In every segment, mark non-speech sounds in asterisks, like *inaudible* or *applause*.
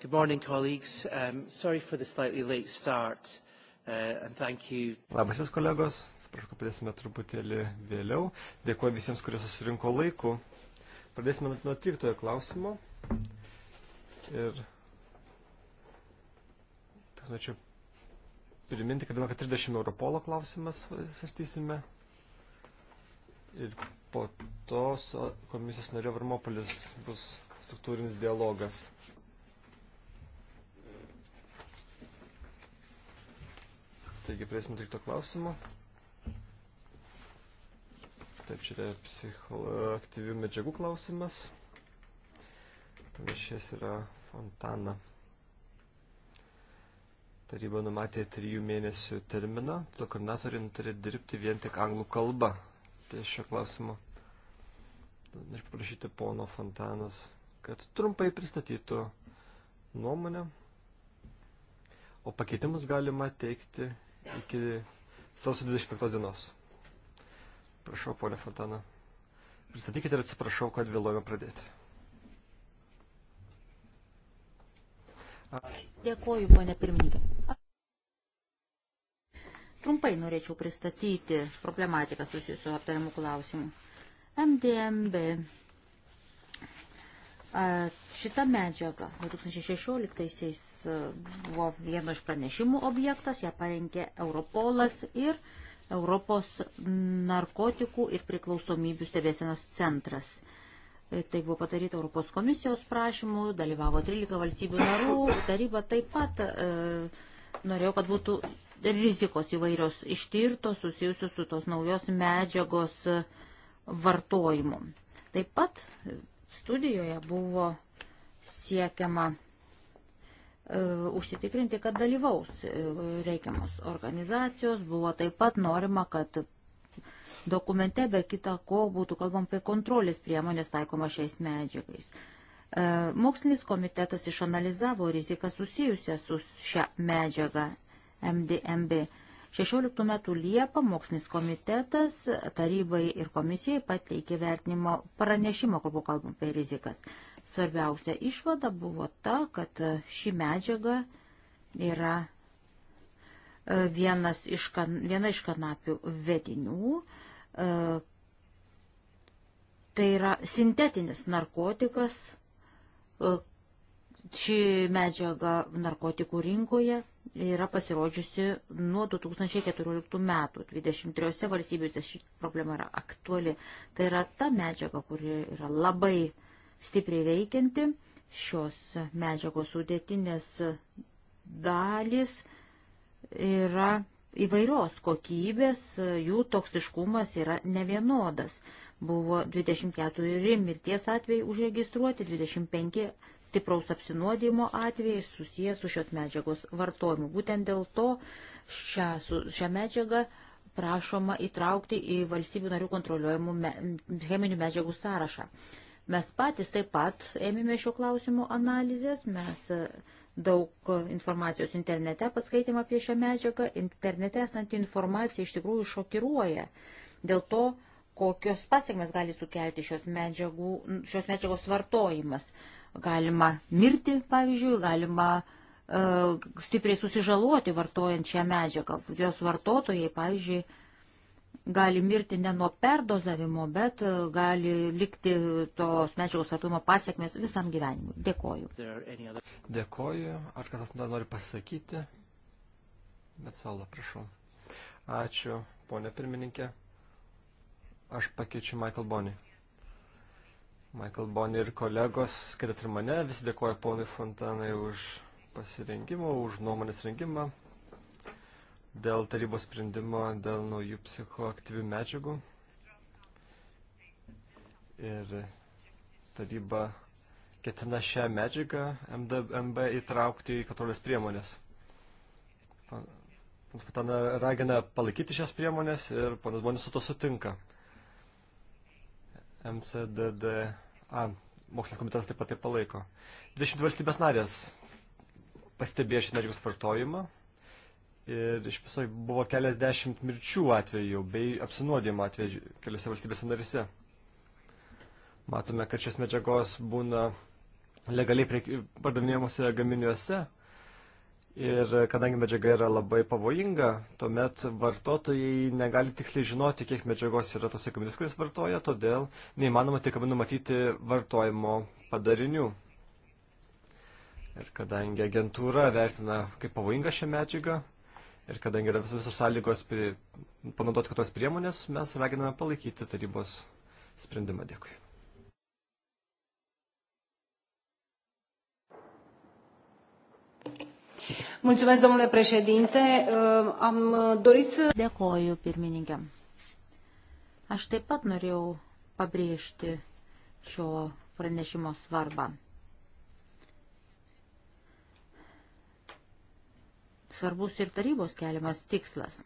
Good morning, colleagues. Um, sorry for the slightly late start. Uh, and thank you. Labas jūs, kolegos. Sprašau, kad pradėsime truputėlį vėliau. Dėkuoju visiems, kurie susirinko laiku. Pradėsime nuo 13 klausimo. Ir tik norėčiau priminti, kad 30 Europolo klausimas svarstysime. Ir po to komisijos nario Varmopolis bus struktūrinis dialogas. Taigi priesim tik to klausimo. Taip, čia yra psichoaktyvių medžiagų klausimas. Panašės yra fontana. Taryba numatė trijų mėnesių terminą, to koordinatoriai nutarė dirbti vien tik anglų kalbą. Tai šio klausimo. Aš paprašyti pono Fontanos, kad trumpai pristatytų nuomonę, o pakeitimus galima teikti iki sausio 25 dienos. Prašau, ponia Fontana. Pristatykite ir atsiprašau, kad vėluojame pradėti. Ačiū. Dėkuoju, ponia pirmininkė. Trumpai norėčiau pristatyti problematiką susijusiu aptariamų klausimų. MDMB Šita medžiaga 2016-aisiais buvo vieno iš pranešimų objektas, ją parengė Europolas ir Europos narkotikų ir priklausomybių stebėsenos centras. E, tai buvo padaryta Europos komisijos prašymų, dalyvavo 13 valstybių narų, taryba taip pat e, norėjo, kad būtų rizikos įvairios ištirtos susijusios su tos naujos medžiagos e, vartojimu. Taip pat studijoje buvo siekiama e, užsitikrinti, kad dalyvaus e, reikiamos organizacijos. Buvo taip pat norima, kad dokumente be kita ko būtų kalbam apie kontrolės priemonės taikoma šiais medžiagais. E, mokslinis komitetas išanalizavo riziką susijusią su šią medžiagą MDMB. 16 metų Liepą mokslinis komitetas tarybai ir komisijai pateikė vertinimo pranešimą, kur buvo kalbama apie rizikas. Svarbiausia išvada buvo ta, kad ši medžiaga yra e, vienas iš kan, viena iš kanapių vedinių. E, tai yra sintetinis narkotikas, e, Ši medžiaga narkotikų rinkoje yra pasirodžiusi nuo 2014 metų. 23 valstybėse ši problema yra aktuali. Tai yra ta medžiaga, kuri yra labai stipriai veikianti. Šios medžiagos sudėtinės dalys yra įvairios kokybės, jų toksiškumas yra nevienodas. Buvo 24 mirties atvejai užregistruoti, 25 stipraus apsinuodimo atvejais susijęs su šios medžiagos vartojimu. Būtent dėl to šią, šią medžiagą prašoma įtraukti į valstybių narių kontroliuojamų me, cheminių medžiagų sąrašą. Mes patys taip pat ėmėme šio klausimo analizės, mes e, daug informacijos internete paskaitėm apie šią medžiagą, internete esanti informacija iš tikrųjų šokiruoja. Dėl to kokios pasiekmes gali sukelti šios, medžiagų, šios medžiagos vartojimas. Galima mirti, pavyzdžiui, galima e, stipriai susižaloti vartojant šią medžiagą. Jos vartotojai, pavyzdžiui, gali mirti ne nuo perdozavimo, bet e, gali likti tos medžiagos vartojimo pasiekmes visam gyvenimui. Dėkoju. Dėkoju. Ar kas dar nori pasakyti? Bet salo, prašau. Ačiū, ponė pirmininkė. Aš pakeičiu Michael Bonį. Michael Boni ir kolegos, skaitat ir mane, visi dėkoja ponui Fontanai už pasirinkimą, už nuomonės rengimą dėl tarybos sprendimo, dėl naujų psichoaktyvių medžiagų. Ir taryba ketina šią medžiagą MB įtraukti į kontrolės priemonės. Ponas Fontana ragina palaikyti šias priemonės ir ponas Bonis su to sutinka. MCDD A, mokslinis komitetas taip pat tai palaiko. 20 valstybės narės pastebėjo šį medžiagos vartojimą ir iš viso buvo keliasdešimt mirčių atvejų bei apsinuodimo atvejų keliose valstybėse narise. Matome, kad šios medžiagos būna legaliai pardavinėjimuose gaminiuose Ir kadangi medžiaga yra labai pavojinga, tuomet vartotojai negali tiksliai žinoti, kiek medžiagos yra tos ekonomijos, kuris vartoja, todėl neįmanoma tikrai numatyti vartojimo padarinių. Ir kadangi agentūra vertina, kaip pavojinga šią medžiagą, ir kadangi yra visos sąlygos pri... panaudoti kitos priemonės, mes raginame palaikyti tarybos sprendimą. Dėkui. Mulțumesc, domnule președinte. Uh, am uh, dorit să... Dėkoju, pirmininkė. Aš taip pat norėjau pabrėžti šio pranešimo svarbą. Svarbus ir tarybos keliamas tikslas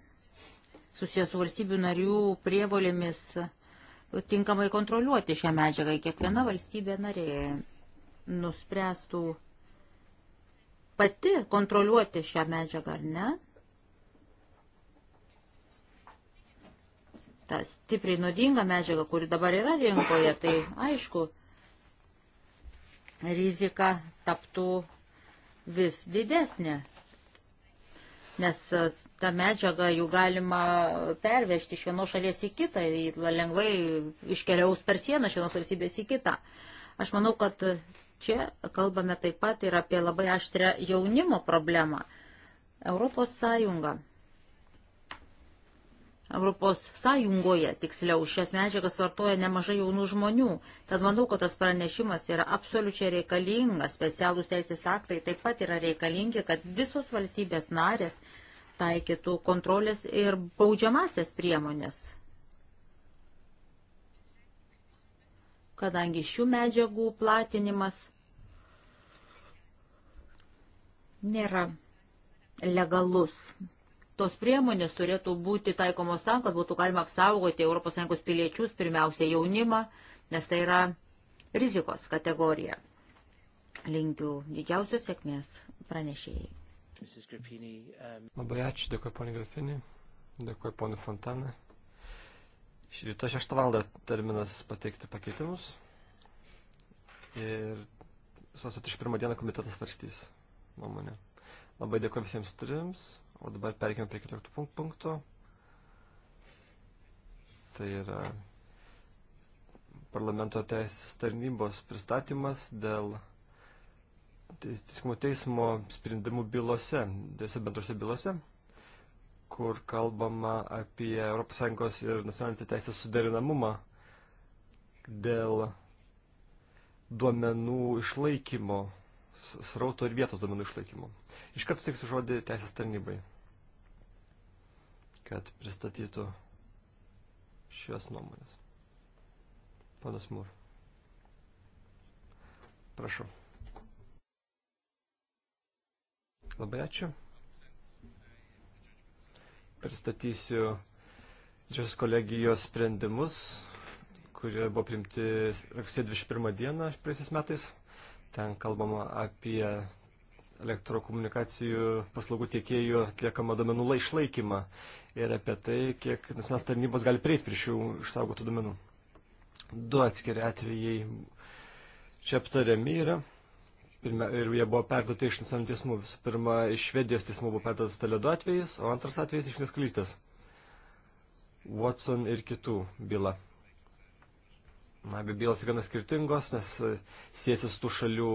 susijęs su valstybių narių prievolėmis tinkamai kontroliuoti šią medžiagą. Kiekviena valstybė narė nuspręstų pati kontroliuoti šią medžiagą, ar ne? Ta stipriai nuodinga medžiaga, kuri dabar yra rinkoje, tai aišku, rizika taptų vis didesnė. Nes tą medžiagą jų galima pervežti iš vienos šalies į kitą, lengvai iškeliaus per sieną iš vienos valstybės į kitą. Aš manau, kad Čia kalbame taip pat ir apie labai aštrę jaunimo problemą. Europos Sąjunga. Europos Sąjungoje, tiksliau, šias medžiagas vartoja nemažai jaunų žmonių. Tad manau, kad tas pranešimas yra absoliučiai reikalingas, specialūs teisės aktai taip pat yra reikalingi, kad visos valstybės narės taikytų kontrolės ir baudžiamasias priemonės kadangi šių medžiagų platinimas nėra legalus. Tos priemonės turėtų būti taikomos tam, kad būtų galima apsaugoti ES piliečius, pirmiausia jaunimą, nes tai yra rizikos kategorija. Linkiu didžiausios sėkmės pranešėjai. Um, Labai ačiū, dėkuoju poniai Grafinį, dėkuoju poniai Fontanai. Ryto 6 val. terminas pateikti pakeitimus. Ir sausio 31 dieną komitetas svarstys nuomonę. Labai dėkuoju visiems trims, o dabar perkime prie 14 punkto. Tai yra parlamento teisės tarnybos pristatymas dėl teisingumo teismo sprendimų bylose, dėse bendrose bylose kur kalbama apie ES ir nacionalinės teisės suderinamumą dėl duomenų išlaikymo, srauto ir vietos duomenų išlaikymo. Iškart steiksiu žodį teisės tarnybai, kad pristatytų šios nuomonės. Panas Mūr. Prašau. Labai ačiū pristatysiu Džios kolegijos sprendimus, kurie buvo primti rugsėjo 21 dieną praeisiais metais. Ten kalbama apie elektrokomunikacijų paslaugų tiekėjų atliekamą domenų išlaikymą ir apie tai, kiek nacionalinės tarnybos gali prieiti prie šių išsaugotų domenų. Du atskiri atvejai čia aptariami yra pirmia, ir jie buvo perduoti iš nacionalinių teismų. Visų pirma, iš Švedijos teismų buvo perduotas Toledo atvejis, o antras atvejis iš Neskalystės. Watson ir kitų byla. Na, abi bylos yra gana skirtingos, nes e, siesi su tų šalių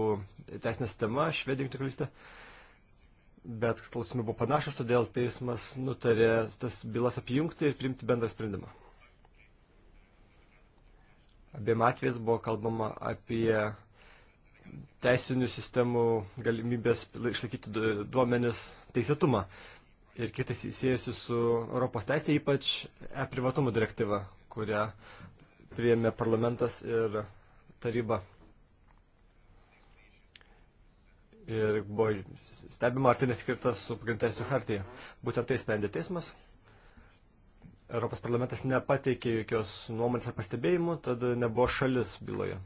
teisinė sistema, Švedija, Jungtinė karalystė. Bet klausimai buvo panašus, todėl teismas nutarė tas bylas apjungti ir priimti bendrą sprendimą. Abiem atvejais buvo kalbama apie teisinių sistemų galimybės išlaikyti duomenis teisėtumą. Ir kitas įsijęsi su Europos teisė, ypač e-privatumo direktyva, kurią priėmė parlamentas ir taryba. Ir buvo stebima, ar tai neskirta su pagrindinėsiu hartija. Būtent tai sprendė teismas. Europos parlamentas nepateikė jokios nuomonės ar pastebėjimų, tad nebuvo šalis byloje.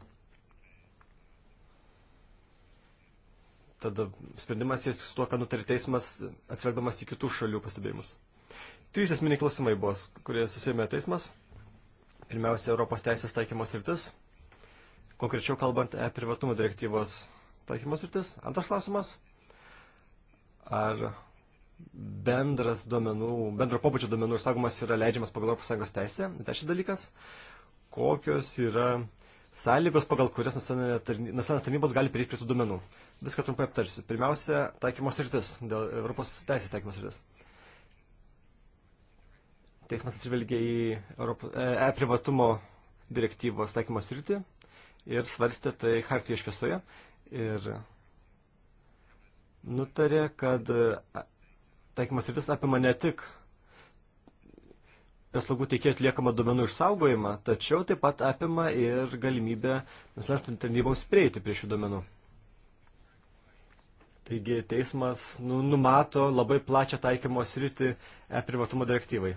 Tada sprendimas jis su tuo, ką nutarė teismas, atsverdamas į kitų šalių pastebėjimus. Trys esminiai klausimai buvo, kurie susėmė teismas. Pirmiausia, Europos teisės taikymos rytis. Konkrečiau kalbant, e privatumo direktyvos taikymos rytis. Antras klausimas. Ar bendras duomenų, bendro pobūdžio duomenų išsaugomas yra leidžiamas pagal Europos Sąjungos teisę. Trečias dalykas, kokios yra sąlygos, pagal kurias nacionalinės tarnybos gali prieiti prie tų duomenų. Viską trumpai aptarsiu. Pirmiausia, taikymos rytis, dėl Europos teisės taikymos rytis. Teismas atsižvelgia į e-privatumo e, e direktyvos taikymos rytį ir svarstė tai hartijos šviesoje ir nutarė, kad e, taikymas rytis apima ne tik paslaugų teikėjų atliekamą duomenų išsaugojimą, tačiau taip pat apima ir galimybę nacionalinėms tarnyboms prieiti prie šių duomenų. Taigi teismas nu, numato labai plačią taikymo sritį e-privatumo direktyvai.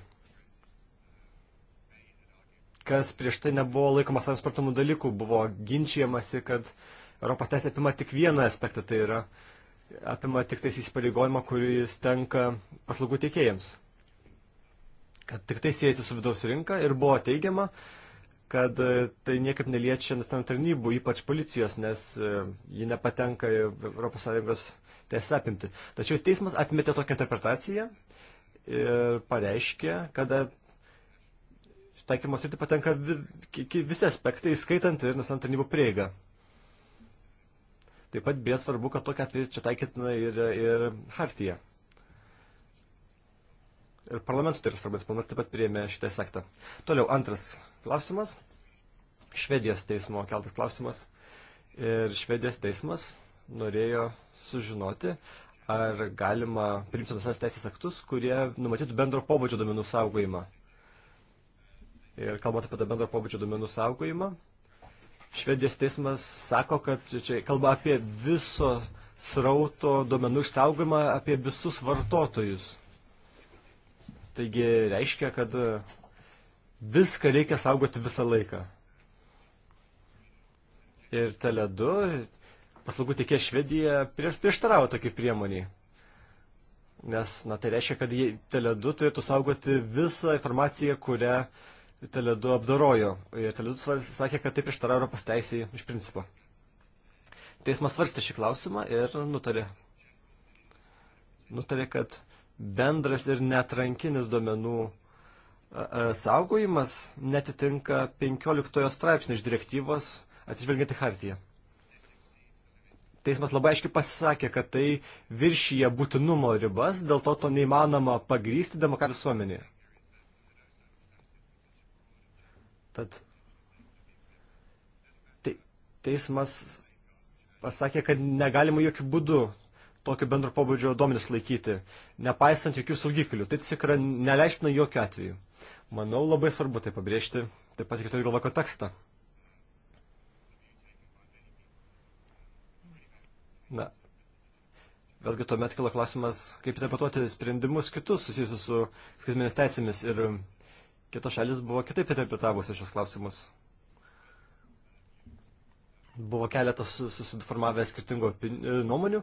Kas prieš tai nebuvo laikomas transportamų dalykų, buvo ginčiamasi, kad Europos teisė apima tik vieną aspektą, tai yra apima tik tais įsipareigojimą, kuris tenka paslaugų teikėjams kad tik tai siejasi su vidaus rinka ir buvo teigiama, kad e, tai niekaip neliečia nacionalinių tarnybų, ypač policijos, nes e, ji nepatenka į ES teisės apimti. Tačiau teismas atmetė tokią interpretaciją ir pareiškė, kad e, taikymos rytį patenka visi aspektai, skaitant ir nacionalinių tarnybų prieigą. Taip pat bės svarbu, kad tokia atveju čia taikytina ir, ir hartija ir parlamentui tai yra svarbus. Parlamentas taip pat priėmė šitą sektą. Toliau antras klausimas. Švedijos teismo keltas klausimas. Ir Švedijos teismas norėjo sužinoti, ar galima priimti nusas teisės aktus, kurie numatytų bendro pobūdžio duomenų saugojimą. Ir kalbant apie tą bendro pobūdžio duomenų saugojimą, Švedijos teismas sako, kad čia kalba apie viso srauto duomenų išsaugojimą, apie visus vartotojus. Taigi reiškia, kad e, viską reikia saugoti visą laiką. Ir Teledu, paslaugų tiekė Švedija, prieš, prieštaravo tokį priemonį. Nes, na, tai reiškia, kad Teledu turėtų saugoti visą informaciją, kurią Teledu apdorojo. Ir Teledu sakė, kad tai prieštaravo Europos teisėjai iš principo. Teismas svarstė šį klausimą ir nutarė. Nutarė, kad bendras ir netrankinis duomenų e, e, saugojimas netitinka 15 straipsnio iš direktyvos atsižvelgiant į hartiją. Teismas labai aiškiai pasisakė, kad tai viršyje būtinumo ribas, dėl to to neįmanoma pagrysti demokratų visuomenėje. Tad te, teismas pasakė, kad negalima jokių būdų tokio bendro pobūdžio duomenis laikyti, nepaisant jokių saugiklių. Tai tiesiog yra neleistina jokių atveju. Manau, labai svarbu tai pabrėžti, taip pat kitokį galvą kontekstą. Na, vėlgi tuomet kilo klausimas, kaip interpretuoti sprendimus kitus susijusius su skaitmenės teisėmis ir kitos šalis buvo kitaip interpretavusios šios klausimus. Buvo keletas susiformavę skirtingų nuomonių,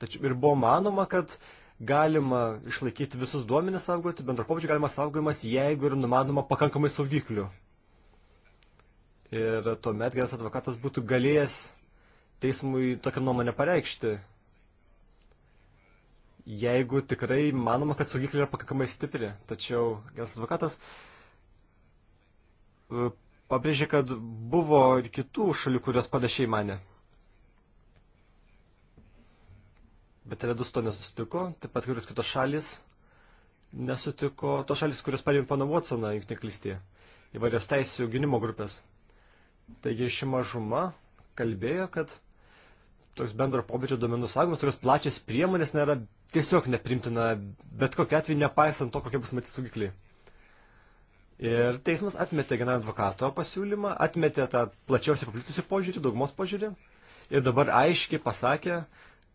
Tačiau ir buvo manoma, kad galima išlaikyti visus duomenis saugoti, bendro pobūdžio galima saugojimas, jeigu ir numanoma pakankamai saugiklių. Ir tuomet geras advokatas būtų galėjęs teismui tokią nuomonę pareikšti. Jeigu tikrai manoma, kad saugikliai yra pakankamai stipri. Tačiau geras advokatas e, pabrėžė, kad buvo ir kitų šalių, kurios panašiai mane. bet Redus to nesutiko, taip pat kuris kitos šalis nesutiko, tos šalis, kurios parėmė pana Watsoną, jungtinė klystė, įvairios teisų gynimo grupės. Taigi ši mažuma kalbėjo, kad toks bendro pobėdžio duomenų saugomas, tokios plačias priemonės nėra tiesiog neprimtina, bet kokia atveju nepaisant to, kokie bus matyti saugikliai. Ir teismas atmetė generalinio advokato pasiūlymą, atmetė tą plačiausiai paplitusį požiūrį, daugumos požiūrį ir dabar aiškiai pasakė,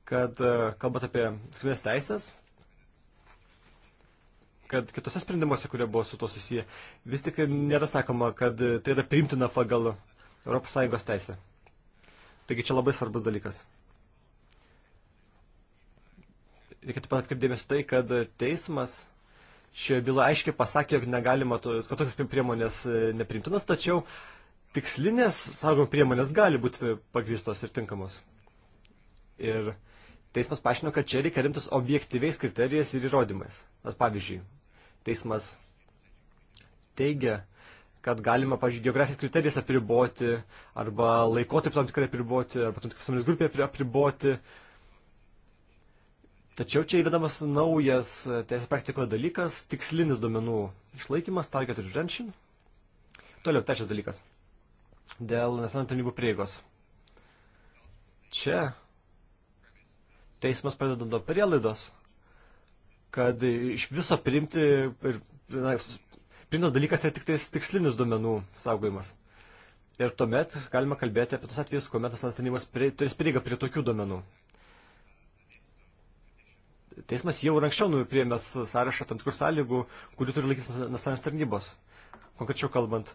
kad e, kalbant apie skvės teisės, kad kitose sprendimuose, kurie buvo su to susiję, vis tik nėra sakoma, kad tai yra priimtina pagal ES teisę. Taigi čia labai svarbus dalykas. Reikia taip pat atkreipdėmės tai, kad teismas šioje byloje aiškiai pasakė, jog negalima, to, kad tokios priemonės e, neprimtinas, tačiau tikslinės saugom priemonės gali būti pagristos ir tinkamos. Ir teismas paaiškino, kad čia reikia rimtis objektyviais kriterijais ir įrodymais. At, pavyzdžiui, teismas teigia, kad galima, pavyzdžiui, geografijos kriterijais apriboti, arba laikotarpį tam tikrai apriboti, arba tam tikras visuomenės grupė apriboti. Tačiau čia įvedamas naujas teisės praktikoje dalykas - tikslinis duomenų išlaikymas, target retention. Toliau, trečias dalykas - dėl nacionalinių tarnybų prieigos. Čia teismas pradeda nuo prielaidos, kad iš viso priimti ir na, priimtas dalykas yra tik tais tikslinis duomenų saugojimas. Ir tuomet galima kalbėti apie tos atvejus, kuomet tas tarnybos turės prieigą prie tokių duomenų. Teismas jau ir anksčiau priėmęs sąrašą tam tikrų sąlygų, kurių turi laikytis nacionalinės tarnybos. Konkrečiau kalbant,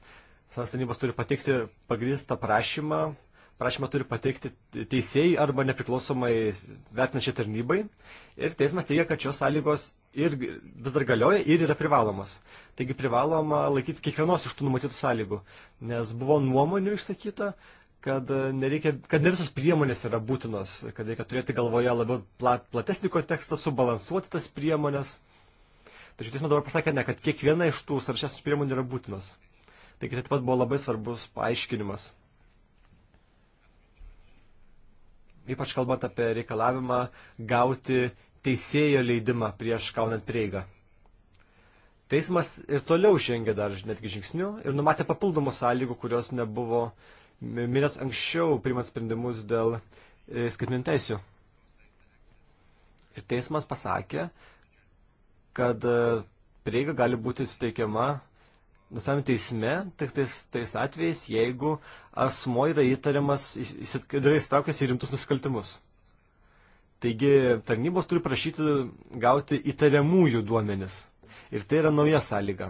nacionalinės tarnybos turi pateikti pagrįstą prašymą prašymą turi pateikti teisėjai arba nepriklausomai vertinančiai tarnybai. Ir teismas teigia, kad šios sąlygos ir vis dar galioja ir yra privalomos. Taigi privaloma laikyti kiekvienos iš tų numatytų sąlygų. Nes buvo nuomonių išsakyta, kad, e, nereikia, kad ne visos priemonės yra būtinos, kad reikia turėti galvoje labiau plat, platesnį kontekstą, subalansuoti tas priemonės. Tačiau teismas dabar pasakė, ne, kad kiekviena iš tų sąrašės priemonių yra būtinos. Taigi tai taip pat buvo labai svarbus paaiškinimas. ypač kalbant apie reikalavimą gauti teisėjo leidimą prieš gaunant prieigą. Teismas ir toliau žengė dar netgi žingsnių ir numatė papildomų sąlygų, kurios nebuvo minės anksčiau priimant sprendimus dėl e, skaitminių teisių. Ir teismas pasakė, kad e, prieiga gali būti suteikiama visam teisme, tik tais, tais atvejais, jeigu asmo yra įtariamas, jis yra įstraukęs į rimtus nusikaltimus. Taigi tarnybos turi prašyti gauti įtariamųjų duomenis. Ir tai yra nauja sąlyga.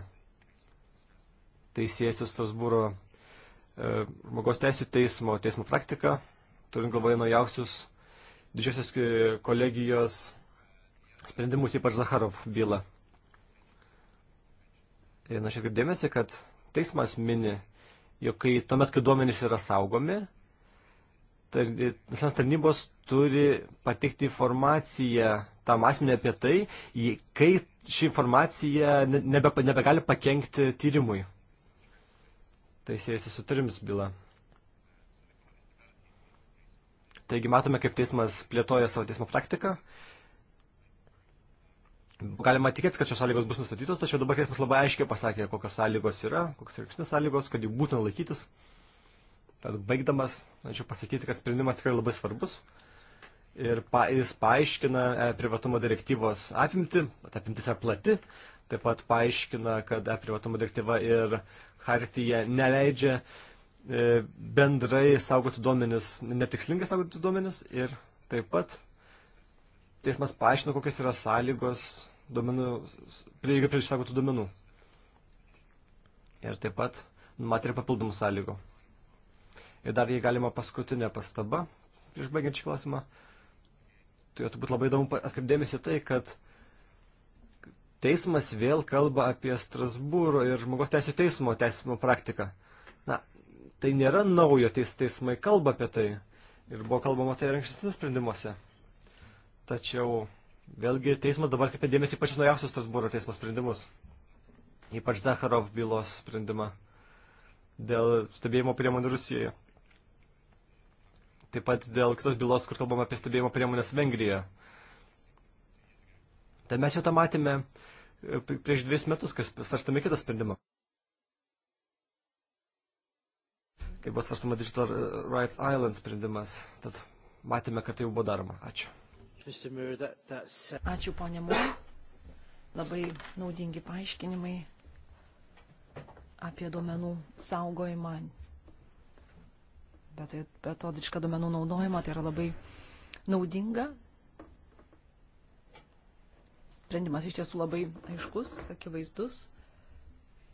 Tai siejasi Strasbūro e, žmogaus teisų teismo, teismo praktika, turint galvoje naujausius didžiosios kolegijos sprendimus, ypač Zaharov bylą. Norėčiau atkreipdėmėsi, kad teismas mini, jog kai tuomet, kai duomenys yra saugomi, visas tarnybos turi pateikti informaciją tam asmenį apie tai, kai ši informacija nebe, nebegali pakengti tyrimui. Tai siejasi su trims byla. Taigi matome, kaip teismas plėtoja savo teismo praktiką Galima tikėtis, kad šios sąlygos bus nustatytos, tačiau dabar teismas labai aiškiai pasakė, kokios sąlygos yra, kokios reikšmės sąlygos, kad jų būtina laikytis. Tad baigdamas, norėčiau pasakyti, kad sprendimas tikrai labai svarbus. Ir pa, jis paaiškina e, privatumo direktyvos apimti, ta apimtis yra plati, taip pat paaiškina, kad e, privatumo direktyva ir hartija neleidžia e, bendrai saugoti duomenis, netikslingai saugoti duomenis ir taip pat teismas paaiškino, kokios yra sąlygos duomenų, prieiga prie išsaugotų duomenų. Ir taip pat numatė ir papildomų sąlygų. Ir dar jei galima paskutinė pastaba, prieš baigiant šį klausimą, turėtų būti labai įdomu atkreipdėmėsi tai, kad teismas vėl kalba apie Strasbūro ir žmogaus teisų teismo teismo praktiką. Na, tai nėra naujo, teis, teismai kalba apie tai. Ir buvo kalbama tai ir anksčiausiuose sprendimuose. Tačiau Vėlgi, teismas dabar kaip dėmesį pačius naujausius Strasbūro teismo sprendimus, ypač Zakharov bylos sprendimą dėl stebėjimo priemonių Rusijoje. Taip pat dėl kitos bylos, kur kalbama apie stebėjimo priemonės Vengrijoje. Tai mes jau tą matėme e, prieš dvies metus, kai svarstame kitą sprendimą. Kai buvo svarstama Digital Rights Island sprendimas, tad matėme, kad tai jau buvo daroma. Ačiū. Ačiū, ponė Mūr. Labai naudingi paaiškinimai apie duomenų saugojimą. Bet tai betodiška duomenų naudojimą tai yra labai naudinga. Sprendimas iš tiesų labai aiškus, akivaizdus.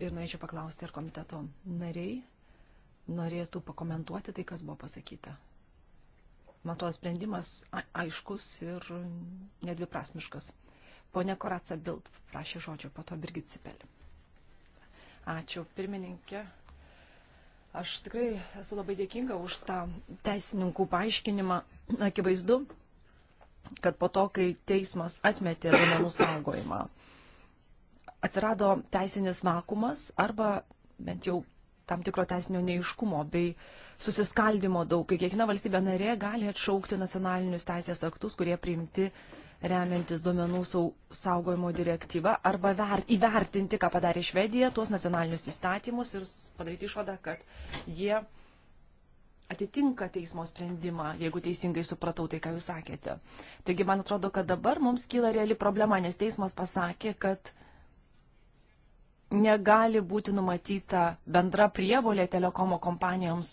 Ir norėčiau paklausti, ar komiteto nariai norėtų pakomentuoti tai, kas buvo pasakyta. Mato sprendimas aiškus ir nedviprasmiškas. Pone Koratsa Bild prašė žodžio, po to Birgit Cipelė. Ačiū, pirmininkė. Aš tikrai esu labai dėkinga už tą teisininkų paaiškinimą. Akivaizdu, kad po to, kai teismas atmetė duomenų saugojimą, atsirado teisinis vakumas arba bent jau tam tikro teisinio neiškumo bei susiskaldimo daug, kai kiekviena valstybė narė gali atšaukti nacionalinius teisės aktus, kurie priimti remiantis duomenų saugojimo direktyva arba ver, įvertinti, ką padarė Švedija, tuos nacionalinius įstatymus ir padaryti išvadą, kad jie atitinka teismo sprendimą, jeigu teisingai supratau tai, ką jūs sakėte. Taigi, man atrodo, kad dabar mums kyla reali problema, nes teismas pasakė, kad negali būti numatyta bendra prievolė telekomo kompanijoms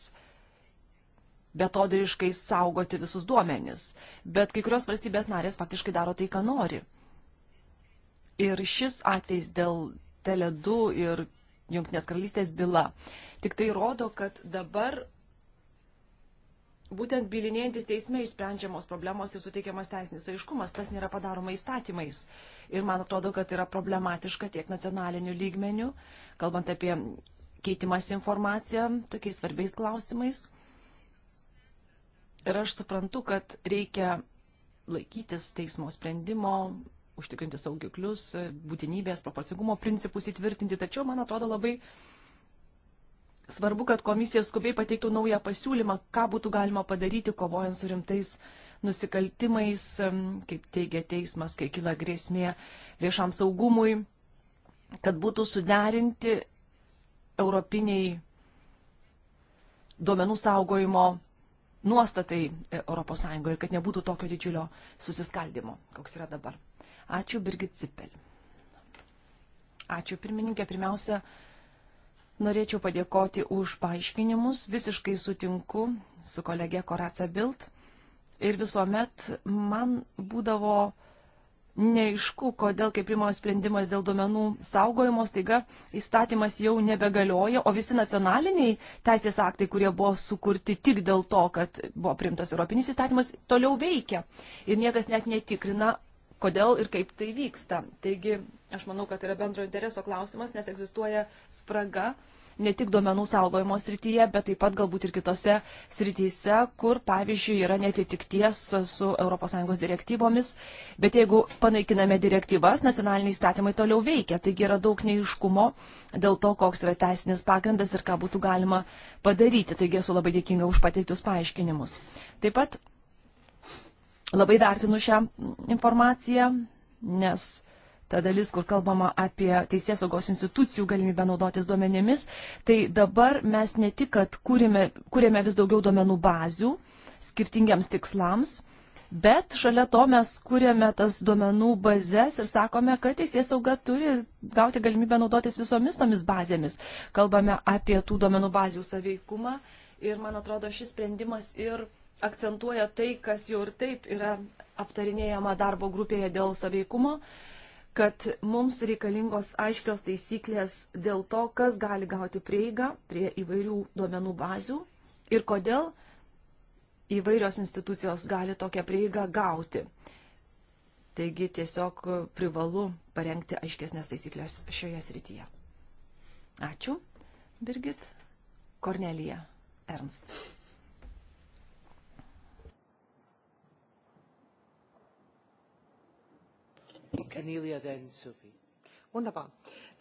betodariškai saugoti visus duomenis. Bet kai kurios valstybės narės faktiškai daro tai, ką nori. Ir šis atvejs dėl Tele2 ir Junktinės karalystės byla tik tai rodo, kad dabar būtent bilinėjantis teisme išsprendžiamos problemos ir suteikiamas teisinis aiškumas, tas nėra padaroma įstatymais. Ir man atrodo, kad yra problematiška tiek nacionaliniu lygmeniu, kalbant apie keitimas informaciją tokiais svarbiais klausimais. Ir aš suprantu, kad reikia laikytis teismo sprendimo, užtikrinti saugiklius, būtinybės, proporcingumo principus įtvirtinti, tačiau man atrodo labai Svarbu, kad komisija skubiai pateiktų naują pasiūlymą, ką būtų galima padaryti, kovojant su rimtais nusikaltimais, kaip teigia teismas, kai kyla grėsmė viešam saugumui, kad būtų suderinti europiniai duomenų saugojimo nuostatai ES ir kad nebūtų tokio didžiulio susiskaldimo, koks yra dabar. Ačiū, Birgit Cipel. Ačiū, pirmininkė. Pirmiausia, Norėčiau padėkoti už paaiškinimus. Visiškai sutinku su kolegė Koraca Bild. Ir visuomet man būdavo neaišku, kodėl, kai primamas sprendimas dėl duomenų saugojimo, staiga įstatymas jau nebegalioja, o visi nacionaliniai teisės aktai, kurie buvo sukurti tik dėl to, kad buvo primtas Europinis įstatymas, toliau veikia. Ir niekas net netikrina, kodėl ir kaip tai vyksta. Taigi Aš manau, kad yra bendro intereso klausimas, nes egzistuoja spraga ne tik duomenų saugojimo srityje, bet taip pat galbūt ir kitose srityse, kur, pavyzdžiui, yra netitikties su ES direktyvomis. Bet jeigu panaikiname direktyvas, nacionaliniai įstatymai toliau veikia, taigi yra daug neiškumo dėl to, koks yra teisinis pagrindas ir ką būtų galima padaryti. Taigi esu labai dėkinga už pateiktus paaiškinimus. Taip pat labai vertinu šią informaciją, nes ta dalis, kur kalbama apie teisės saugos institucijų galimybę naudotis duomenėmis, tai dabar mes ne tik, kad kūrėme, kūrėme vis daugiau duomenų bazių skirtingiams tikslams, Bet šalia to mes kūrėme tas duomenų bazės ir sakome, kad teisės sauga turi gauti galimybę naudotis visomis tomis bazėmis. Kalbame apie tų duomenų bazių saveikumą ir, man atrodo, šis sprendimas ir akcentuoja tai, kas jau ir taip yra aptarinėjama darbo grupėje dėl saveikumo. Uh, kad mums reikalingos aiškios taisyklės dėl to, kas gali gauti prieigą prie įvairių duomenų bazių ir kodėl įvairios institucijos gali tokią prieigą gauti. Taigi tiesiog privalu parengti aiškesnės taisyklės šioje srityje. Ačiū, Birgit. Kornelija Ernst. Cornelia, then Sophie. Wunderbar.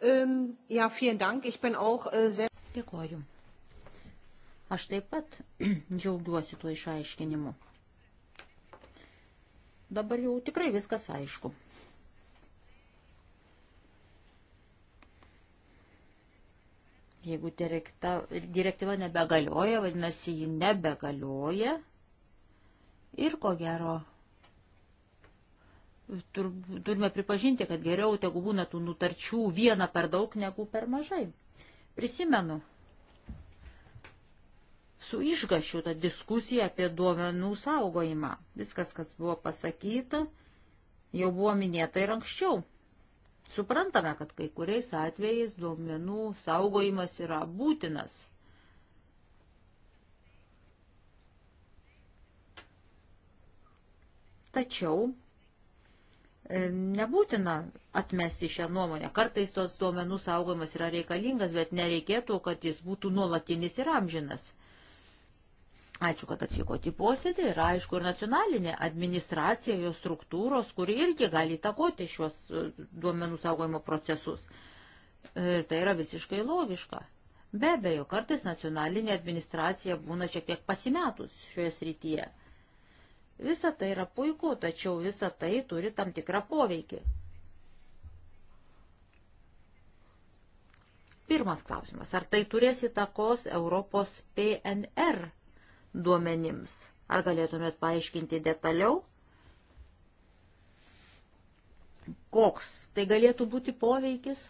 Ähm, ja, vielen Dank. Ich bin auch äh, sehr. Dėkoju. Aš taip pat *clears throat* džiaugiuosi tuo išaiškinimu. Dabar jau tikrai viskas aišku. Jeigu direkta, direktyva nebegalioja, vadinasi, ji nebegalioja ir ko gero turime pripažinti, kad geriau tegu būna tų nutarčių viena per daug negu per mažai. Prisimenu su išgašiu tą diskusiją apie duomenų saugojimą. Viskas, kas buvo pasakyta, jau buvo minėta ir anksčiau. Suprantame, kad kai kuriais atvejais duomenų saugojimas yra būtinas. Tačiau E, nebūtina atmesti šią nuomonę. Kartais tos duomenų saugojimas yra reikalingas, bet nereikėtų, kad jis būtų nuolatinis ir amžinas. Ačiū, kad atvykote į posėdį ir aišku ir nacionalinė administracija, jos struktūros, kuri irgi gali įtakoti šiuos e, duomenų saugojimo procesus. E, ir tai yra visiškai logiška. Be abejo, kartais nacionalinė administracija būna šiek tiek pasimetus šioje srityje. Visa tai yra puiku, tačiau visa tai turi tam tikrą poveikį. Pirmas klausimas. Ar tai turės įtakos Europos PNR duomenims? Ar galėtumėt paaiškinti detaliau? Koks tai galėtų būti poveikis?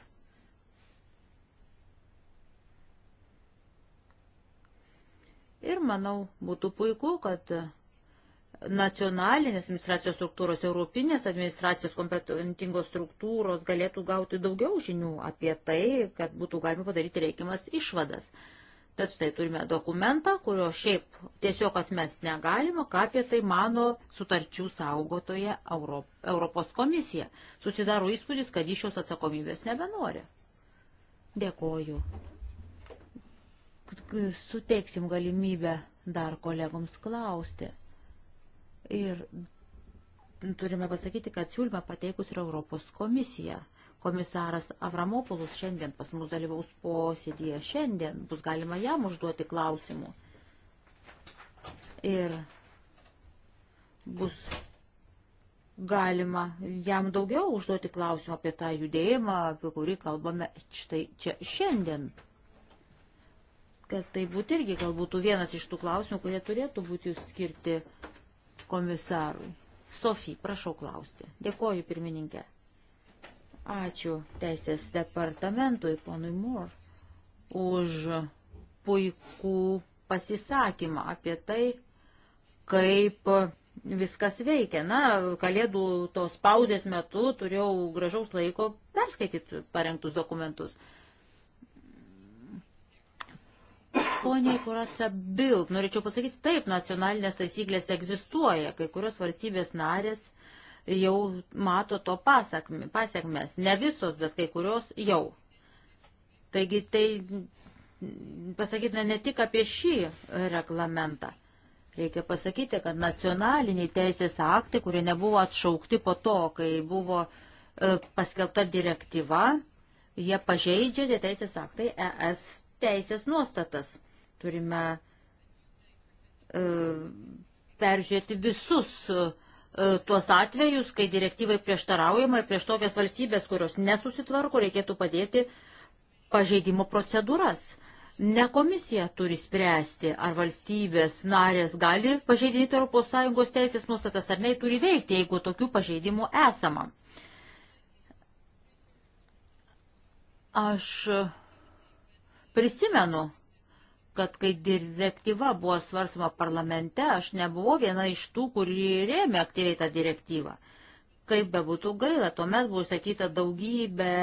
Ir manau, būtų puiku, kad nacionalinės administracijos struktūros, europinės administracijos kompetentingos struktūros galėtų gauti daugiau žinių apie tai, kad būtų galima padaryti reikiamas išvadas. Tad štai turime dokumentą, kurio šiaip tiesiog atmest negalima, ką apie tai mano sutarčių saugotoje Europos komisija. Susidaro įspūdis, kad iš šios atsakomybės nebenori. Dėkoju. Suteiksim galimybę dar kolegoms klausti. Ir turime pasakyti, kad siūlymą pateikus ir Europos komisija. Komisaras Avramopoulos šiandien pas mus dalyvaus posėdėje. Šiandien bus galima jam užduoti klausimų. Ir bus galima jam daugiau užduoti klausimą apie tą judėjimą, apie kurį kalbame štai čia šiandien. Kad tai būtų irgi galbūt vienas iš tų klausimų, kurie turėtų būti skirti komisarui. Sofija, prašau klausti. Dėkoju, pirmininkė. Ačiū Teisės departamentui, ponui Moore, už puikų pasisakymą apie tai, kaip viskas veikia. Na, kalėdų tos pauzės metu turėjau gražaus laiko perskaityti parengtus dokumentus. Poniai Kurasa Bild, norėčiau pasakyti, taip, nacionalinės taisyklės egzistuoja, kai kurios valstybės narės jau mato to pasiekmes. Ne visos, bet kai kurios jau. Taigi tai pasakyti ne tik apie šį reglamentą. Reikia pasakyti, kad nacionaliniai teisės aktai, kurie nebuvo atšaukti po to, kai buvo e, paskelbta direktyva, jie pažeidžia teisės aktai ES teisės nuostatas. Turime e, peržiūrėti visus e, tuos atvejus, kai direktyvai prieštaraujama ir prieš tokias valstybės, kurios nesusitvarko, reikėtų padėti pažeidimo procedūras. Ne komisija turi spręsti, ar valstybės narės gali pažeidinėti ES teisės nuostatas, ar ne, turi veikti, jeigu tokių pažeidimų esama. Aš e, prisimenu, kad kai direktyva buvo svarsma parlamente, aš nebuvau viena iš tų, kuri rėmė aktyviai tą direktyvą. Kaip be būtų gaila, tuomet buvo sakyta daugybė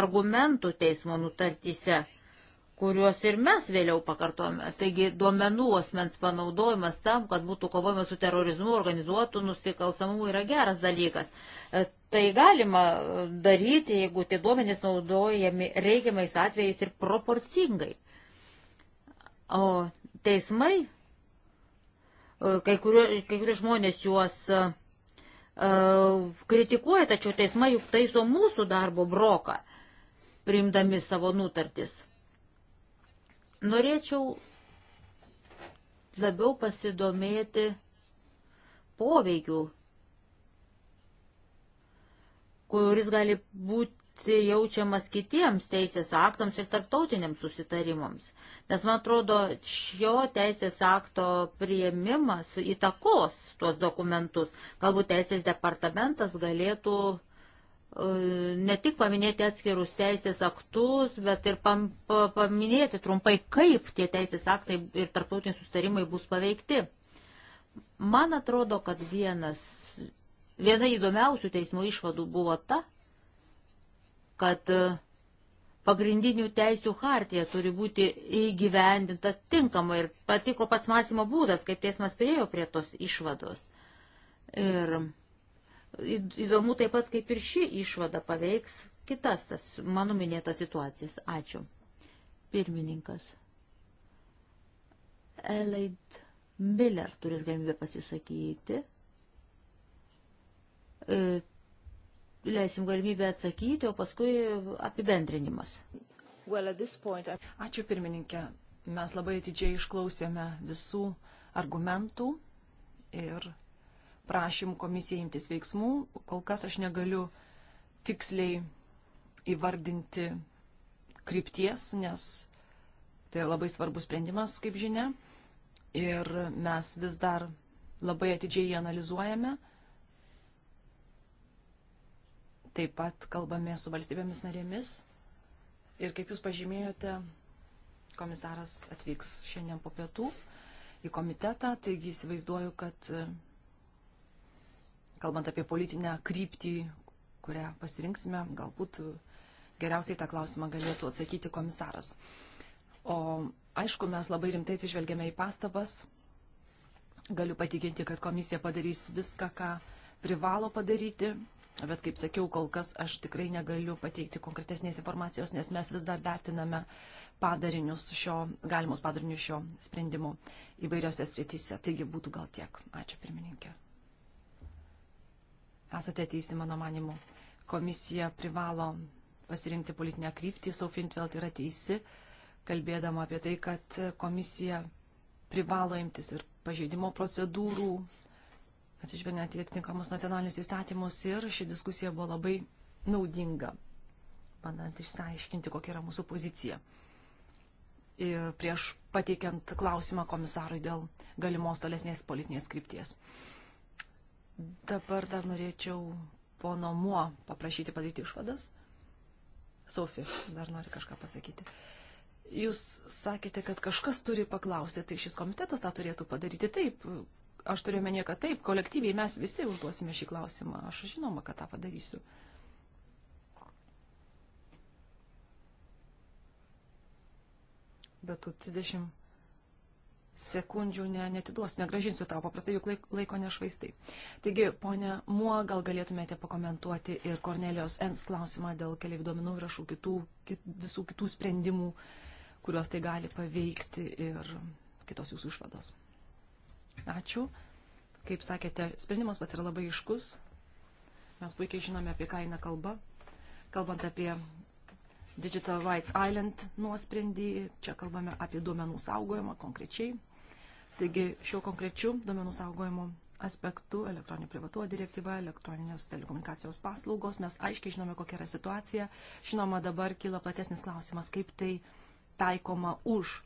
argumentų teismo nutartyse, kuriuos ir mes vėliau pakartojame. Taigi duomenų asmens panaudojimas tam, kad būtų kovojama su terorizmu, organizuotų nusikalstamumu yra geras dalykas. E, tai galima daryti, jeigu tie duomenys naudojami reikiamais atvejais ir proporcingai. O teismai, kai kurie, kai kurie žmonės juos e, e, kritikuoja, tačiau teismai juk taiso mūsų darbo broką, priimdami savo nutartis. Norėčiau labiau pasidomėti poveikiu, kuris gali būti jaučiamas kitiems teisės aktams ir tarptautiniams susitarimams. Nes man atrodo, šio teisės akto prieimimas įtakos tuos dokumentus. Galbūt teisės departamentas galėtų e, ne tik paminėti atskirus teisės aktus, bet ir pam, pa, paminėti trumpai, kaip tie teisės aktai ir tarptautiniai sustarimai bus paveikti. Man atrodo, kad vienas, viena įdomiausių teismo išvadų buvo ta, kad e, pagrindinių teisių hartija turi būti įgyvendinta tinkamai ir patiko pats mąstymo būdas, kaip teismas priejo prie tos išvados. Ir įdomu taip pat, kaip ir ši išvada paveiks kitas tas mano minėtas situacijas. Ačiū. Pirmininkas. Elaid Miller turės galimybę pasisakyti. E, leisim galimybę atsakyti, o paskui apibendrinimas. Well, point... Ačiū pirmininkė. Mes labai atidžiai išklausėme visų argumentų ir prašymų komisijai imtis veiksmų. Kol kas aš negaliu tiksliai įvardinti krypties, nes tai labai svarbus sprendimas, kaip žinia. Ir mes vis dar labai atidžiai jį analizuojame. Taip pat kalbame su valstybėmis narėmis. Ir kaip jūs pažymėjote, komisaras atvyks šiandien po pietų į komitetą, taigi įsivaizduoju, kad e, kalbant apie politinę kryptį, kurią pasirinksime, galbūt geriausiai tą klausimą galėtų atsakyti komisaras. O aišku, mes labai rimtai atsižvelgiame į pastabas. Galiu patikinti, kad komisija padarys viską, ką privalo padaryti, Bet, kaip sakiau, kol kas aš tikrai negaliu pateikti konkretesnės informacijos, nes mes vis dar vertiname padarinius šio, galimus padarinius šio sprendimo įvairiose srityse. Taigi būtų gal tiek. Ačiū, pirmininkė. Esate teisi, mano manimu. Komisija privalo pasirinkti politinę kryptį. Sofintveld yra teisi, kalbėdama apie tai, kad komisija privalo imtis ir pažeidimo procedūrų, atsižvelgiant į atitinkamus nacionalinius įstatymus ir ši diskusija buvo labai naudinga, bandant išsiaiškinti, kokia yra mūsų pozicija. Ir prieš pateikiant klausimą komisarui dėl galimos tolesnės politinės krypties. Dabar dar norėčiau pono Muo paprašyti padaryti išvadas. Sofi, dar nori kažką pasakyti. Jūs sakėte, kad kažkas turi paklausti, tai šis komitetas tą turėtų padaryti taip aš turiu menė, kad taip, kolektyviai mes visi užduosime šį klausimą. Aš žinoma, kad tą padarysiu. Bet tu 30 sekundžių ne, netiduosiu, negražinsiu tau, paprastai juk laiko nešvaistai. Taigi, ponia Muo, gal galėtumėte pakomentuoti ir Kornelijos Ens klausimą dėl keliaivių duomenų įrašų kitų, kit, visų kitų sprendimų, kuriuos tai gali paveikti ir kitos jūsų išvados. Ačiū. Kaip sakėte, sprendimas pats yra labai iškus. Mes puikiai žinome, apie ką eina kalba. Kalbant apie Digital Rights Island nuosprendį, čia kalbame apie duomenų saugojimą konkrečiai. Taigi šiuo konkrečiu duomenų saugojimo aspektu elektroninio privatumo direktyva, elektroninės telekomunikacijos paslaugos, mes aiškiai žinome, kokia yra situacija. Žinoma, dabar kyla platesnis klausimas, kaip tai taikoma už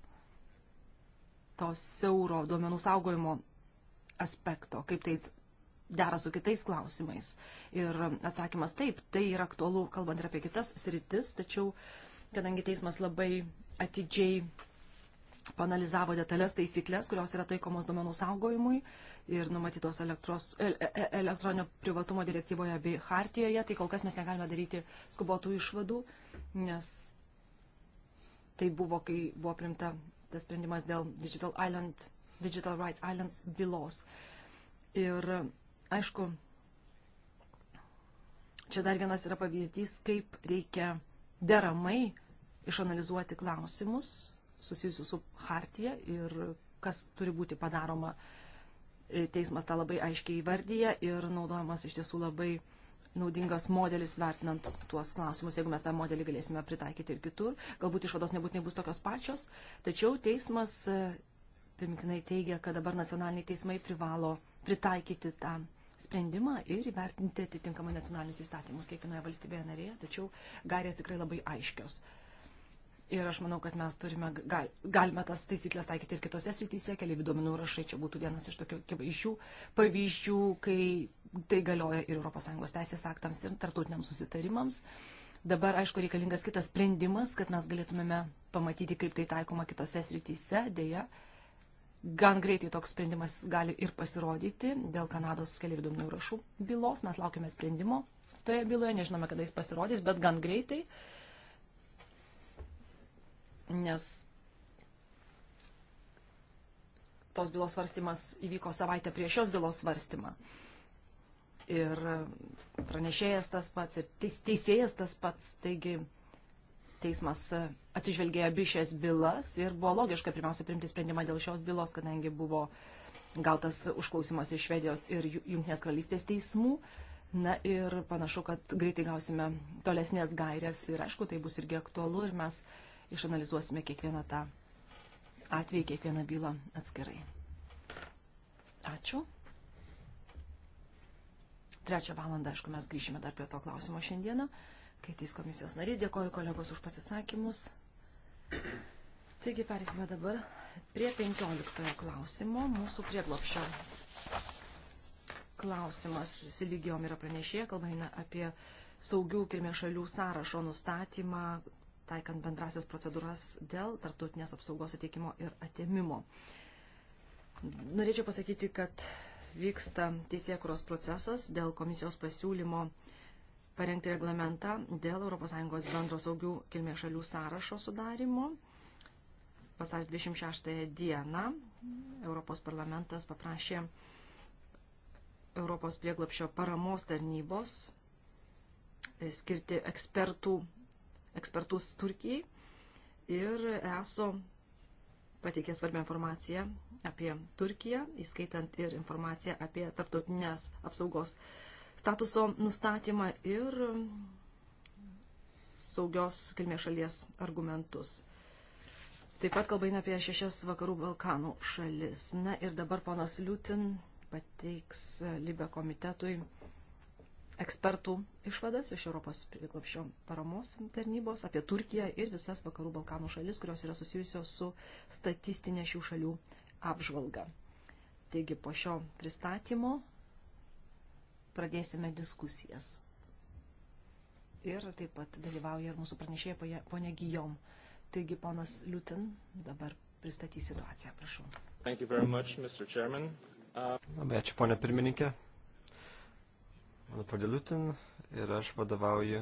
to siauro duomenų saugojimo aspekto, kaip tai dera su kitais klausimais. Ir atsakymas taip, tai yra aktualu, kalbant ir apie kitas sritis, tačiau kadangi teismas labai atidžiai panalizavo detalės taisyklės, kurios yra taikomos duomenų saugojimui ir numatytos elektros, e, e, e, elektroninio privatumo direktyvoje bei hartijoje, tai kol kas mes negalime daryti skubotų išvadų, nes tai buvo, kai buvo primta tas sprendimas dėl Digital, Island, Digital Rights Islands bylos. Ir aišku, čia dar vienas yra pavyzdys, kaip reikia deramai išanalizuoti klausimus susijusius su Hartija ir kas turi būti padaroma. Teismas tą labai aiškiai įvardyja ir naudojamas iš tiesų labai uh, naudingas modelis vertinant tuos klausimus, jeigu mes tą modelį galėsime pritaikyti ir kitur. Galbūt išvados nebūtinai bus tokios pačios, tačiau teismas e, primiktinai teigia, kad dabar nacionaliniai teismai privalo pritaikyti tą sprendimą ir įvertinti atitinkamai nacionalinius įstatymus kiekvienoje valstybėje narėje, tačiau garės tikrai labai aiškios. Ir aš manau, kad mes turime, gal, galime tas taisyklės taikyti ir kitose srityse, keliaivių duomenų rašai čia būtų vienas iš tokių akivaizdžių pavyzdžių, kai tai galioja ir ES teisės aktams, ir tartutiniams susitarimams. Dabar, aišku, reikalingas kitas sprendimas, kad mes galėtumėme pamatyti, kaip tai taikoma kitose srityse, dėja. Gan greitai toks sprendimas gali ir pasirodyti dėl Kanados keliaivių duomenų rašų bylos. Mes laukime sprendimo toje byloje, nežinome, kada jis pasirodys, bet gan greitai. Uh, nes tos bylos svarstymas įvyko savaitę prieš šios bylos svarstymą. Ir pranešėjas tas pats, ir teisėjas tas pats, taigi teismas atsižvelgė abi šias bylas ir buvo logiška pirmiausia priimti sprendimą dėl šios bylos, kadangi buvo gautas užklausimas iš Švedijos ir Junktinės karalystės teismų. Na ir panašu, kad greitai gausime tolesnės gairės ir aišku, tai bus irgi aktualu ir mes uh, išanalizuosime kiekvieną tą atvejį, kiekvieną bylą atskirai. Ačiū. Trečią valandą, aišku, mes grįšime dar prie to klausimo šiandieną, kai teis komisijos narys. Dėkoju kolegos už pasisakymus. Taigi perėsime dabar prie 15 klausimo, mūsų prieglopščio klausimas. Visi lygiom yra pranešėję, kalba eina apie saugių kilmės šalių sąrašo nustatymą, taikant bendrasias procedūras dėl tarptautinės apsaugos suteikimo ir atėmimo. Norėčiau pasakyti, kad vyksta teisėkuros procesas dėl komisijos pasiūlymo parengti reglamentą dėl ES bendro saugių kilmės šalių sąrašo sudarimo. Vasario 26 dieną Europos parlamentas paprašė Europos prieglapšio paramos tarnybos skirti ekspertų ekspertus Turkijai ir ESO pateikė svarbią informaciją apie Turkiją, įskaitant ir informaciją apie tarptautinės apsaugos statuso nustatymą ir saugios kilmės šalies argumentus. Taip pat kalba eina apie šešias vakarų Balkanų šalis. Na ir dabar ponas Liutin pateiks Libė komitetui ekspertų išvadas iš Europos prieglopščio paramos tarnybos apie Turkiją ir visas vakarų Balkanų šalis, kurios yra susijusios su statistinė šių šalių apžvalga. Taigi po šio pristatymo pradėsime diskusijas. Ir taip pat dalyvauja ir mūsų pranešėja ponė Gijom. Taigi ponas Liutin dabar pristatys situaciją, prašau. Much, uh... Labai ačiū, ponė pirmininkė. Pagaliutin ir aš vadovauju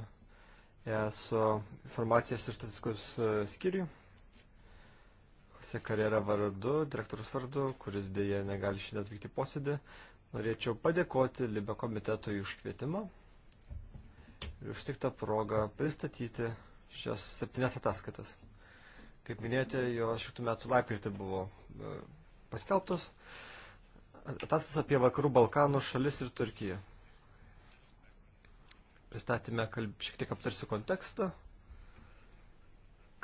ESO informacijos ir statistikos e, skyriui. Jose Karjera vardu, direktorius vardu, kuris dėja negali šiandien atvykti posėdį. Norėčiau padėkoti Libe komitetui už kvietimą ir už tiktą progą pristatyti šias septynes ataskaitas. Kaip minėjote, jo šitų metų lapkritį buvo e, paskelbtos ataskaitas apie Vakarų Balkanų šalis ir Turkiją pristatymę kalb... šiek tiek aptarsiu kontekstą,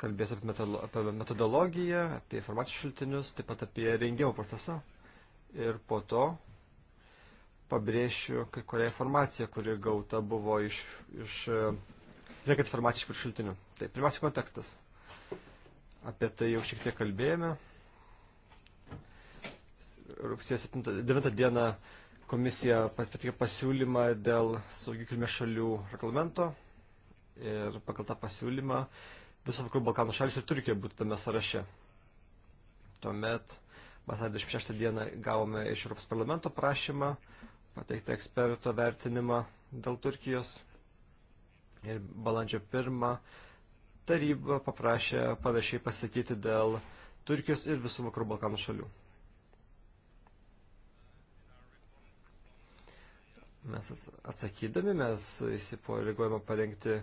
kalbės apie, metalo... apie metodologiją, apie informacijos šaltinius, taip pat apie rengimo procesą. Ir po to pabrėšiu, kai kurią informaciją, kuri gauta buvo iš, iš renkant informaciją iš kurių šaltinių. Tai pirmiausia kontekstas. Apie tai jau šiek tiek kalbėjome. Rugsėjo 9 dieną Komisija patikė pasiūlymą dėl saugių kilmės šalių reglamento ir pagal tą pasiūlymą visos vakarų Balkanų šalis ir Turkija būtų tame sąraše. Tuomet vasario 26 dieną gavome iš Europos parlamento prašymą pateikti eksperto vertinimą dėl Turkijos ir balandžio 1 taryba paprašė panašiai pasakyti dėl Turkijos ir visų vakarų Balkanų šalių. Mes atsakydami mes įsipareigojame parengti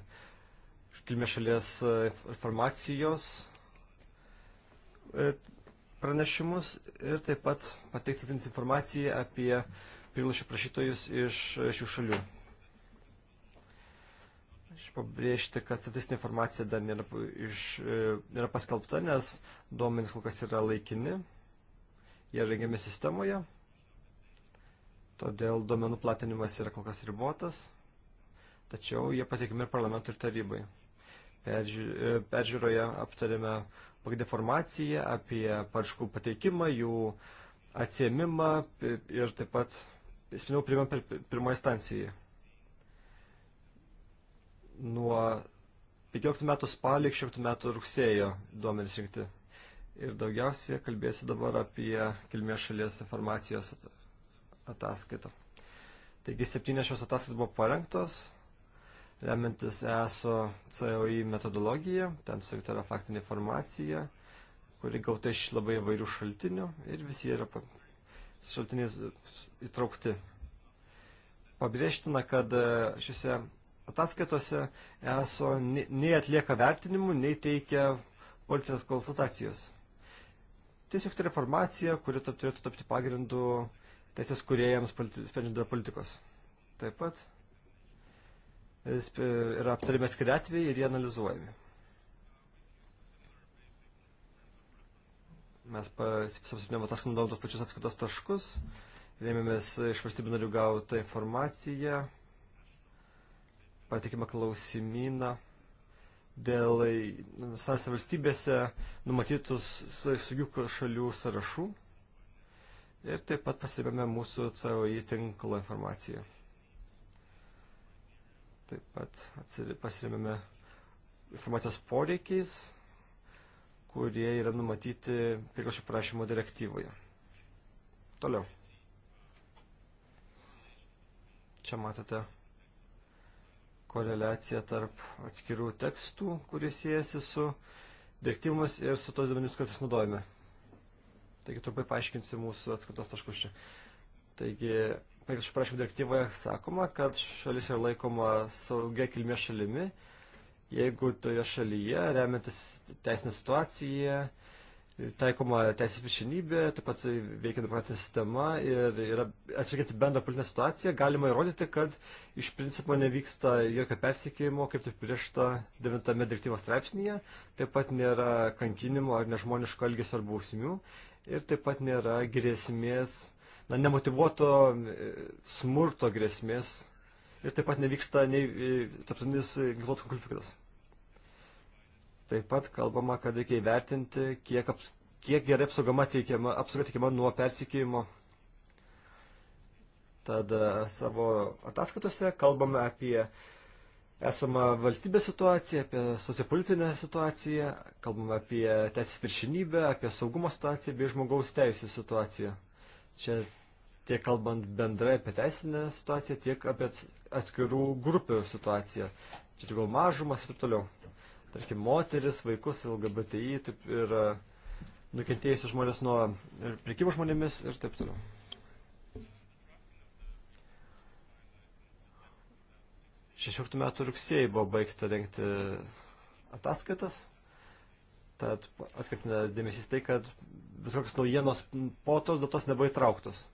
kilmės šalies e, informacijos e, pranešimus ir taip pat pateikti informaciją apie priglašių prašytojus iš šių šalių. Aš pabrėžti, kad statistinė informacija dar nėra, iš, e, nėra paskelbta, nes duomenys kol kas yra laikini, jie rengiami sistemoje Todėl duomenų platinimas yra kol kas ribotas, tačiau jie patikimi ir parlamentui ir tarybai. Perži... E, peržiūroje aptarėme deformaciją apie paraiškų pateikimą, jų atsiemimą ir taip pat sprendimų priimam per pirmoje stancijoje. Nuo 15 metų spalio iki 16 metų rugsėjo duomenys rinkti. Ir daugiausiai kalbėsiu dabar apie kilmės šalies informacijos ataskaitą. Taigi septynės šios ataskaitos buvo parengtos, remiantis ESO COI metodologiją, ten surinkta yra faktinė informacija, kuri gauta iš labai įvairių šaltinių ir visi yra šaltiniai įtraukti. Pabrėžtina, kad e, šiuose ataskaitose ESO nei atlieka vertinimų, nei teikia politinės konsultacijos. Tiesiog tai yra informacija, kuri turėtų tapti pagrindu teisės kuriejams sprendžiant dėl politikos. Taip pat yra aptarimi atskiri atvejai ir jie analizuojami. Mes apsipinėm ataskandom tos pačius atskaitos taškus, rėmėmės iš valstybių narių gautą informaciją, patikimą klausimyną dėl nacionalinėse valstybėse numatytus saugių šalių sąrašų ir taip pat pastebėjome mūsų COI tinklo informaciją. Taip pat pasirėmėme informacijos poreikiais, kurie yra numatyti prieglašio prašymo direktyvoje. Toliau. Čia matote koreliaciją tarp atskirų tekstų, kuris siejasi su direktyvomis ir su tos duomenimis, kuriuos naudojame. Taigi trumpai paaiškinsiu mūsų atskaitos taškus čia. Taigi, pavyzdžiui, prašymų direktyvoje sakoma, kad šalis yra laikoma saugia kilmės šalimi, jeigu toje šalyje, remiantis teisinę situaciją, taikoma teisės viršinybė, taip pat veikia demokratinė sistema ir yra atsižvelgiant į bendrą politinę situaciją, galima įrodyti, kad iš principo nevyksta jokio persikėjimo, kaip ir priešta 9 direktyvos straipsnėje, taip pat nėra kankinimo ar nežmoniško elgesio ar bausmių ir taip pat nėra grėsmės, na, nemotivuoto e, smurto grėsmės ir taip pat nevyksta nei e, tarptautinis ginkluotas konfliktas. Taip pat kalbama, kad reikia įvertinti, kiek, aps, kiek gerai apsaugama teikiama, apsauga teikiama nuo persikėjimo. Tad savo ataskaitose kalbame apie esamą valstybės situaciją, apie sociopolitinę situaciją, kalbam apie teisės viršinybę, apie saugumo situaciją bei žmogaus teisų situaciją. Čia tiek kalbant bendrai apie teisinę situaciją, tiek apie atskirų grupių situaciją. Čia tik mažumas ir taip toliau. Tarkim, moteris, vaikus, LGBTI taip, ir e, nukentėjusius žmonės nuo prekybos žmonėmis ir taip toliau. 16 metų rugsėjai buvo baigta rengti ataskaitas, tad atkreiptina dėmesys tai, kad bet kokios naujienos po tos datos nebuvo įtrauktos.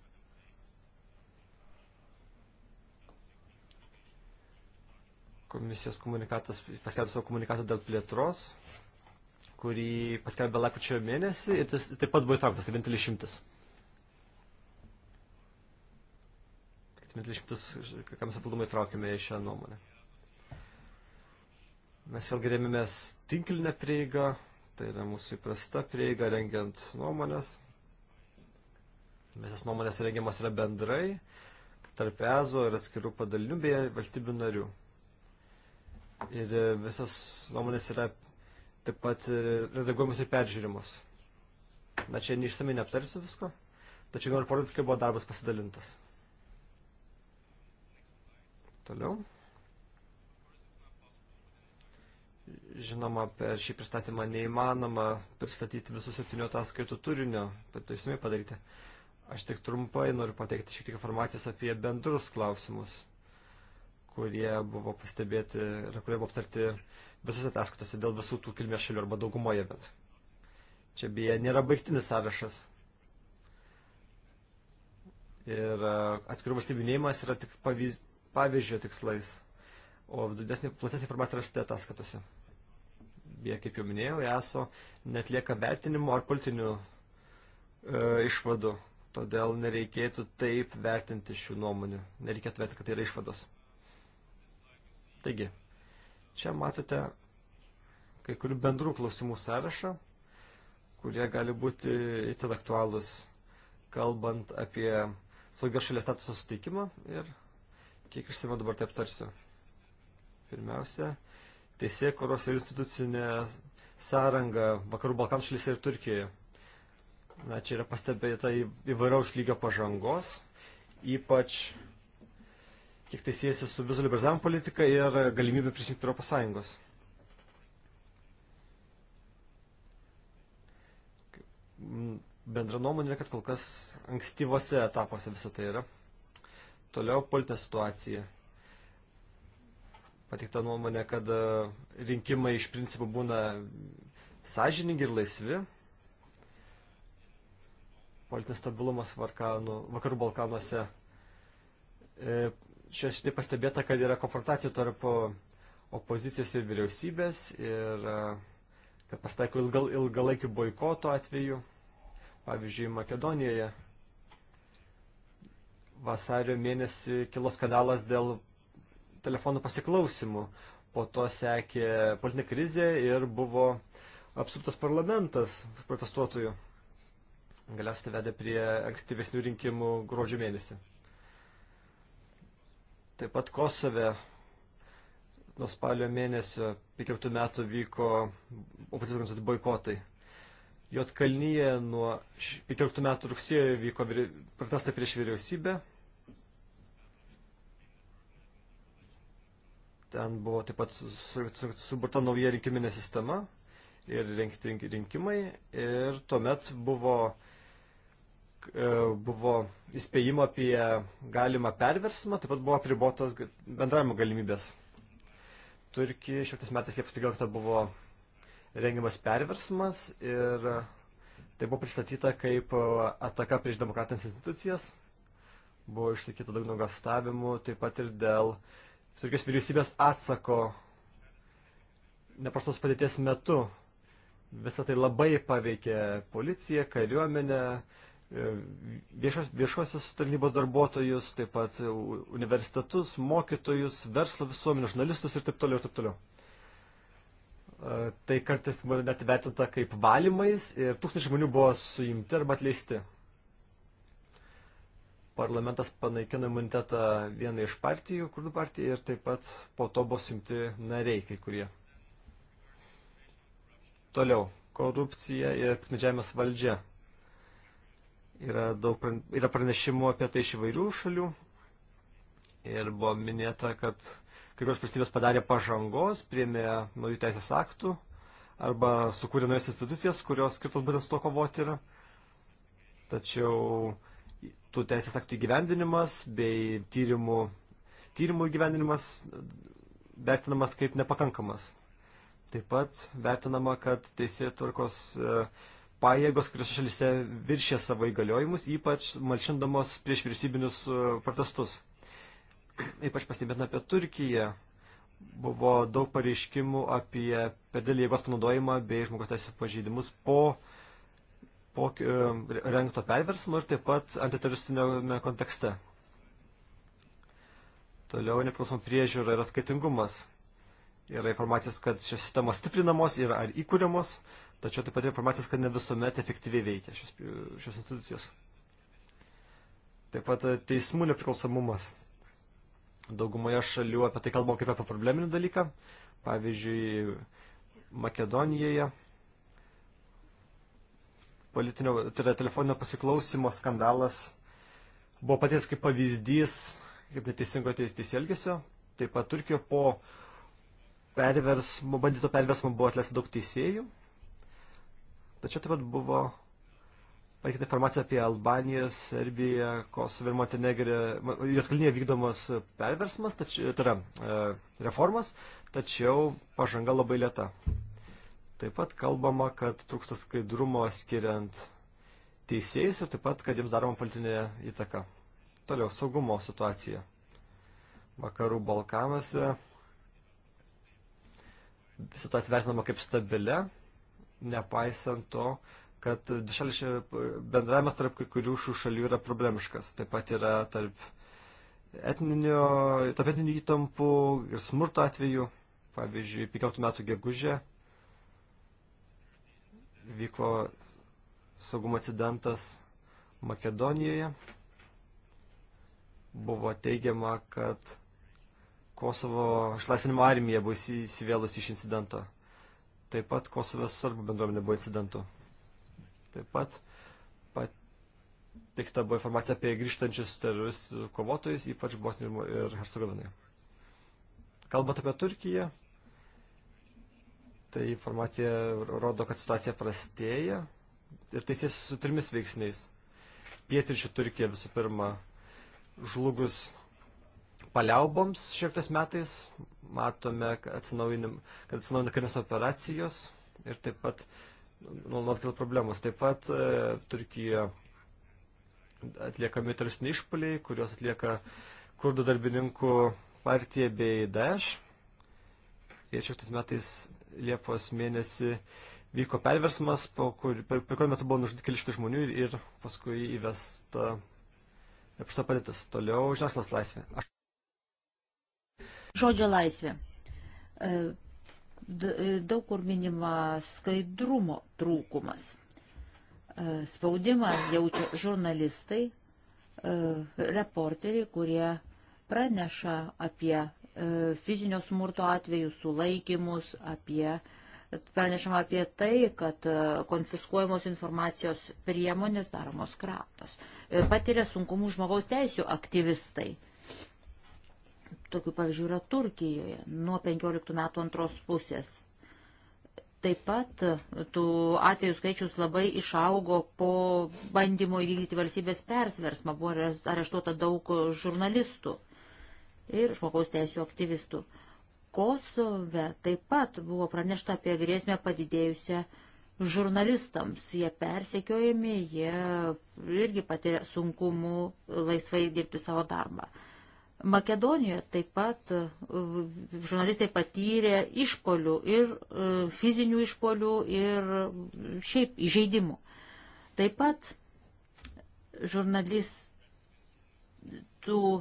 Komisijos komunikatas paskelbė savo komunikatą dėl plėtros, kurį paskelbė lakučio mėnesį ir tas taip pat buvo įtrauktas, tai vienintelis šimtas. Mes 20 kams papildomai traukėme į šią nuomonę. Mes vėlgi rėmėmės tinklinę prieigą, tai yra mūsų įprasta prieiga rengiant nuomonės. Mes jas nuomonės rengiamas yra bendrai, tarp EZO ir atskirų padalinių bei valstybių narių. Ir e, visas nuomonės yra taip pat e, redaguojamos ir peržiūrimos. Na čia neišsamei neaptarysiu visko, tačiau noriu parodyti, kaip buvo darbas pasidalintas. Toliau. Žinoma, per šį pristatymą neįmanoma pristatyti visų septynių ataskaitų turinio, bet to įsumai padaryti. Aš tik trumpai noriu pateikti šiek tiek informacijos apie bendrus klausimus, kurie buvo pastebėti ir kurie buvo aptarti visus ataskaitose dėl visų tų kilmės šalių arba daugumoje bent. Čia beje nėra baigtinis sąrašas. Ir e, atskirų valstybių neimas yra tik pavyz, pavyzdžio tikslais, o didesnė, platesnė informacija rasite ataskatose. Jie, kaip jau minėjau, ESO netlieka vertinimo ar politinių e, išvadų, todėl nereikėtų taip vertinti šių nuomonių, nereikėtų vertinti, kad tai yra išvados. Taigi, čia matote kai kurių bendrų klausimų sąrašą, kurie gali būti itin aktualūs, kalbant apie saugios šalies statuso suteikimą ir Kiek išsimiau dabar taip tarsiu? Pirmiausia, teisė, kuros ir institucinė sąranga Vakarų Balkanų šalyse ir Turkijoje. Na, čia yra pastebėta įvairiaus lygio pažangos, ypač kiek tai siejasi su vizų liberalizavimo politika ir galimybė prisijungti prie Europos Sąjungos. Bendra nuomonė, kad kol kas ankstyvose etapuose visą tai yra. Toliau politinė situacija. Patikta nuomonė, kad e, rinkimai iš principų būna sąžiningi ir laisvi. Politinis stabilumas Varkanų, Vakarų Balkanuose. E, čia šitai pastebėta, kad yra konfrontacija tarp opozicijos ir vyriausybės ir e, kad pastaiko ilgal, ilgalaikių boikoto atveju. Pavyzdžiui, Makedonijoje vasario mėnesį kilo skandalas dėl telefonų pasiklausimų. Po to sekė politinė krizė ir buvo apsuptas parlamentas protestuotojų. Galiausiai tai vedė prie ankstyvesnių rinkimų gruodžio mėnesį. Taip pat Kosove nuo spalio mėnesio 15 metų vyko opozicijos boikotai. Jotkalnyje nuo 15 metų rugsėjo vyko protestai prieš vyriausybę. Ten buvo taip pat suburta nauja rinkiminė sistema ir rinkti rinkimai. Ir tuomet buvo, e, buvo įspėjimo apie galimą perversmą, taip pat buvo apribotos bendravimo galimybės. Turkija šioktais metais Liepos 15 buvo rengiamas perversmas ir tai buvo pristatyta kaip ataka prieš demokratinės institucijas. Buvo išsakyta daug nuogastavimų, taip pat ir dėl Turkijos vyriausybės atsako neprastos padėties metu. Visą tai labai paveikė policiją, kariuomenę, viešos, viešosios tarnybos darbuotojus, taip pat universitetus, mokytojus, verslo visuomenę, žurnalistus ir taip toliau ir taip toliau. E, tai kartais buvo net vertinta kaip valymais ir tūkstančiai žmonių buvo suimti arba atleisti. Parlamentas panaikino imunitetą vieną iš partijų, kurdų partijai, ir taip pat po to buvo suimti nariai kai kurie. Toliau. Korupcija ir piknidžiavimas valdžia. Yra, daug, yra pranešimų apie tai iš įvairių šalių. Ir buvo minėta, kad kai kurios valstybės padarė pažangos, priemė naujų teisės aktų arba sukūrė naujas institucijas, kurios skirtos būtent su to kovoti yra. Tačiau tų teisės aktų įgyvendinimas bei tyrimų, tyrimų įgyvendinimas vertinamas kaip nepakankamas. Taip pat vertinama, kad teisė tvarkos e, pajėgos, kurios šalise viršė savo įgaliojimus, ypač malšindamos prieš vyriausybinius e, protestus ypač pastebėtina apie Turkiją, buvo daug pareiškimų apie perdėlį jėgos panaudojimą bei žmogaus teisės pažeidimus po, po e, rengto perversmo ir taip pat antiteroristinėme kontekste. Toliau nepriklausoma priežiūra ir atskaitingumas. Yra informacijos, kad šios sistemos stiprinamos yra ar įkūriamos, tačiau taip pat informacijos, kad ne visuomet efektyviai veikia šios, šios institucijos. Taip pat teismų nepriklausomumas. Daugumoje šalių apie tai kalbama kaip apie probleminį dalyką. Pavyzdžiui, Makedonijoje politinio, tai yra telefoninio pasiklausimo skandalas buvo paties kaip pavyzdys, kaip neteisingo teisės elgesio. Taip pat Turkijoje po perversmo, bandyto perversmo buvo atleista daug teisėjų. Tačiau taip pat buvo pateikta informacija apie Albaniją, Serbiją, Kosovą ir Montenegrę, Jotkalnyje vykdomas perversmas, tačiau, tai yra e, reformas, tačiau pažanga labai lėta. Taip pat kalbama, kad trūksta skaidrumo skiriant teisėjus ir taip pat, kad jiems daroma politinė įtaka. Toliau, saugumo situacija. Vakarų Balkanuose situacija vertinama kaip stabilia, nepaisant to, kad dvišalis e, bendravimas tarp kai kurių šių šalių yra problemiškas. Taip pat yra tarp etninio, tarp etninių įtampų ir smurto atveju. Pavyzdžiui, 15 metų gegužė vyko saugumo incidentas Makedonijoje. Buvo teigiama, kad Kosovo išlaisvinimo armija buvo įsivėlusi iš incidento. Taip pat Kosovo serbų bendruomenė buvo incidentu. Taip pat pateikta buvo informacija apie grįžtančius teroristų kovotojus, ypač Bosnijoje ir Hercegovinoje. Kalbant apie Turkiją, tai informacija rodo, kad situacija prastėja ir tai siejasi su trimis veiksniais. Pietričių Turkija visų pirma žlugus paliauboms šiektas metais, matome, kad atsinaujina karinės operacijos ir taip pat nuolat dėl problemos. Taip pat e, Turkija atliekami tarsi išpoliai, kuriuos atlieka kurdų darbininkų partija bei Daesh. Ir šeštais metais Liepos mėnesį vyko perversmas, po kur, per, per kurį metu buvo nužudyti keli šimtai žmonių ir, ir paskui įvesta nepašta padėtis. Toliau žiniasklaidos laisvė. Aš... Žodžio laisvė. E, E, daug kur minima skaidrumo trūkumas. E, spaudimą jaučia žurnalistai, e, reporteriai, kurie praneša apie fizinio smurto atvejus, sulaikimus, apie pranešama apie tai, kad konfiskuojamos informacijos priemonės daromos kraptos. Patiria sunkumų žmogaus teisų aktyvistai Tokių pavyzdžių yra Turkijoje nuo 15 metų antros pusės. Taip pat e, tų atvejų skaičius labai išaugo po bandymo įvykdyti valstybės persversmą. Buvo areštuota daug žurnalistų ir žmogaus teisų aktyvistų. Kosove taip pat buvo pranešta apie grėsmę padidėjusią žurnalistams. Jie persekiojami, jie irgi patiria sunkumų laisvai dirbti savo darbą. Makedonijoje taip pat e, žurnalistai patyrė išpolių ir e, fizinių išpolių ir šiaip įžeidimų. Taip pat žurnalistų, e,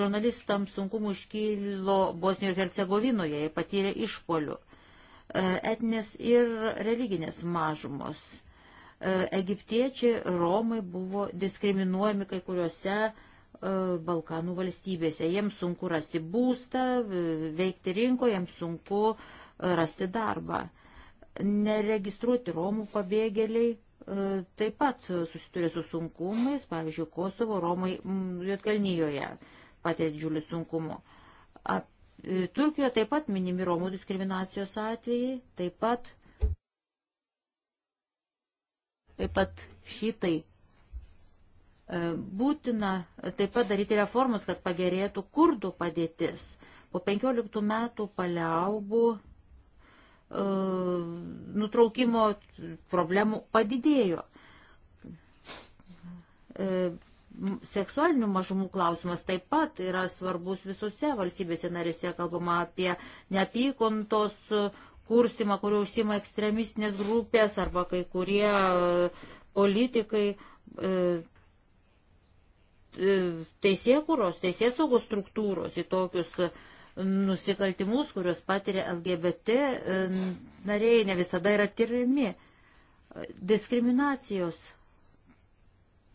žurnalistams sunkumų iškylo Bosnijoje ir Hercegovinoje, jie patyrė išpolių. Etnės ir religinės mažumos. Egiptiečiai, Romai buvo diskriminuojami kai kuriuose E, Balkanų valstybėse. Jiems sunku rasti būstą, veikti rinkoje, jiems sunku e, rasti darbą. Neregistruoti Romų pabėgėliai e, taip pat susituria su sunkumais, pavyzdžiui, Kosovo Romai Jotkalnyjoje patė didžiulį sunkumų. Turkijoje taip pat minimi Romų diskriminacijos atvejai, taip pat, taip pat šitai E, būtina taip pat daryti reformas, kad pagerėtų kurdų padėtis. Po 15 metų paliaubų e, nutraukimo problemų padidėjo. E, seksualinių mažumų klausimas taip pat yra svarbus visose valstybėse narėse, kalbama apie neapykontos kursimą, kurio užsima ekstremistinės grupės arba kai kurie politikai E, teisėkuros, teisėsaugos struktūros į tokius e, nusikaltimus, kuriuos patiria LGBT e, nariai, ne visada yra tyrimi. Diskriminacijos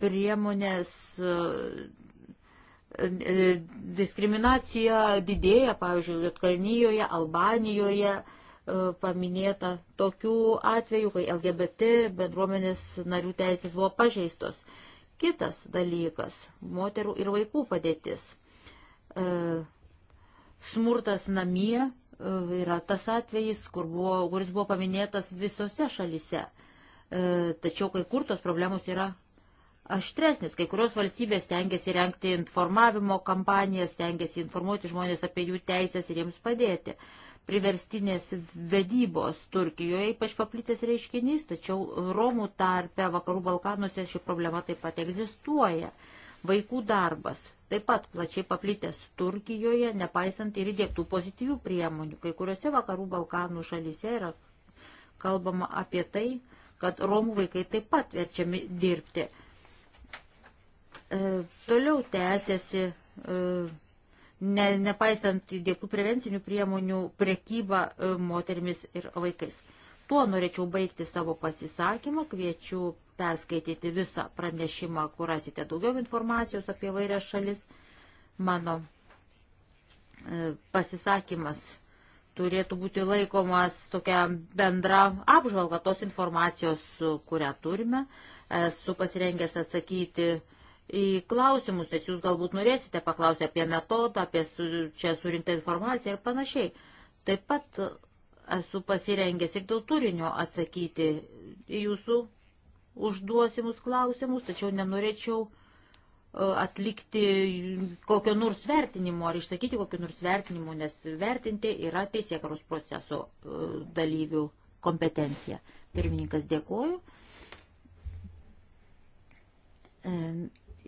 priemonės, diskriminacija didėja, pavyzdžiui, Lietkalnyjoje, Albanijoje paminėta tokių atvejų, kai LGBT bendruomenės narių teisės buvo pažeistos. Kitas dalykas - moterų ir vaikų padėtis. E, smurtas namie e, yra tas atvejis, kur buvo, kuris buvo paminėtas visose šalise. E, tačiau kai kur tos problemos yra aštresnis. Kai kurios valstybės tengiasi renkti informavimo kampanijas, tengiasi informuoti žmonės apie jų teisės ir jiems padėti. E, priverstinės vedybos Turkijoje ypač paplitęs reiškinys, tačiau Romų tarpe Vakarų Balkanuose ši problema taip pat egzistuoja. Vaikų darbas taip pat plačiai paplitęs Turkijoje, nepaisant ir įdėktų pozityvių priemonių. Kai kuriuose Vakarų Balkanų šalyse yra kalbama apie tai, kad Romų vaikai taip pat verčiami dirbti. E, toliau tęsiasi e, ne, nepaisant dėktų prevencinių priemonių, priekybą e, moterimis ir vaikais. Tuo norėčiau baigti savo pasisakymą, kviečiu perskaityti visą pranešimą, kur rasite daugiau informacijos apie vairias šalis. Mano e, pasisakymas turėtų būti laikomas tokia bendra apžvalga tos informacijos, kurią turime. Esu pasirengęs atsakyti į klausimus, nes jūs galbūt norėsite paklausti apie metodą, apie su, čia surinktą informaciją ir panašiai. Taip pat esu pasirengęs ir dėl turinio atsakyti į jūsų užduosimus klausimus, tačiau nenorėčiau e, atlikti kokio nors vertinimo ar išsakyti kokio nors vertinimo, nes vertinti yra teisėkaros proceso e, dalyvių kompetencija. Pirmininkas dėkoju.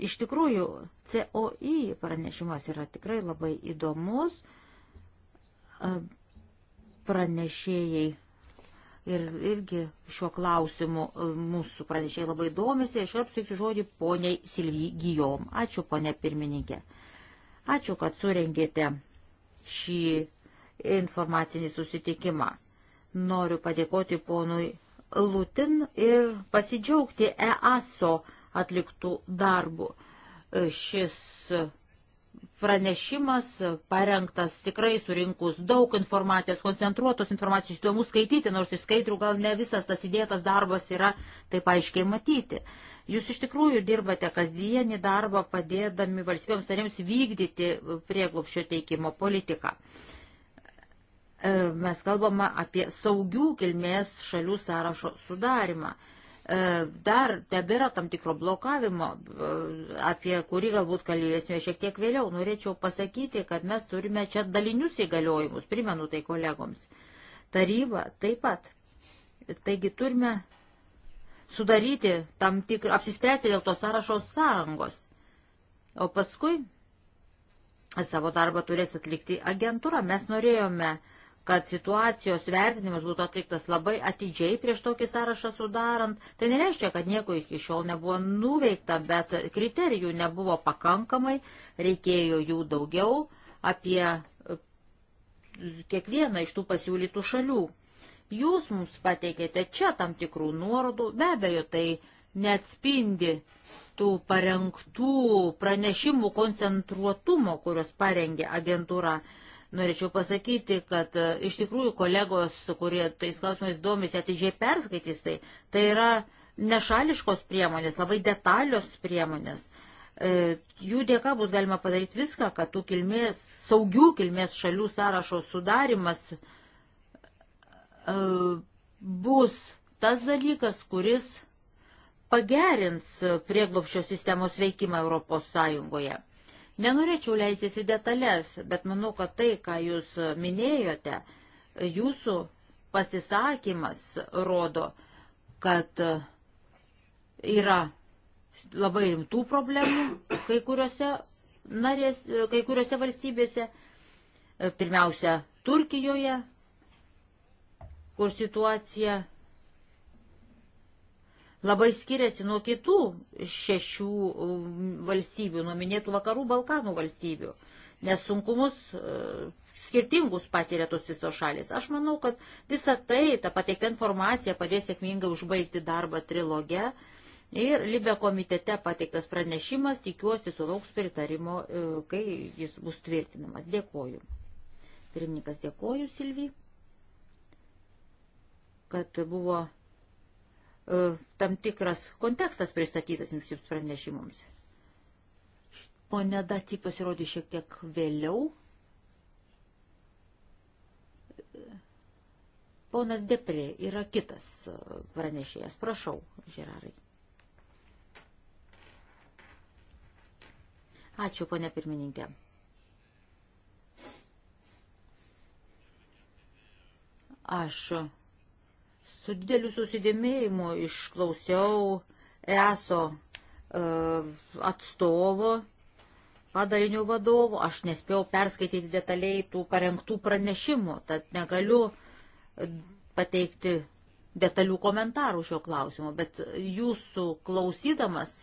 Iš tikrųjų, COI e pranešimas yra tikrai labai įdomus. Pranešėjai ir irgi šiuo klausimu mūsų pranešėjai labai domisi. Aš apsitikiu žodį poniai Silvijai Gijom. Ačiū, ponė pirmininkė. Ačiū, kad surengėte šį informacinį susitikimą. Noriu padėkoti ponui Lutin ir pasidžiaugti EASO atliktų darbų. E, šis pranešimas parengtas tikrai surinkus daug informacijos, koncentruotos informacijos, įdomu skaityti, nors iš skaidrų gal ne visas tas įdėtas darbas yra taip aiškiai matyti. Jūs iš tikrųjų dirbate kasdienį darbą padėdami valstybėms tarėms vykdyti prieglopščio teikimo politiką. E, mes kalbame apie saugių kilmės šalių sąrašo sudarimą. E, dar tebėra tam tikro blokavimo, e, apie kurį galbūt kalbėsime šiek tiek vėliau. Norėčiau pasakyti, kad mes turime čia dalinius įgaliojimus, primenu tai kolegoms. Taryba taip pat. Taigi turime sudaryti tam tikrą, apsispręsti dėl to sąrašo sąrangos. O paskui savo darbą turės atlikti agentūra. Mes norėjome uh, kad situacijos vertinimas būtų atliktas labai atidžiai prieš tokį sąrašą sudarant. Tai nereiškia, kad nieko iki šiol nebuvo nuveikta, bet kriterijų nebuvo pakankamai, reikėjo jų daugiau apie e, kiekvieną iš tų pasiūlytų šalių. Jūs mums pateikėte čia tam tikrų nuorodų, be abejo, tai neatspindi tų parengtų pranešimų koncentruotumo, kurios parengė agentūra. Norėčiau pasakyti, kad e, iš tikrųjų kolegos, kurie tais klausimais domisi, atidžiai perskaitys tai, tai yra nešališkos priemonės, labai detalios priemonės. E, jų dėka bus galima padaryti viską, kad tų kilmės, saugių kilmės šalių sąrašo sudarimas e, bus tas dalykas, kuris pagerins prieglopščio sistemos veikimą Europos Sąjungoje. Nenorėčiau leistis į detalės, bet manau, kad tai, ką jūs minėjote, jūsų pasisakymas rodo, kad yra labai rimtų problemų kai kuriuose, narės, kai kuriuose valstybėse, pirmiausia Turkijoje, kur situacija labai skiriasi nuo kitų šešių um, valstybių, nuo minėtų vakarų Balkanų valstybių, nes sunkumus uh, skirtingus patiria tos visos šalis. Aš manau, kad visa tai, ta pateikta informacija padės sėkmingai užbaigti darbą trilogę. Ir Libė komitete pateiktas pranešimas, tikiuosi, sulauks pritarimo, uh, kai jis bus tvirtinamas. Dėkoju. Pirmininkas dėkoju, Silvi, kad buvo E, tam tikras kontekstas pristatytas jums jums pranešimams. Pone Dati pasirodė šiek tiek vėliau. Ponas Deprė yra kitas e, pranešėjas. Prašau, Žerarai. Ačiū, ponė pirmininkė. Aš Su dideliu susidėmėjimu išklausiau ESO e, atstovo, padalinio vadovo. Aš nespėjau perskaityti detaliai tų parengtų pranešimų, tad negaliu e, pateikti detalių komentarų šio klausimo, bet jūsų klausydamas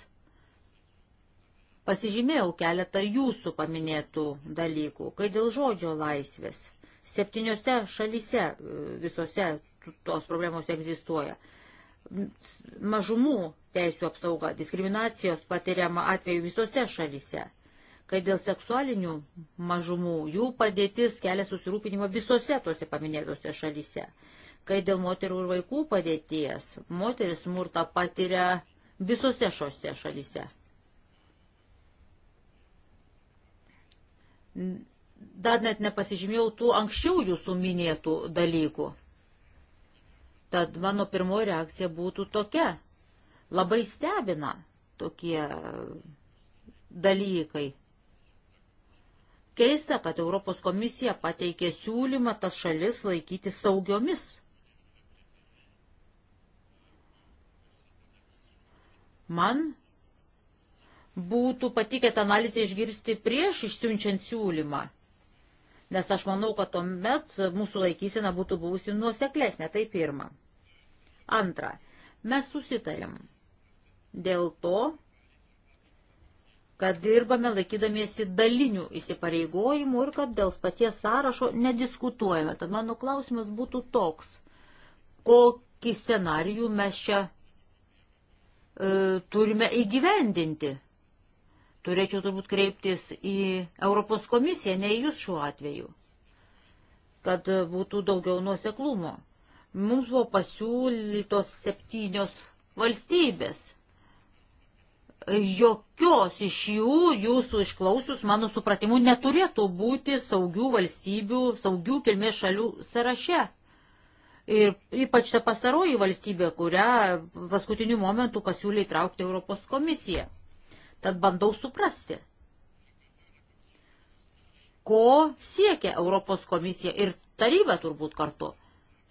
pasižymėjau keletą jūsų paminėtų dalykų, kai dėl žodžio laisvės. Septyniose šalyse e, visose tos problemos egzistuoja. Mažumų teisų apsauga, diskriminacijos patiriama atveju visose šalise, kai dėl seksualinių mažumų jų padėtis kelia susirūpinimą visose tose paminėtose šalise, kai dėl moterų ir vaikų padėties moteris smurtą patiria visose šiose šalise. Dar net nepasižymėjau tų anksčiau jūsų minėtų dalykų. Tad mano pirmoji reakcija būtų tokia. Labai stebina tokie dalykai. Keista, kad Europos komisija pateikė siūlymą tas šalis laikyti saugiomis. Man būtų patikėta analizė išgirsti prieš išsiunčiant siūlymą nes aš manau, kad tuomet mūsų laikysena būtų buvusi nuoseklesnė. Tai pirma. Antra, mes susitarim dėl to, kad dirbame laikydamiesi dalinių įsipareigojimų ir kad dėl paties sąrašo nediskutuojame. Tad mano klausimas būtų toks, kokį scenarijų mes čia e, turime įgyvendinti Turėčiau turbūt kreiptis į Europos komisiją, ne į jūs šiuo atveju, kad būtų daugiau nuoseklumo. Mums buvo pasiūlytos septynios valstybės. Jokios iš jų, jūsų išklausius, mano supratimu, neturėtų būti saugių valstybių, saugių kilmės šalių sąraše. Ir ypač ta pastaroji valstybė, kurią paskutiniu momentu pasiūlė įtraukti Europos komisiją. Tad bandau suprasti, ko siekia Europos komisija ir taryba turbūt kartu,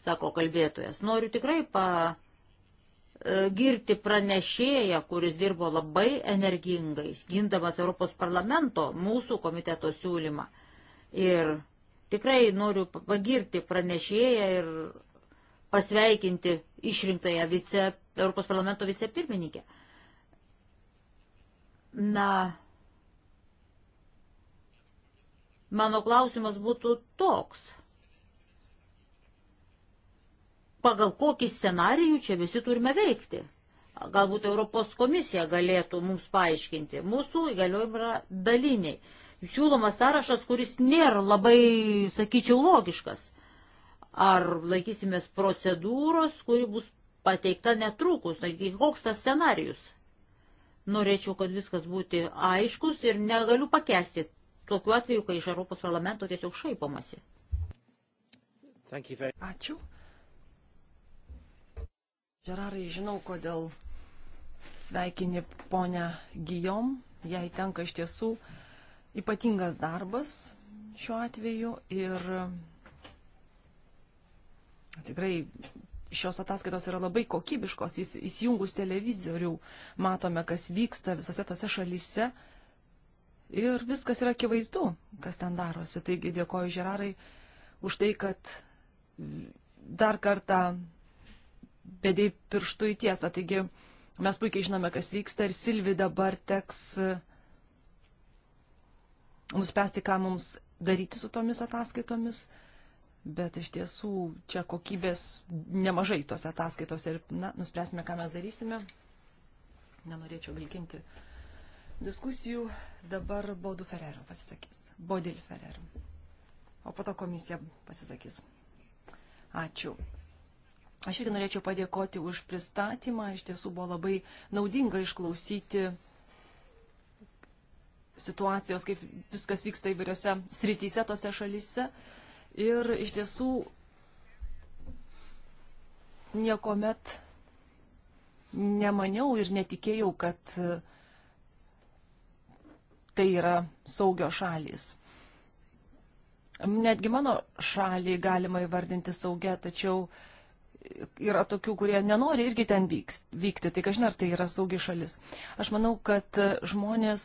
sako kalbėtojas. Noriu tikrai pagirti e, pranešėją, kuris dirbo labai energingai, gindamas Europos parlamento mūsų komiteto siūlymą. Ir tikrai noriu pagirti pranešėją ir pasveikinti išrinktąją vice, Europos parlamento vicepirmininkę. Na, mano klausimas būtų toks. Pagal kokį scenarijų čia visi turime veikti? Galbūt Europos komisija galėtų mums paaiškinti. Mūsų įgaliojimai yra daliniai. Siūlomas sąrašas, kuris nėra labai, sakyčiau, logiškas. Ar laikysimės procedūros, kuri bus pateikta netrukus? Taigi, koks tas scenarijus? Norėčiau, kad viskas būtų aiškus ir negaliu pakesti tokiu atveju, kai iš Europos parlamento tiesiog šaipomasi. Ačiū. Žerarai, žinau, kodėl sveikini ponę Gijom. Jai tenka iš tiesų ypatingas darbas šiuo atveju ir tikrai šios ataskaitos yra labai kokybiškos, jis, įsijungus televizorių matome, kas vyksta visose tose šalyse ir viskas yra akivaizdu, kas ten darosi. Taigi dėkoju Žerarai už tai, kad dar kartą bedėjai pirštų į tiesą. Taigi mes puikiai žinome, kas vyksta ir Silvi dabar teks nuspręsti, ką mums daryti su tomis ataskaitomis bet iš tiesų čia kokybės nemažai tose ataskaitose ir na, nuspręsime, ką mes darysime. Nenorėčiau vilkinti diskusijų. Dabar Bodu Ferrero pasisakys. Bodil Ferrero. O po to komisija pasisakys. Ačiū. Aš irgi norėčiau padėkoti už pristatymą. Iš tiesų buvo labai naudinga išklausyti situacijos, kaip viskas vyksta įvairiose srityse tose šalyse. Uh, Ir iš tiesų niekuomet nemaniau ir netikėjau, kad tai yra saugio šalis. Netgi mano šalį galima įvardinti saugia, tačiau yra tokių, kurie nenori irgi ten vykti. Tai kažin ar tai yra saugi šalis. Aš manau, kad žmonės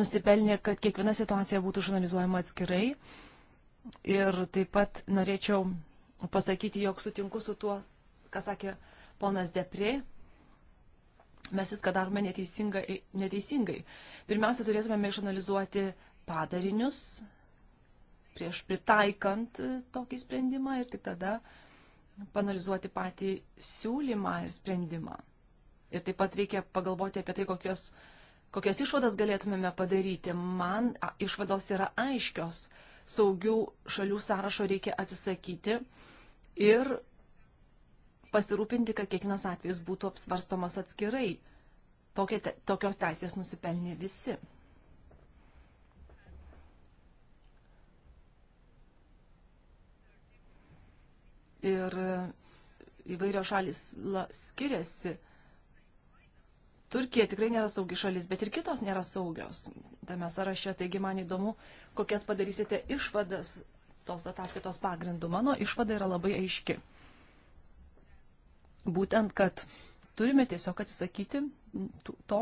nusipelnė, kad kiekviena situacija būtų žurnalizuojama atskirai Ir taip pat norėčiau pasakyti, jog sutinku su tuo, ką sakė ponas Deprė. Mes viską darome neteisingai. neteisingai. Pirmiausia, turėtumėme išanalizuoti padarinius prieš pritaikant tokį sprendimą ir tik tada panalizuoti patį siūlymą ir sprendimą. Ir taip pat reikia pagalvoti apie tai, kokios, kokias išvadas galėtumėme padaryti. Man išvados yra aiškios. Uh, saugių šalių sąrašo reikia atsisakyti ir pasirūpinti, kad kiekvienas atvejis būtų apsvarstomas atskirai. Tokia te, tokios teisės nusipelnė visi. Ir įvairios šalis la, skiriasi Turkija tikrai nėra saugi šalis, bet ir kitos nėra saugios tame sąraše. Taigi man įdomu, kokias padarysite išvadas tos ataskaitos pagrindų. Mano išvada yra labai aiški. Būtent, kad turime tiesiog atsisakyti to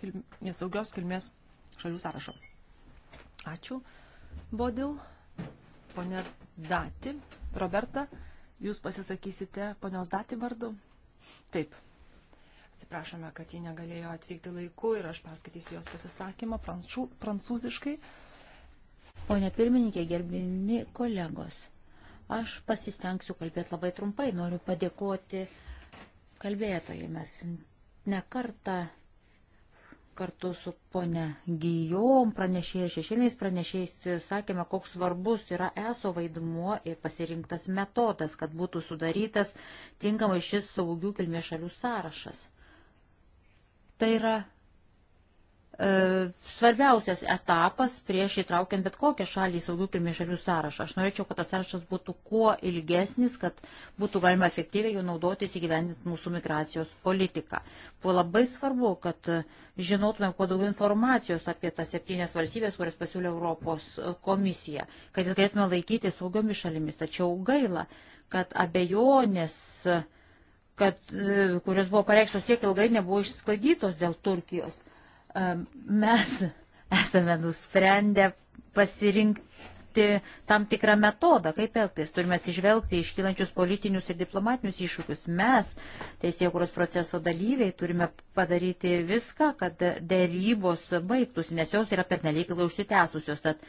kilm, nesaugios kilmės šalių sąrašo. Ačiū, Bodil. Pone Dati, Roberta, jūs pasisakysite ponios Dati vardu? Taip. Atsiprašome, kad ji negalėjo atvykti laiku ir aš paskaitysiu jos pasisakymą prancū, prancūziškai. Pone pirmininkė, gerbimi kolegos, aš pasistengsiu kalbėti labai trumpai. Noriu padėkoti kalbėtojai. Mes nekartą kartu su pone Gijom pranešėjais, šešėliniais pranešėjais sakėme, koks svarbus yra ESO vaidmuo ir pasirinktas metodas, kad būtų sudarytas tinkamai šis saugių kilmės šalių sąrašas. Tai yra e, svarbiausias etapas prieš įtraukiant bet kokią šalį į saugių kilmės šalių sąrašą. Aš norėčiau, kad tas sąrašas būtų kuo ilgesnis, kad būtų galima efektyviai jau naudotis įgyvendinti mūsų migracijos politiką. Buvo labai svarbu, kad žinotumėm kuo daugiau informacijos apie tas septynės valstybės, kurias pasiūlė Europos komisija, kad jas galėtume laikyti saugiomis šalimis. Tačiau gaila, kad abejonės. Uh, kad, e, kurios buvo pareikštos tiek ilgai nebuvo išsklaidytos dėl Turkijos. E, mes *laughs* esame nusprendę pasirinkti tam tikrą metodą, kaip elgtis. Turime atsižvelgti iškylančius politinius ir diplomatinius iššūkius. Mes, teisėkuros proceso dalyviai, turime padaryti viską, kad dėrybos baigtųsi, nes jos yra pernelyg ilgai užsitęsusios. Tad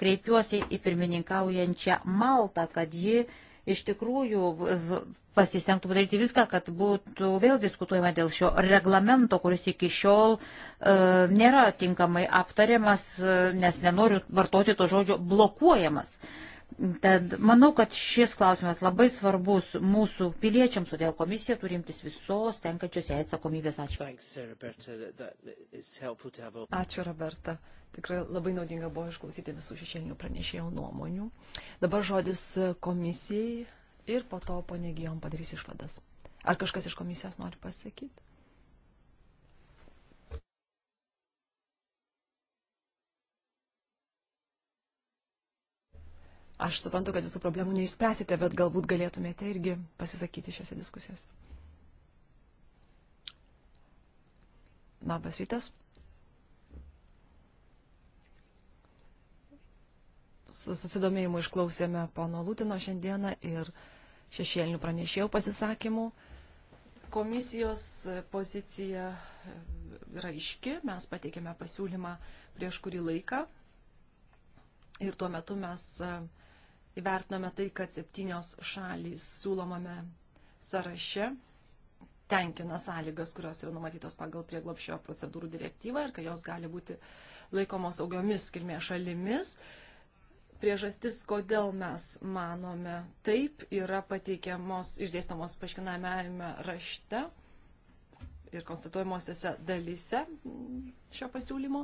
kreipiuosi į pirmininkaujančią Maltą, kad ji iš tikrųjų pasistengtų padaryti viską, kad būtų vėl diskutuojama dėl šio reglamento, kuris iki šiol e, nėra tinkamai aptariamas, e, nes nenoriu vartoti to žodžio blokuojamas. Tad manau, kad šis klausimas labai svarbus mūsų piliečiams, todėl komisija turi imtis visos tenkačios jai atsakomybės. Ačiū. Uh, Ačiū, Roberta. Tikrai labai naudinga buvo išklausyti visų šešėlinių pranešėjų nuomonių. Dabar žodis uh, komisijai ir po to ponegijom padarys išvadas. Ar kažkas iš komisijos nori pasakyti? Aš suprantu, kad visų problemų neišspręsite, bet galbūt galėtumėte irgi pasisakyti šiose diskusijose. Labas rytas. Su susidomėjimu išklausėme pono Lūtino šiandieną ir šešėlinių pranešėjų pasisakymų. Komisijos pozicija e, yra iški, mes pateikėme pasiūlymą prieš kurį laiką ir tuo metu mes e, įvertiname tai, kad septynios šalys siūlomame sąraše tenkina sąlygas, kurios yra numatytos pagal prieglopšio procedūrų direktyvą ir kad jos gali būti laikomos saugiomis kilmės šalimis. Uh, priežastis, kodėl mes manome taip, yra pateikiamos, išdėstamos paškinamėjame rašte ir konstatuojamosiose dalyse šio pasiūlymo.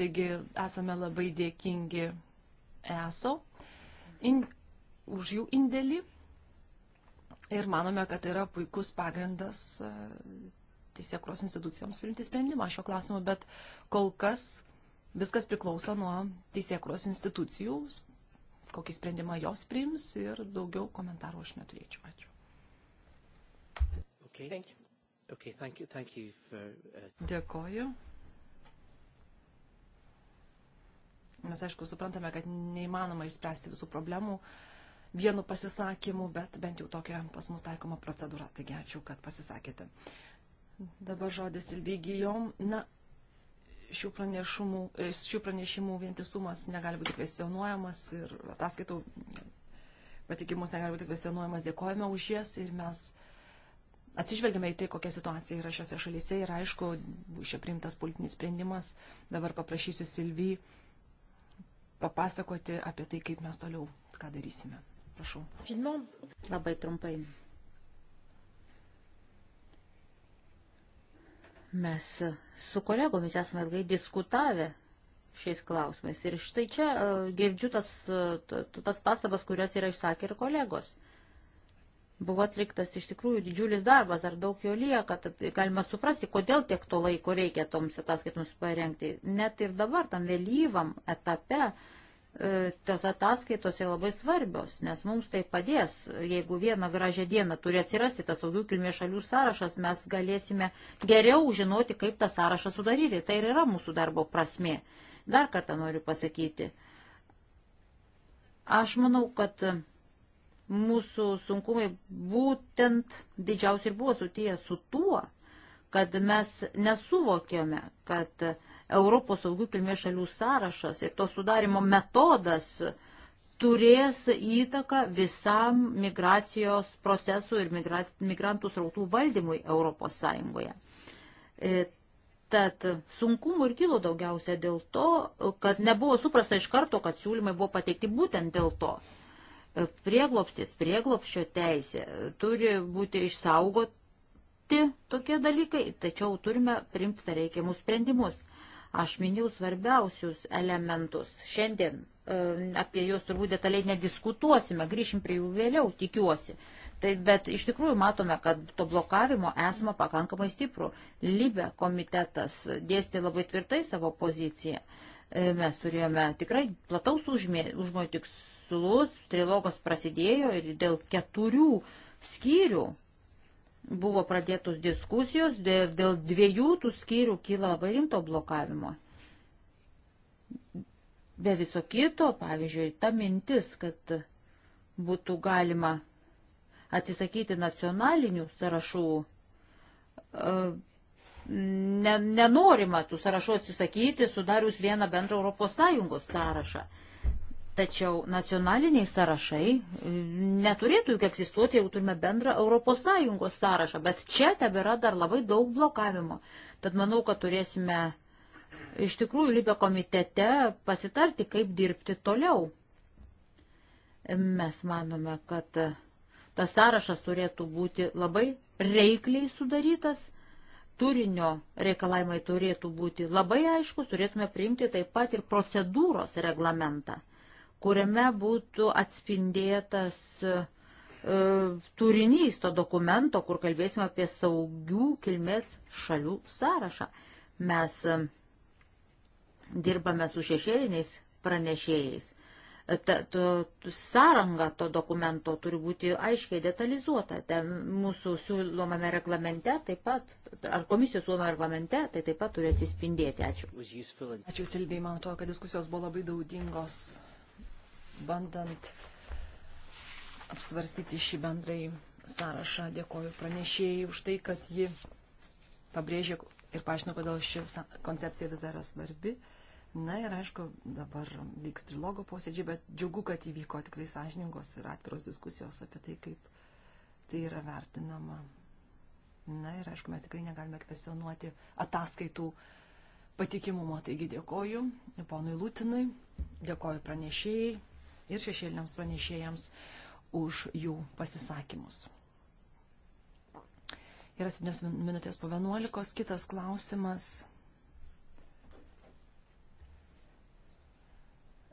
Taigi esame labai dėkingi ESO in, už jų indėlį ir manome, kad tai yra puikus pagrindas e, teisėkros institucijoms priimti sprendimą šio klausimu, bet kol kas viskas priklauso nuo teisėkros institucijų kokį sprendimą jos priims ir daugiau komentarų aš neturėčiau. Ačiū. Okay. Thank you. Okay, thank you, thank you for, uh... Dėkoju. Mes, aišku, suprantame, kad neįmanoma išspręsti visų problemų vienu pasisakymu, bet bent jau tokia pas mus taikoma procedūra. Taigi ačiū, kad pasisakėte. Dabar žodis Ilvygijom. Na, šių pranešimų, e, šių pranešimų vientisumas negali būti kvestionuojamas ir ataskaitų patikimus negali būti kvestionuojamas. Dėkojame už jas ir mes atsižvelgiame į tai, kokia situacija yra šiose šalyse ir aišku, šia priimtas politinis sprendimas. Dabar paprašysiu Silvy papasakoti apie tai, kaip mes toliau ką darysime. Prašau. Labai trumpai. Mes su kolegomis esame ilgai diskutavę šiais klausimais. Ir štai čia e, girdžiu tas, e, tas pastabas, kurias yra išsakę ir kolegos. Buvo atliktas iš tikrųjų didžiulis darbas, ar daug jo lieka, tad galima suprasti, kodėl tiek to laiko reikia toms ataskaitoms parengti. Net ir dabar, tam vėlyvam etape, uh, E, tos ataskaitos yra labai svarbios, nes mums tai padės. Jeigu vieną gražią dieną turi atsirasti tas saugių kilmės šalių sąrašas, mes galėsime geriau žinoti, kaip tą sąrašą sudaryti. Tai ir yra mūsų darbo prasme. Dar kartą noriu pasakyti. Aš manau, kad mūsų sunkumai būtent didžiausiai ir buvo sutiję su tuo, kad mes nesuvokėme, kad uh, Europos saugių kilmės šalių sąrašas ir to sudarimo metodas turės įtaką visam migracijos procesų ir migrantų srautų valdymui Europos Sąjungoje. E, tad sunkumų ir kilo daugiausia dėl to, kad nebuvo suprasta iš karto, kad siūlymai buvo pateikti būtent dėl to. E, Prieglopstis, prieglopščio teisė turi būti išsaugoti tokie dalykai, tačiau turime primti reikiamus sprendimus. Aš minėjau svarbiausius elementus. Šiandien e, apie juos turbūt detaliai nediskutuosime, grįšim prie jų vėliau, tikiuosi. Tai, bet iš tikrųjų matome, kad to blokavimo esama pakankamai stiprų. Libe komitetas dėstė labai tvirtai savo poziciją. E, mes turėjome tikrai plataus užmojo tikslus, trilogas prasidėjo ir dėl keturių skyrių buvo pradėtos diskusijos, dėl, dėl dviejų tų skyrių kyla labai rimto blokavimo. Be viso kito, pavyzdžiui, ta mintis, kad būtų galima atsisakyti nacionalinių sąrašų, e, ne, nenorima tų sąrašų atsisakyti, sudarius vieną bendrą ES sąrašą. Tačiau nacionaliniai sąrašai e, neturėtų juk egzistuoti, jeigu turime bendrą ES sąrašą, bet čia tebėra dar labai daug blokavimo. Tad manau, kad turėsime iš tikrųjų Libio komitete pasitarti, kaip dirbti toliau. Mes manome, kad tas sąrašas turėtų būti labai reikliai sudarytas, turinio reikalavimai turėtų būti labai aiškus, turėtume priimti taip pat ir procedūros reglamentą kuriame būtų atspindėtas e, turinys to dokumento, kur kalbėsime apie saugių kilmės šalių sąrašą. Mes e, dirbame su šešėliniais pranešėjais. Ta, ta, sąranga to dokumento turi būti aiškiai detalizuota. Ten mūsų siūlomame reglamente taip pat, ar komisijos siūlomame reglamente, tai taip pat turi atsispindėti. Ačiū. Ačiū Silvijai, man atrodo, kad diskusijos buvo labai daudingos bandant apsvarstyti šį bendrai sąrašą. Dėkoju pranešėjai už tai, kad ji pabrėžė ir paaiškino, kodėl ši koncepcija vis dar yra svarbi. Na ir aišku, dabar vyks trilogo posėdžiai, bet džiugu, kad įvyko tikrai sąžiningos ir atviros diskusijos apie tai, kaip tai yra vertinama. Na ir aišku, mes tikrai negalime kvesionuoti ataskaitų patikimumo. Taigi dėkoju ponui Lūtinui, dėkoju pranešėjai ir šešėliniams pranešėjams už jų pasisakymus. Yra 7 minutės po 11. Kitas klausimas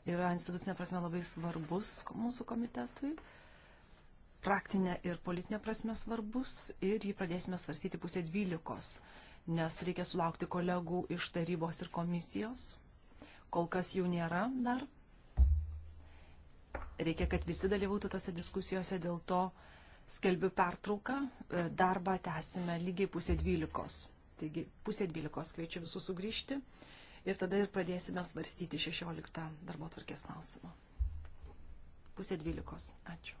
yra institucinė prasme labai svarbus mūsų komitetui praktinė ir politinė prasme svarbus ir jį pradėsime svarstyti pusė dvylikos, nes reikia sulaukti kolegų iš tarybos ir komisijos. Kol kas jų nėra dar reikia, kad visi dalyvautų tose diskusijose, dėl to skelbiu pertrauką, e, darbą tęsime lygiai pusė dvylikos. Taigi pusė dvylikos kviečiu visus sugrįžti ir tada ir pradėsime svarstyti 16 darbo tvarkės klausimą. Pusė dvylikos. Ačiū.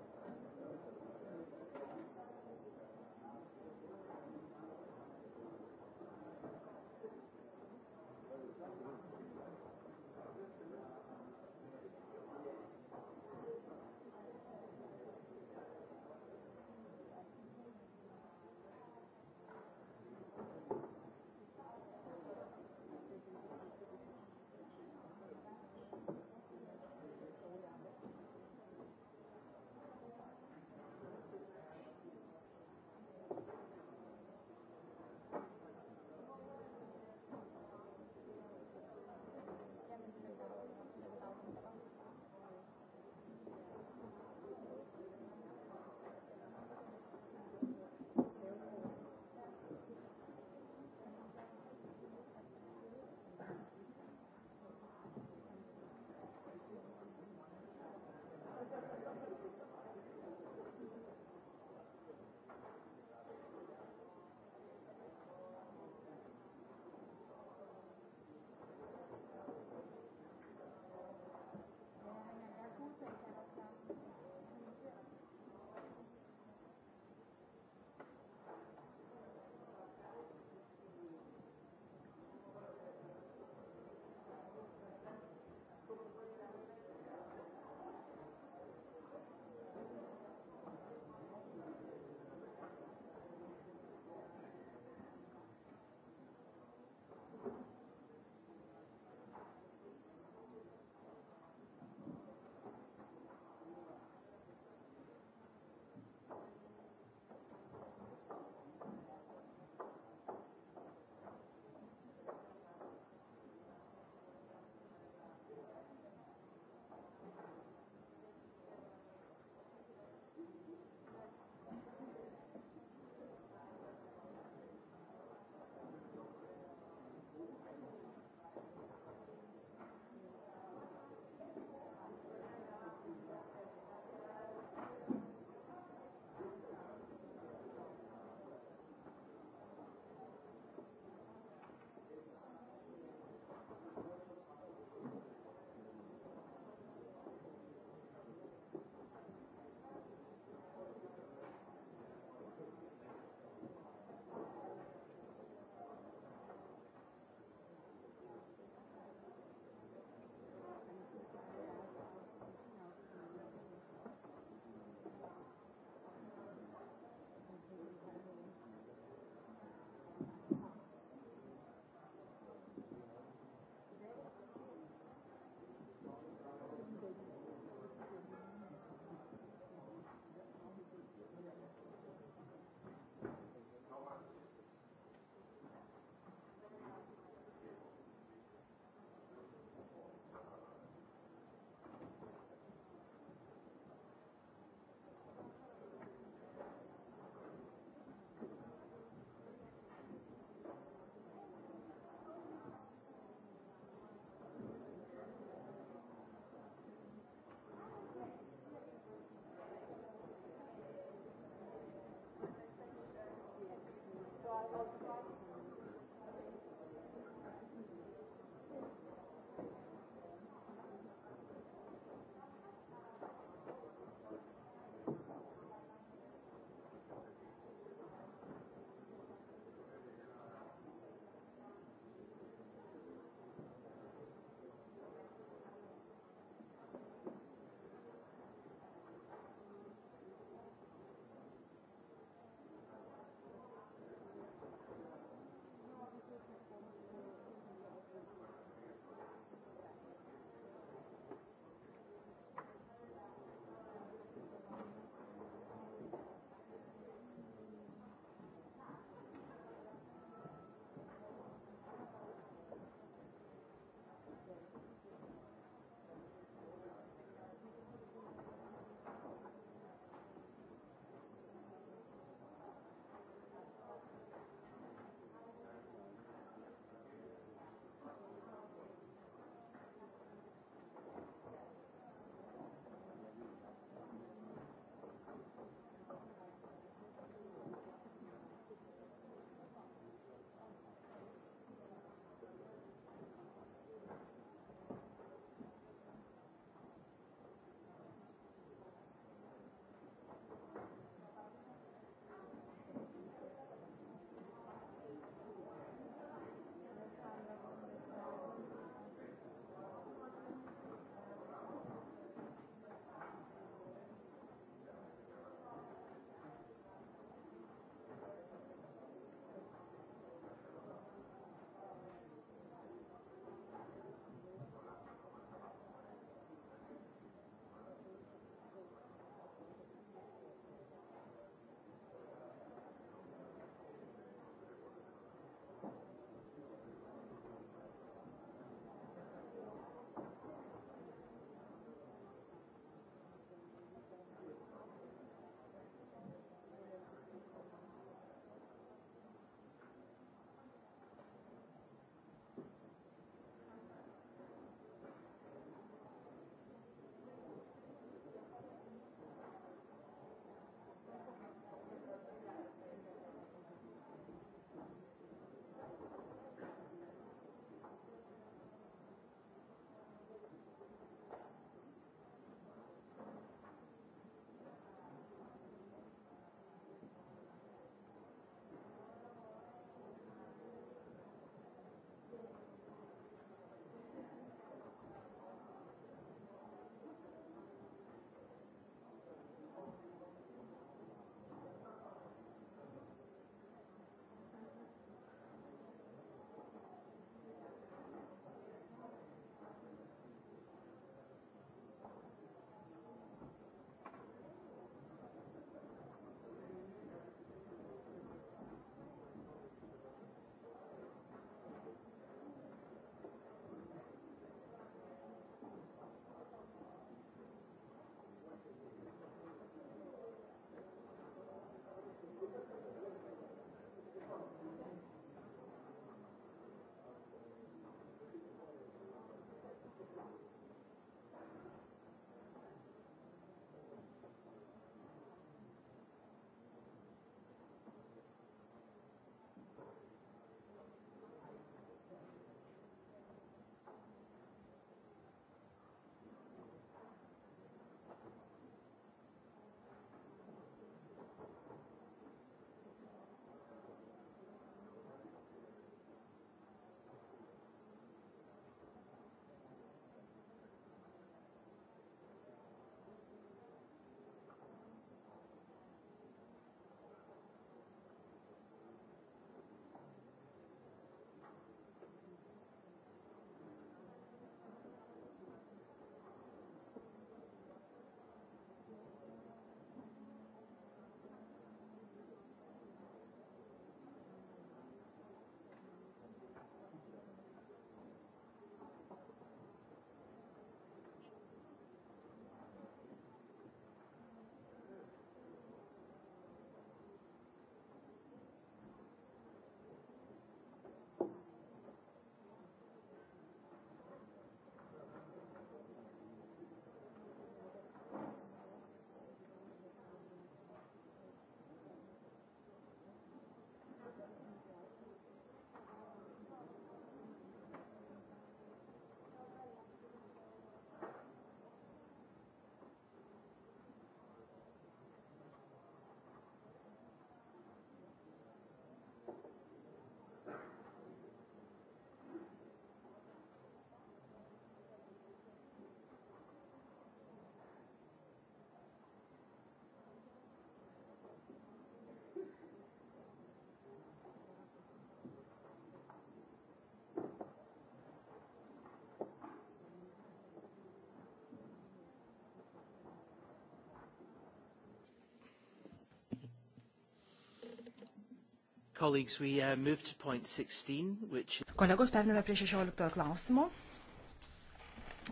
Colleagues, we uh, move to point 16, which... Kolegos, pernėme prie 16 klausimo.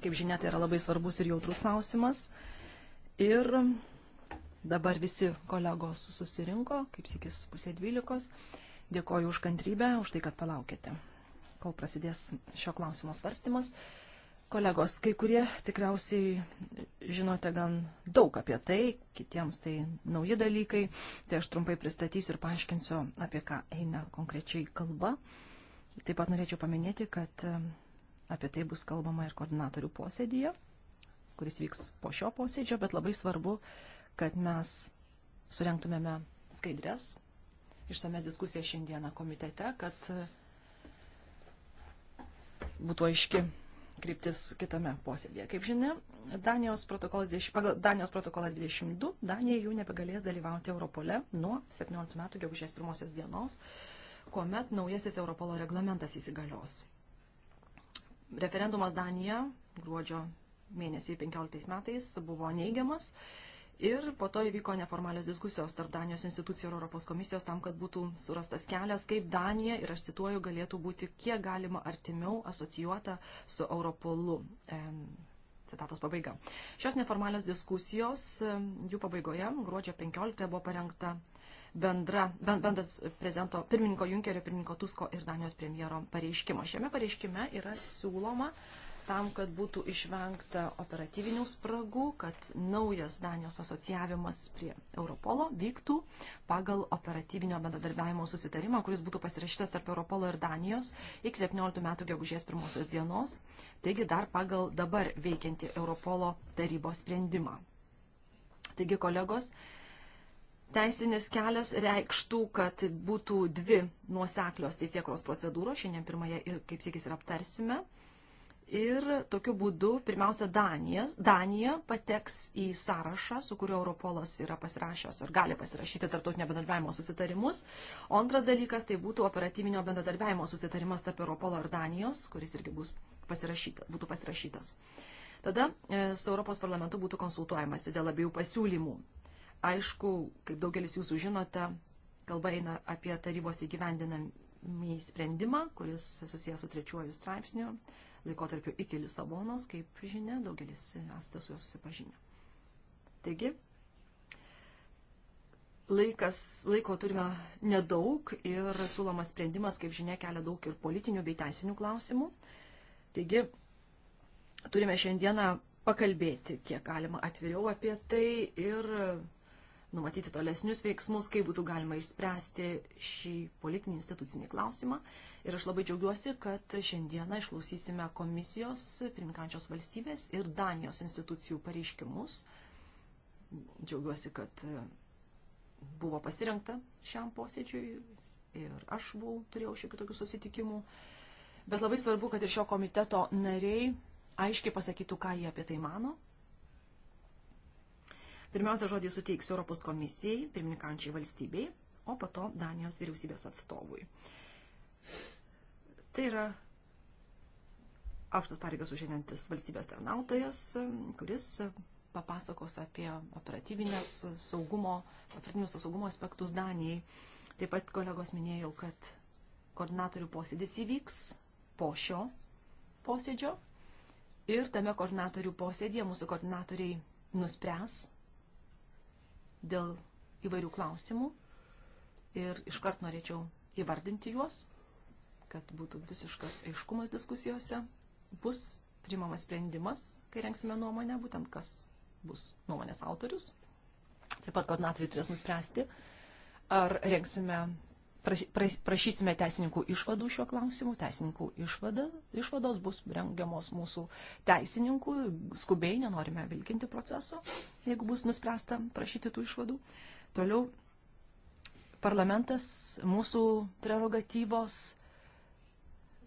Kaip žinia, tai yra labai svarbus ir jautrus klausimas. Ir dabar visi kolegos susirinko, kaip sikis pusė dvylikos. Dėkoju už kantrybę, už tai, kad palaukėte, kol prasidės šio klausimo svarstymas. Uh, Kolegos, kai kurie tikriausiai žinote gan daug apie tai, kitiems tai nauji dalykai, tai aš trumpai pristatysiu ir paaiškinsiu, apie ką eina konkrečiai kalba. Taip pat norėčiau paminėti, kad e, apie tai bus kalbama ir koordinatorių posėdyje, kuris vyks po šio posėdžio, bet labai svarbu, kad mes surenktumėme skaidrės, išsames diskusijas šiandieną komitete, kad e, būtų aiški kryptis kitame posėdėje. Kaip žinia, Danijos pagal Danijos protokolą 22 Danija jau nebegalės dalyvauti Europole nuo 17 metų gegužės pirmosios dienos, kuomet naujasis Europolo reglamentas įsigalios. Referendumas Danija gruodžio mėnesį 15 metais buvo neigiamas Ir po to įvyko neformalios diskusijos tarp Danijos institucijų ir Europos komisijos tam, kad būtų surastas kelias, kaip Danija, ir aš cituoju, galėtų būti kiek galima artimiau asocijuota su Europolu. E, citatos pabaiga. Šios neformalios diskusijos, jų pabaigoje, gruodžio 15, buvo parengta bendra, bendras prezidento pirmininko Junkerio, pirmininko Tusko ir Danijos premjero pareiškimo. Šiame pareiškime yra siūloma tam, kad būtų išvengta operatyvinių spragų, kad naujas Danijos asociavimas prie Europolo vyktų pagal operatyvinio bendradarbiavimo susitarimą, kuris būtų pasirašytas tarp Europolo ir Danijos iki 17 metų gegužės pirmosios dienos, taigi dar pagal dabar veikianti Europolo tarybos sprendimą. Taigi, kolegos, Teisinis kelias reikštų, kad būtų dvi nuoseklios teisėkros procedūros, šiandien pirmąją ir kaip sėkis ir aptarsime. Ir tokiu būdu pirmiausia Danija, Danija pateks į sąrašą, su kuriuo Europolas yra pasirašęs ar gali pasirašyti tarptautinio bendradarbiavimo susitarimus. O antras dalykas tai būtų operatyvinio bendradarbiavimo susitarimas tarp Europolo ir Danijos, kuris irgi bus pasirašyta, būtų pasirašytas. Tada e, su Europos parlamentu būtų konsultuojamasi dėl abiejų pasiūlymų. Aišku, kaip daugelis jūsų žinote, kalba eina apie tarybos įgyvendinamį sprendimą, kuris susijęs su trečiuoju straipsniu laikotarpiu iki Lisabonos, kaip žinia, daugelis esate su juo susipažinę. Taigi, laikas, laiko turime nedaug ir siūlomas sprendimas, kaip žinia, kelia daug ir politinių bei teisinių klausimų. Taigi, turime šiandieną pakalbėti, kiek galima atviriau apie tai ir numatyti tolesnius veiksmus, kaip būtų galima išspręsti šį politinį institucinį klausimą. Ir aš labai džiaugiuosi, kad šiandieną išklausysime komisijos, pirminkančios valstybės ir Danijos institucijų pareiškimus. Džiaugiuosi, kad e, buvo pasirinkta šiam posėdžiui ir aš buvau, turėjau šiek tiek tokių susitikimų. Bet labai svarbu, kad ir šio komiteto nariai aiškiai pasakytų, ką jie apie tai mano Pirmiausia, žodį suteiksiu Europos komisijai, pirmininkančiai valstybei, o po to Danijos vyriausybės atstovui. Tai yra aukštas pareigas užinantis valstybės tarnautojas, kuris papasakos apie operatyvinės saugumo, operatyvinius saugumo aspektus Danijai. Taip pat kolegos minėjau, kad koordinatorių posėdis įvyks po šio posėdžio ir tame koordinatorių posėdėje mūsų koordinatoriai nuspręs, dėl įvairių klausimų ir iškart norėčiau įvardinti juos, kad būtų visiškas aiškumas diskusijose. Bus primamas sprendimas, kai renksime nuomonę, būtent kas bus nuomonės autorius. Taip pat koordinatoriai turės nuspręsti, ar renksime prašysime teisininkų išvadų šiuo klausimu. Teisininkų išvada, išvados bus rengiamos mūsų teisininkų. Skubiai nenorime vilkinti proceso, jeigu bus nuspręsta prašyti tų išvadų. Toliau parlamentas mūsų prerogatyvos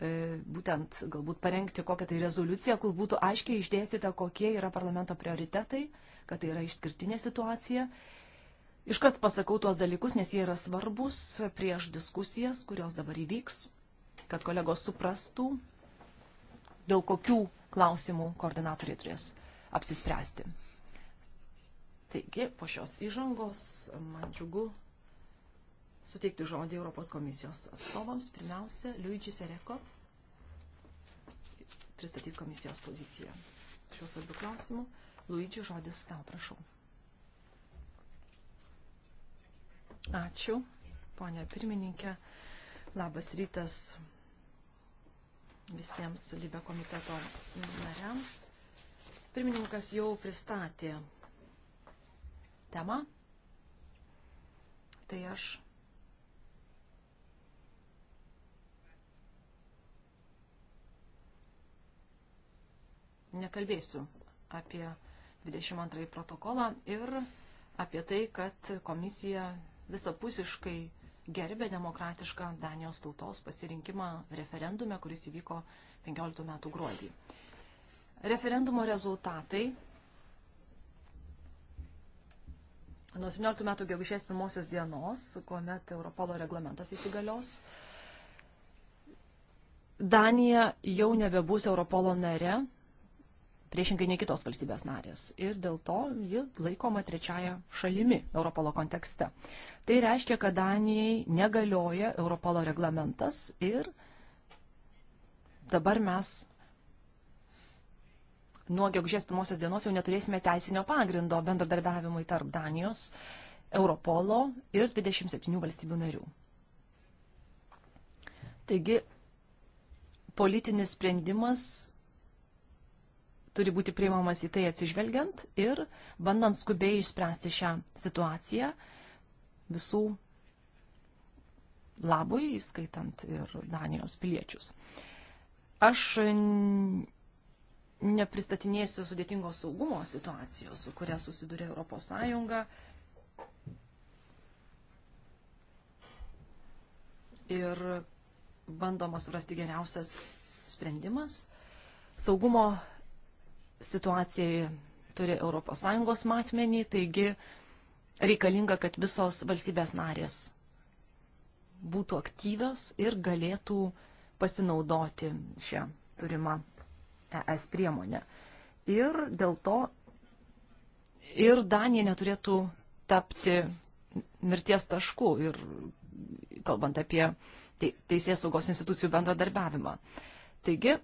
e, būtent galbūt parengti kokią tai rezoliuciją, kur būtų aiškiai išdėstyta, kokie yra parlamento prioritetai, kad tai yra išskirtinė situacija Iškart pasakau tuos dalykus, nes jie yra svarbus prieš diskusijas, kurios dabar įvyks, kad kolegos suprastų, dėl kokių klausimų koordinatoriai turės apsispręsti. Taigi, po šios įžangos man džiugu suteikti žodį Europos komisijos atstovams. Pirmiausia, Luigi Sereko pristatys komisijos poziciją. Šiuo svarbiu klausimu, Luigi, žodis tau, prašau. Ačiū, ponė pirmininkė. Labas rytas visiems Libė komiteto nariams. Pirmininkas jau pristatė temą. Tai aš nekalbėsiu apie 22 protokolą ir apie tai, kad komisija visapusiškai gerbė demokratišką Danijos tautos pasirinkimą referendume, kuris įvyko 15 metų gruodį. Referendumo rezultatai nuo 17 metų gegužės pirmosios dienos, kuomet Europolo reglamentas įsigalios, Danija jau nebebus Europolo nare, priešingai nei kitos valstybės narės. Ir dėl to ji laikoma trečiaja šalimi Europolo kontekste. Tai reiškia, kad Danijai negalioja Europolo reglamentas ir dabar mes nuo gegužės pirmosios dienos jau neturėsime teisinio pagrindo bendradarbiavimui tarp Danijos, Europolo ir 27 valstybių narių. Taigi, politinis sprendimas turi būti priimamas į tai atsižvelgiant ir bandant skubiai išspręsti šią situaciją visų labui, įskaitant ir Danijos piliečius. Aš nepristatinėsiu sudėtingos saugumo situacijos, su kuria susiduria Europos Sąjunga. Ir bandoma surasti geriausias sprendimas. Saugumo situacija turi ES matmenį, taigi reikalinga, kad visos valstybės narės būtų aktyvios ir galėtų pasinaudoti šią turimą ES priemonę. Ir dėl to ir Danija neturėtų tapti mirties tašku ir kalbant apie teisės saugos institucijų bendradarbiavimą. Taigi,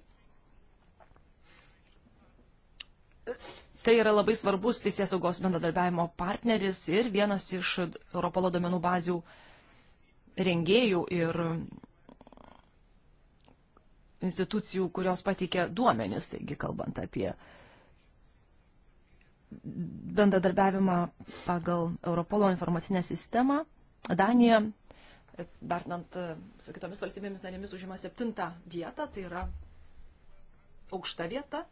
tai yra labai svarbus teisės saugos bendradarbiavimo partneris ir vienas iš Europolo domenų bazių rengėjų ir institucijų, kurios pateikia duomenis, taigi kalbant apie bendradarbiavimą pagal Europolo informacinę sistemą. Danija, vertinant su kitomis valstybėmis narėmis, užima septintą vietą, tai yra aukšta vieta.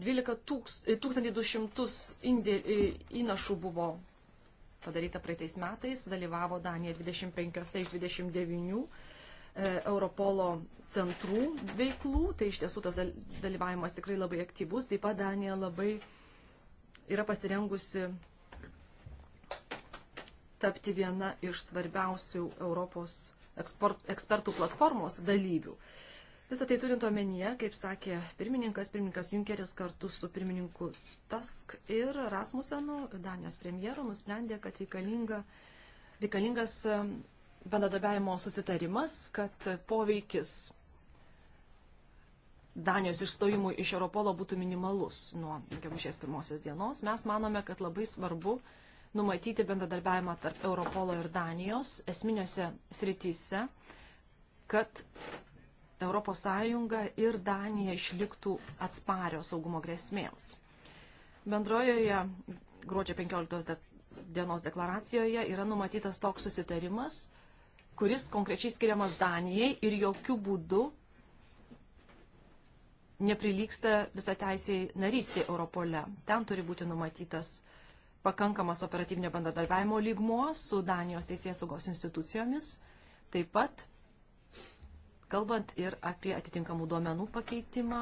1200 e, e, įnašų buvo padaryta praeitais metais, dalyvavo Danija 25 iš 29 e, Europolo centrų veiklų, tai iš tiesų tas dalyvavimas tikrai labai aktyvus, taip pat Danija labai yra pasirengusi tapti viena iš svarbiausių Europos eksport, ekspertų platformos dalyvių. Uh, Visą tai turint omenyje, kaip sakė pirmininkas, pirmininkas Junkeris kartu su pirmininku Tusk ir Rasmusenu, Danijos premjeru, nusprendė, kad reikalinga, reikalingas bendradarbiavimo susitarimas, kad poveikis Danijos išstojimui iš Europolo būtų minimalus nuo gegužės pirmosios dienos, mes manome, kad labai svarbu numatyti bendradarbiavimą tarp Europolo ir Danijos esminiuose srityse, kad ES ir Danija išliktų atsparios saugumo grėsmėms. Bendrojoje gruodžio 15 de dienos deklaracijoje yra numatytas toks susitarimas, kuris konkrečiai skiriamas Danijai ir jokių būdų neprilyksta visateisiai narystiai Europole. Ten turi būti numatytas pakankamas operatyvinio bendradarbiavimo lygmuo su Danijos teisės saugos institucijomis. Taip pat kalbant ir apie atitinkamų duomenų pakeitimą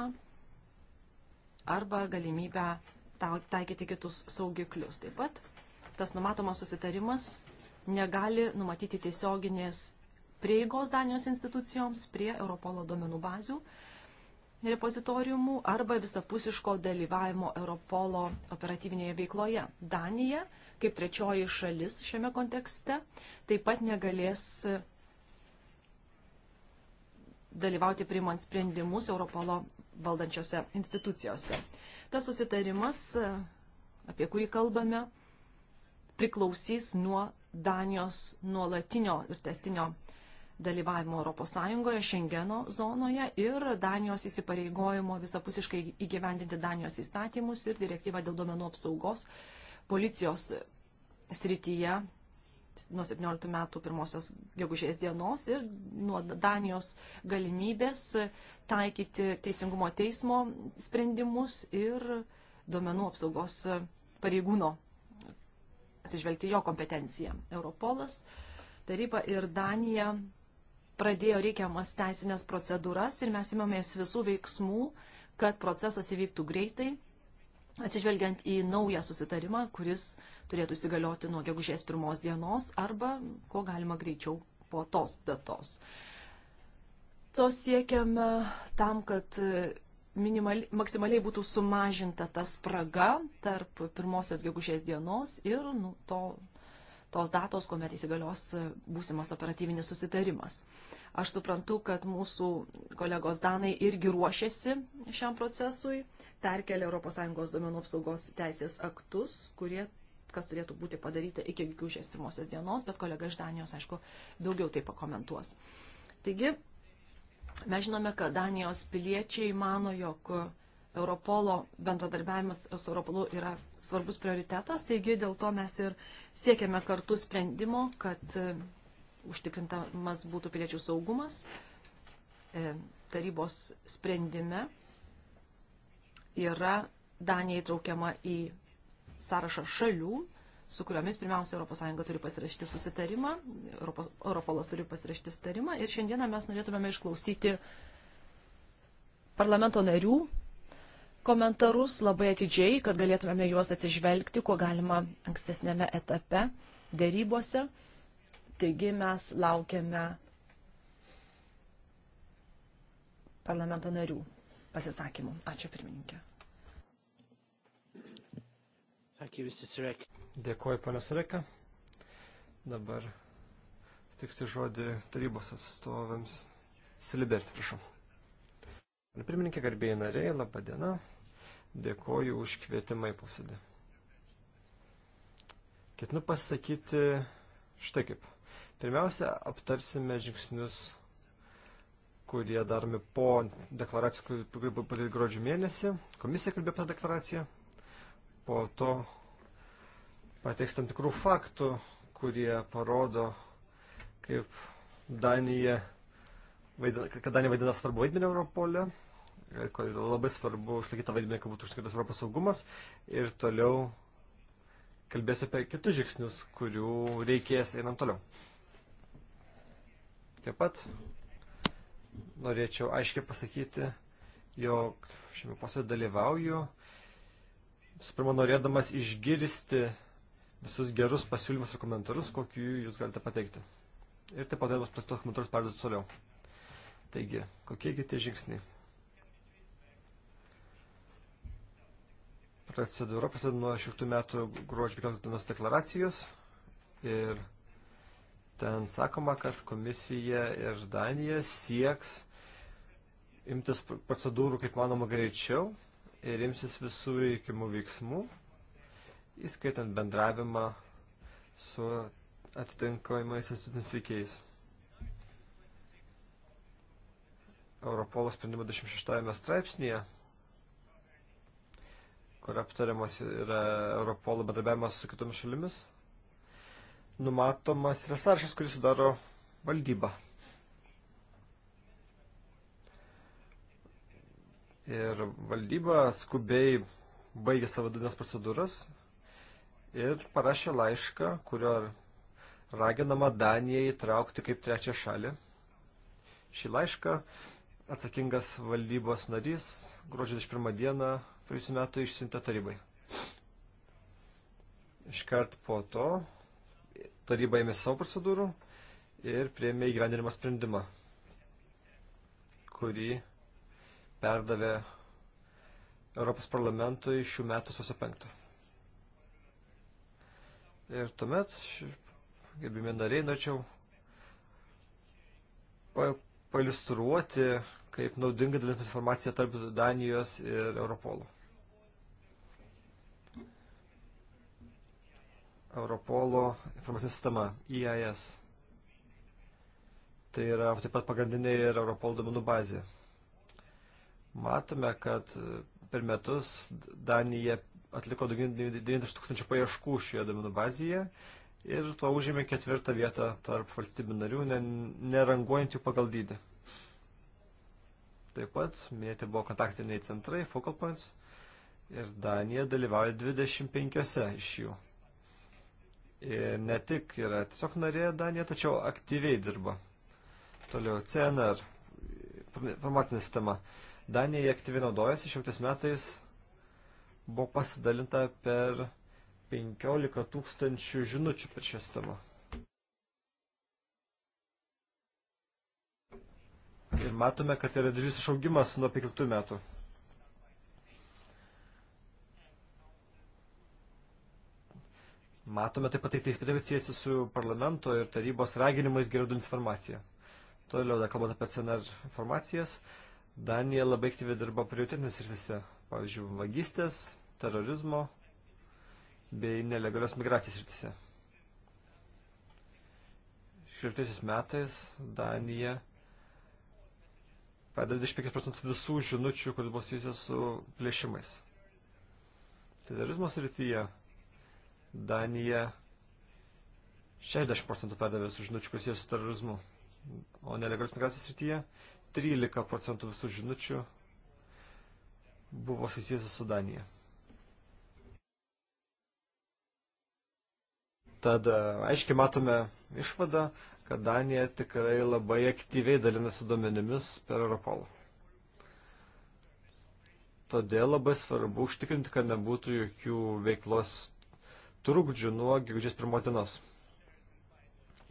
arba galimybę taikyti kitus saugiklius. Taip pat tas numatomas susitarimas negali numatyti tiesioginės prieigos Danijos institucijoms prie Europolo duomenų bazių repozitoriumų arba visapusiško dalyvavimo Europolo operatyvinėje veikloje. Danija, kaip trečioji šalis šiame kontekste, taip pat negalės dalyvauti priimant sprendimus Europolo valdančiose institucijose. Tas susitarimas, apie kurį kalbame, priklausys nuo Danijos nuolatinio ir testinio dalyvavimo ES, Šengeno zonoje ir Danijos įsipareigojimo visapusiškai įgyvendinti Danijos įstatymus ir direktyvą dėl duomenų apsaugos policijos srityje nuo 17 metų pirmosios gegužės dienos ir nuo Danijos galimybės taikyti teisingumo teismo sprendimus ir duomenų apsaugos pareigūno atsižvelgti jo kompetenciją. Europolas, taryba ir Danija pradėjo reikiamas teisinės procedūras ir mes imamės visų veiksmų, kad procesas įvyktų greitai, atsižvelgiant į naują susitarimą, kuris uh, turėtų įsigalioti nuo gegužės pirmos dienos arba ko galima greičiau po tos datos. To siekiame tam, kad minimali, maksimaliai būtų sumažinta ta spraga tarp pirmosios gegužės dienos ir nu, to, tos datos, kuomet įsigalios būsimas operatyvinis susitarimas. Aš suprantu, kad mūsų kolegos Danai irgi ruošiasi šiam procesui, perkelia ES duomenų apsaugos teisės aktus, kurie kas turėtų būti padaryta iki gegužės pirmosios dienos, bet kolega iš Danijos, aišku, daugiau tai pakomentuos. Taigi, mes žinome, kad Danijos piliečiai mano, jog Europolo bendradarbiavimas su Europolu yra svarbus prioritetas, taigi dėl to mes ir siekiame kartu sprendimo, kad e, užtikrintamas būtų piliečių saugumas e, tarybos sprendime yra Danija įtraukiama į sąrašą šalių, su kuriomis pirmiausia ES turi pasirašyti susitarimą, Europos, Europolas turi pasirašyti susitarimą ir šiandieną mes norėtumėme išklausyti parlamento narių komentarus labai atidžiai, kad galėtumėme juos atsižvelgti, kuo galima ankstesnėme etape dėrybose. Taigi mes laukiame parlamento narių pasisakymų. Ačiū pirmininkė. Dėkuoju, panas Reka. Dabar tiksiu žodį tarybos atstovams. Silibert, prašau. Pirmininkė, garbėjai nariai, laba diena. Dėkuoju už kvietimą į posėdį. Ketinu pasakyti štai kaip. Pirmiausia, aptarsime žingsnius, kurie daromi po deklaracijų, kuri buvo padaryti gruodžio mėnesį. Komisija kalbėjo apie deklaraciją po to pateiks tam tikrų faktų, kurie parodo, kaip Danija, kad Danija vaidina svarbu vaidmenį Europolė, kad labai svarbu išlaikyti tą vaidmenį, kad būtų užtikrintas Europos saugumas ir toliau kalbėsiu apie kitus žingsnius, kurių reikės einant toliau. Taip pat norėčiau aiškiai pasakyti, jog šiame posėdė dalyvauju Visų pirma, norėdamas išgirsti visus gerus pasiūlymus ir komentarus, kokiu jūs galite pateikti. Ir taip pat norėdamas tos komentarus perduoti toliau. Taigi, kokiegi tie žingsniai? Procedūra prasideda nuo 16 metų gruodžio 15 dienos deklaracijos ir ten sakoma, kad komisija ir Danija sieks imtis procedūrų kaip manoma greičiau ir imsis visų veikimų veiksmų, įskaitant bendravimą su atitinkamais institucinis veikėjais. Europolo sprendimo 26 straipsnėje, kur aptariamas yra Europolo bendrabiavimas su kitomis šalimis, numatomas yra sąrašas, kuris sudaro valdyba. Ir valdyba skubiai baigė savo dienas procedūras ir parašė laišką, kurio raginama Daniją įtraukti kaip trečią šalį. Šį laišką atsakingas valdybos narys gruodžio 21 dieną praėjusiu metu išsiuntė tarybai. Iškart po to taryba ėmė savo procedūrų ir prieėmė įgyvendinimo sprendimą, kurį perdavė Europos parlamentui šių metų sausio 5. Ir tuomet, gerbimi nariai, norėčiau pa pailustruoti, kaip naudinga dalinti informaciją tarp Danijos ir Europolo. Europolo informacinė sistema, EIS. Tai yra taip pat pagrindinė ir Europol domenų bazė. Matome, kad e, per metus Danija atliko daugiau 90 tūkstančių paieškų šioje domenų bazėje ir tuo užėmė ketvirtą vietą tarp valstybių narių, neranguojant jų pagal dydį. Taip pat minėti buvo kontaktiniai centrai, focal points, ir Danija dalyvauja 25 iš jų. Ir ne tik yra tiesiog narė Danija, tačiau aktyviai dirba. Toliau CNR, informacinė sistema. Danija jie aktyviai naudojasi, šimtais metais buvo pasidalinta per 15 tūkstančių žinučių per šią sistemą. Ir matome, kad yra didžiulis išaugimas nuo 15 metų. Matome taip pat teisės peticijasi su parlamento ir tarybos raginimais geriau informaciją. Toliau dar kalbant apie CNR informacijas, Danija labai aktyviai dirba prioritetinės rytise, pavyzdžiui, vagystės, terorizmo bei nelegalios migracijos rytise. 16 metais Danija padeda 25 procentų visų žinučių, kurios buvo susijusios su plėšimais. Terorizmo srityje Danija 60 procentų padavė su žinučių, kurios susijusios su terorizmu, o nelegalios migracijos srityje 13 procentų visų žinučių buvo susijusios su Danija. Tad e, aiškiai matome išvadą, kad Danija tikrai labai aktyviai dalinasi duomenimis per Europolą. Todėl labai svarbu užtikrinti, kad nebūtų jokių veiklos trukdžių nuo gegužės pirmos dienos.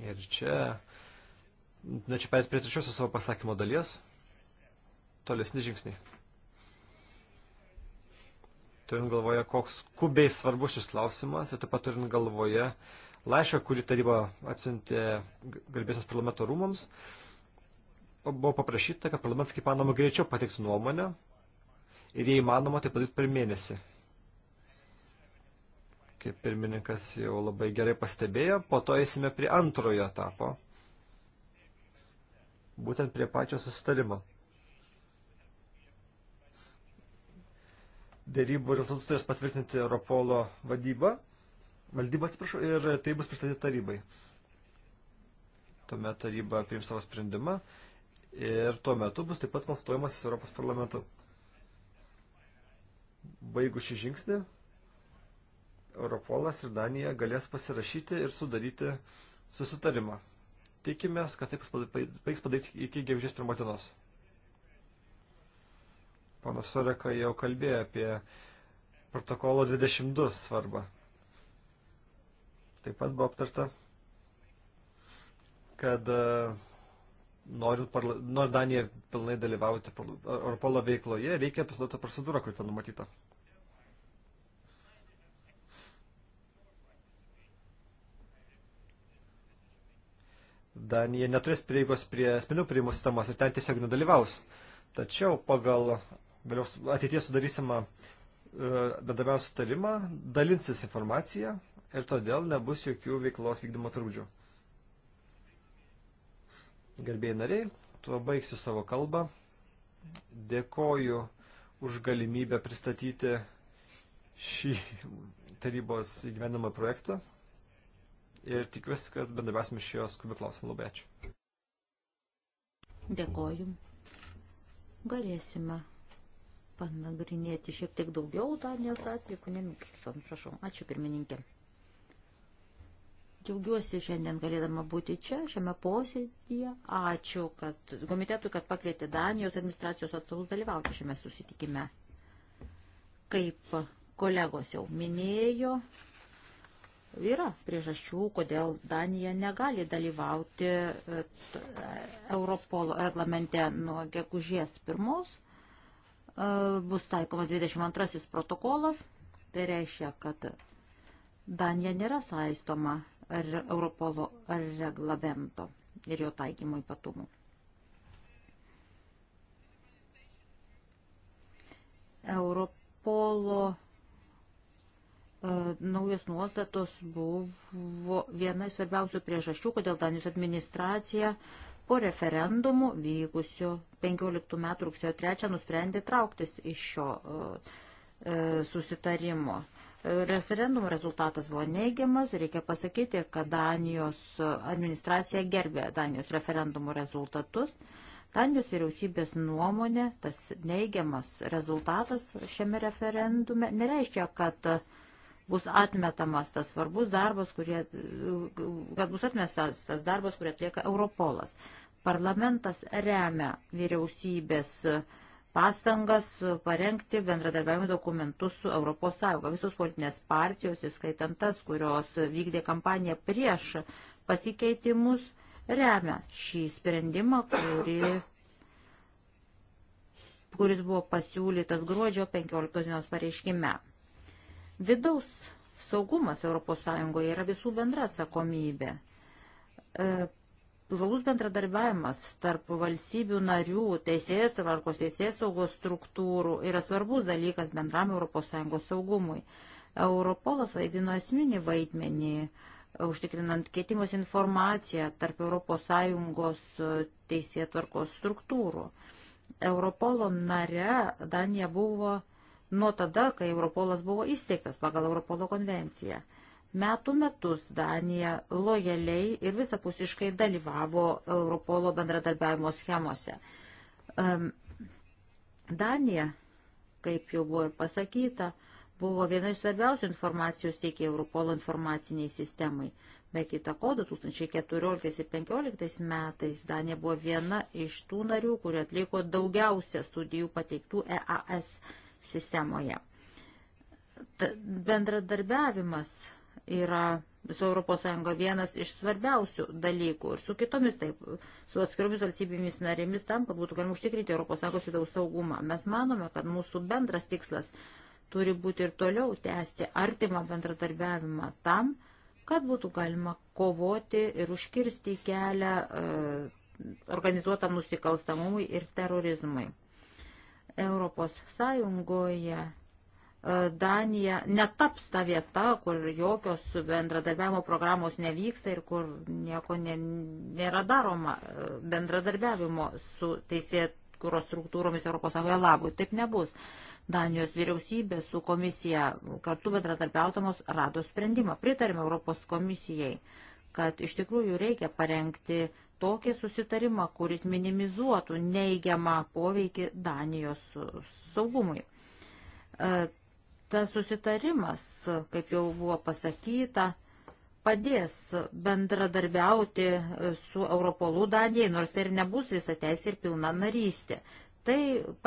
Ir čia Norėčiau perėti prie trečiosios savo pasakymo dalies. Tolesni žingsniai. Turint galvoje, koks skubiai svarbus šis klausimas ir taip pat turint galvoje laišką, kurį taryba atsiuntė garbėsios parlamento rūmams, buvo paprašyta, kad parlamentas kaip manoma greičiau pateiktų nuomonę ir jei įmanoma, tai padarytų per mėnesį. Kaip pirmininkas jau labai gerai pastebėjo, po to eisime prie antrojo etapo – būtent prie pačio susitarimo. Dėrybų rezultatus turės patvirtinti Europolo vadyba, valdyba atsiprašau, ir tai bus pristatyta tarybai. Tuomet taryba priims savo sprendimą ir tuo metu bus taip pat konsultuojamas Europos parlamentu. Baigus šį žingsnį, Europolas ir Danija galės pasirašyti ir sudaryti susitarimą Tikimės, kad taip paiks padaryti iki gegužės pirmos dienos. Pana Soreka jau kalbėjo apie protokolo 22 svarbą. Taip pat buvo aptarta, kad norint, e, norint Daniją pilnai dalyvauti Europolo veikloje, reikia pasinaudoti procedūrą, kuri ten numatyta. Danija neturės prieigos prie sprendimų priimų sistemos ir ten tiesiog nedalyvaus. Tačiau pagal vėliau ateities sudarysimą e, bendramiausią sutarimą dalinsis informacija ir todėl nebus jokių veiklos vykdymo trukdžių. Gerbėjai nariai, tuo baigsiu savo kalbą. Dėkoju už galimybę pristatyti šį tarybos įgyvenamą projektą ir tikiuosi, kad bendrabėsime šio skubio klausimą. Labai ačiū. Dėkoju. Galėsime panagrinėti šiek tiek daugiau Danijos atveju, ne Mikkelson, prašau. Ačiū pirmininkė. Džiaugiuosi šiandien galėdama būti čia, šiame posėdėje. Ačiū kad, komitetui, kad pakvietė Danijos administracijos atstovus dalyvauti šiame susitikime. Kaip kolegos jau minėjo, Yra priežasčių, kodėl Danija negali dalyvauti e, e, Europolo reglamente nuo gegužės pirmos. E, bus taikomas 22 protokolas. Tai reiškia, kad Danija nėra saistoma Europolo reglamento ir jo taikymo ypatumų. Europolo E, naujos nuostatos buvo viena iš svarbiausių priežasčių, kodėl Danijos administracija po referendumu vykusio 15 metų rugsėjo 3 nusprendė trauktis iš šio e, e, susitarimo. Referendumo rezultatas buvo neigiamas, reikia pasakyti, kad Danijos administracija gerbė Danijos referendumo rezultatus. Danijos vyriausybės nuomonė, tas neigiamas rezultatas šiame referendume nereiškia, kad uh, bus atmetamas tas svarbus darbas, kurie, kad bus atmestas tas darbas, kurį atlieka Europolas. Parlamentas remia vyriausybės pastangas parengti bendradarbiavimo dokumentus su ES. Visos politinės partijos, įskaitant tas, kurios vykdė kampaniją prieš pasikeitimus, remia šį sprendimą, kuri, kuris buvo pasiūlytas gruodžio 15 dienos pareiškime. Vidaus saugumas ES yra visų bendra atsakomybė. E, glaus bendradarbiavimas tarp valstybių narių, teisės tvarkos, teisės saugos struktūrų yra svarbus dalykas bendram ES saugumui. Europolas vaidino esminį vaidmenį, e, užtikrinant keitimus informaciją tarp ES e, teisės tvarkos struktūrų. Europolo nare Danija buvo nuo tada, kai Europolas buvo įsteigtas pagal Europolo konvenciją. Metų metus Danija lojaliai ir visapusiškai dalyvavo Europolo bendradarbiavimo schemose. Um, Danija, kaip jau buvo ir pasakyta, buvo viena iš svarbiausių informacijos teikia Europolo informaciniai sistemai. Be kita ko, 2014-2015 metais Danija buvo viena iš tų narių, kurie atliko daugiausia studijų pateiktų EAS sistemoje. T bendradarbiavimas yra su ES vienas iš svarbiausių dalykų ir su kitomis, taip, su atskiromis valstybėmis narėmis tam, kad būtų galima užtikrinti ES vidaus saugumą. Mes manome, kad mūsų bendras tikslas turi būti ir toliau tęsti artimą bendradarbiavimą tam, kad būtų galima kovoti ir užkirsti kelią e, organizuotam nusikalstamumui ir terorizmui. Europos Sąjungoje e, Danija netaps ta vieta, kur jokios bendradarbiavimo programos nevyksta ir kur nieko ne, nėra daroma e, bendradarbiavimo su teisėkuros struktūromis ES labui. Taip nebus. Danijos vyriausybė su komisija kartu bendradarbiautamos rado sprendimą. Pritarėme Europos komisijai, kad iš tikrųjų reikia parengti tokį susitarimą, kuris minimizuotų neigiamą poveikį Danijos saugumui. E, tas susitarimas, kaip jau buvo pasakyta, padės bendradarbiauti su Europolu Danijai, nors tai ir nebus visa teisė ir pilna narystė. Tai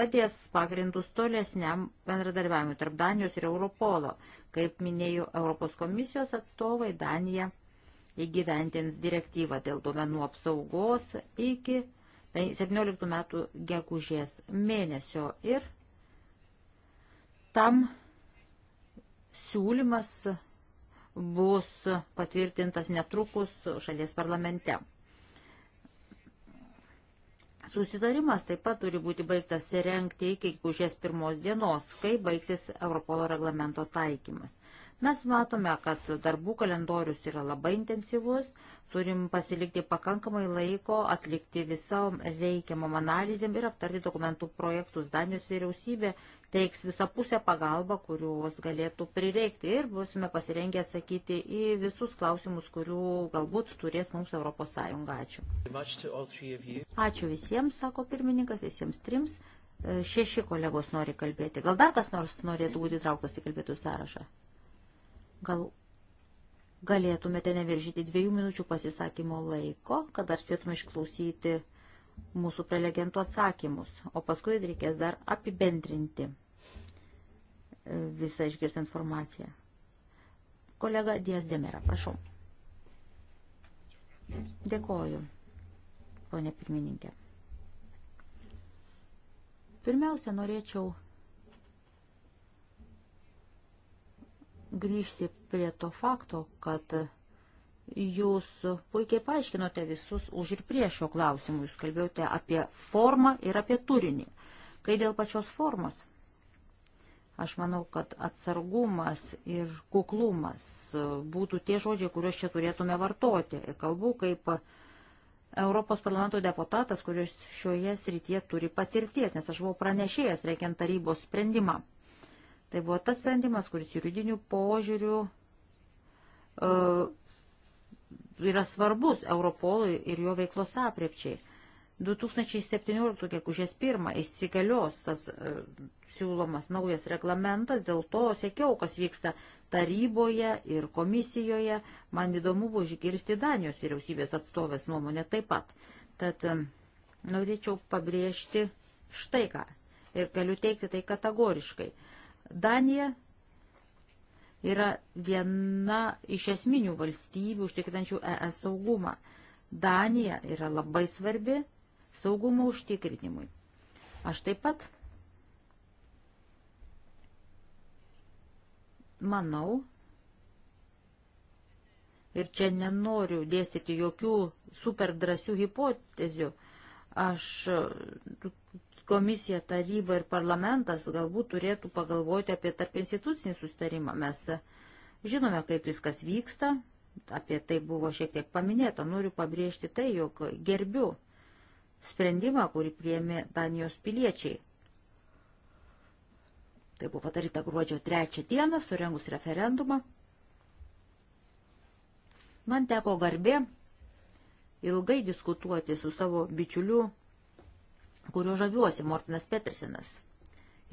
padės pagrindus tolesniam bendradarbiavimui tarp Danijos ir Europolo. Kaip minėjo Europos komisijos atstovai, Danija įgyventins direktyvą dėl duomenų apsaugos iki 17 metų gegužės mėnesio ir tam siūlymas bus patvirtintas netrukus šalies parlamente. Susitarimas taip pat turi būti baigtas rengti iki gegužės pirmos dienos, kai baigsis Europolo reglamento taikymas. Mes matome, kad darbų kalendorius yra labai intensyvus, turim pasilikti pakankamai laiko atlikti visom reikiamam analizėm ir aptarti dokumentų projektus. Danijos vyriausybė teiks visą pusę pagalbą, kurios galėtų prireikti ir būsime pasirengę atsakyti į visus klausimus, kurių galbūt turės mums ES. Ačiū. Ačiū visiems, sako pirmininkas, visiems trims. Šeši kolegos nori kalbėti. Gal dar kas nors norėtų būti trauktas į kalbėtų sąrašą? Gal galėtumėte neviržyti dviejų minučių pasisakymo laiko, kad dar spėtume išklausyti mūsų prelegentų atsakymus, o paskui reikės dar apibendrinti e, visą išgirtą informaciją. Kolega Dijas Demera, prašau. Dėkoju, ponė pirmininkė. Pirmiausia, norėčiau grįžti prie to fakto, kad jūs puikiai paaiškinote visus už ir prieš šio klausimų. Jūs kalbėjote apie formą ir apie turinį. Kai dėl pačios formos, aš manau, kad atsargumas ir kuklumas būtų tie žodžiai, kuriuos čia turėtume vartoti. Ir kalbu kaip Europos parlamento deputatas, kuris šioje srityje turi patirties, nes aš buvau pranešėjęs reikiant tarybos sprendimą. Tai buvo tas sprendimas, kuris juridinių požiūrių uh, yra svarbus Europolui ir jo veiklos apriepčiai. 2017 gegužės 1 įsigalios tas uh, siūlomas naujas reglamentas, dėl to sėkiau, kas vyksta taryboje ir komisijoje. Man įdomu buvo išgirsti Danijos vyriausybės atstovės nuomonę taip pat. Tad um, norėčiau pabrėžti štai ką ir galiu teikti tai kategoriškai. Uh, Danija yra viena iš esminių valstybių užtikrinančių ES saugumą. Danija yra labai svarbi saugumo užtikrinimui. Aš taip pat manau, ir čia nenoriu dėstyti jokių super drąsių hipotezių, aš komisija, taryba ir parlamentas galbūt turėtų pagalvoti apie tarp institucinį sustarimą. Mes žinome, kaip viskas vyksta, apie tai buvo šiek tiek paminėta. Noriu pabrėžti tai, jog gerbiu sprendimą, kurį priėmė Danijos piliečiai. Tai buvo padaryta gruodžio trečią dieną, surengus referendumą. Man teko garbė ilgai diskutuoti su savo bičiuliu kuriuo žaviuosi, Mortinas Petersinas.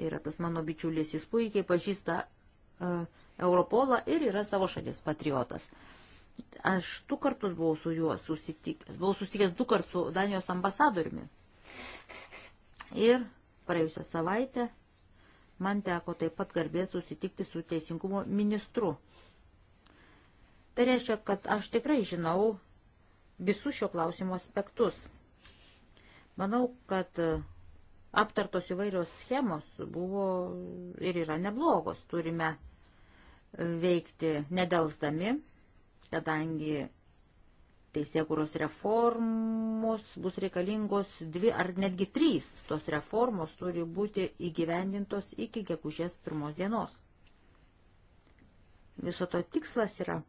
Yra tas mano bičiulis, jis puikiai pažįsta uh, Europolą ir yra savo šalies patriotas. Aš du kartus buvau su juo susitikęs, buvau susitikęs du kartus su Danijos ambasadoriumi. Ir praėjusią savaitę man teko taip pat garbė susitikti su teisingumo ministru. Tai reiškia, kad aš tikrai žinau visus šio klausimo aspektus. Manau, kad e, aptartos įvairios schemos buvo ir yra neblogos. Turime e, veikti nedelsdami, kadangi teisėkuros reformos bus reikalingos dvi ar netgi trys. Tos reformos turi būti įgyvendintos iki gegužės pirmos dienos. Viso to tikslas yra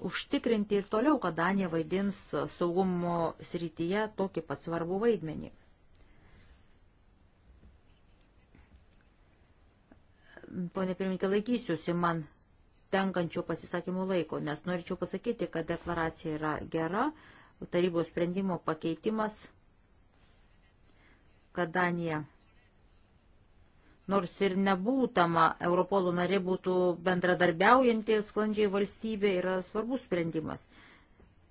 užtikrinti ir toliau, kad Danija vaidins saugumo srityje tokį pat svarbų vaidmenį. Pone pirmininkė, laikysiuosi man tenkančio pasisakymų laiko, nes norėčiau pasakyti, kad deklaracija yra gera, tarybos sprendimo pakeitimas, kad Danija nors ir nebūtama Europolo narė būtų bendradarbiaujanti sklandžiai valstybė, yra svarbus sprendimas.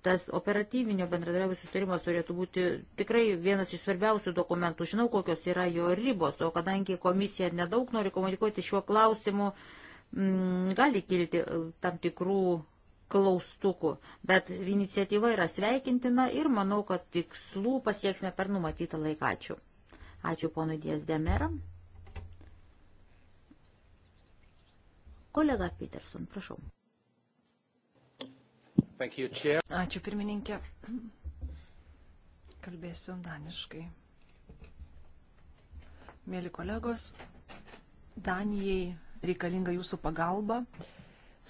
Tas operatyvinio bendradarbiavimo sustarimas turėtų būti tikrai vienas iš svarbiausių dokumentų. Žinau, kokios yra jo ribos, o kadangi komisija nedaug nori komunikuoti šiuo klausimu, m, mm, gali kilti e, tam tikrų klaustukų. Bet iniciatyva yra sveikintina ir manau, kad tikslų pasieksime per numatytą laiką. Ačiū. Ačiū ponui Dies Demeram. Kolega Peterson, prašau. You, Ačiū pirmininkė. Kalbėsiu daniškai. Mėly kolegos, Danijai reikalinga jūsų pagalba.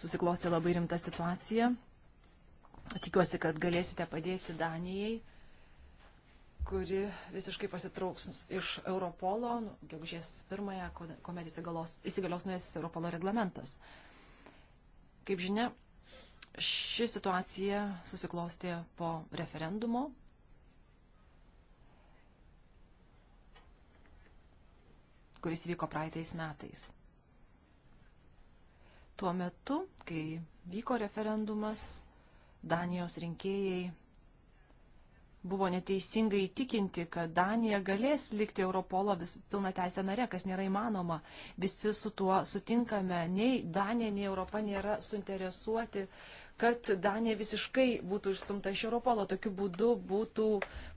Susiklosti labai rimta situacija. Tikiuosi, kad galėsite padėti Danijai kuri visiškai pasitrauks iš Europolo, nu, gegužės pirmąją, kuomet įsigalios, įsigalios nuėsis Europolo reglamentas. Kaip žinia, ši situacija susiklostė po referendumo. kuris vyko praeitais metais. Tuo metu, kai vyko referendumas, Danijos rinkėjai buvo neteisingai įtikinti, kad Danija galės likti Europolo vis pilna teisė nare, kas nėra įmanoma. Visi su tuo sutinkame. Nei Danija, nei Europa nėra suinteresuoti, kad Danija visiškai būtų išstumta iš Europolo. Tokiu būdu būtų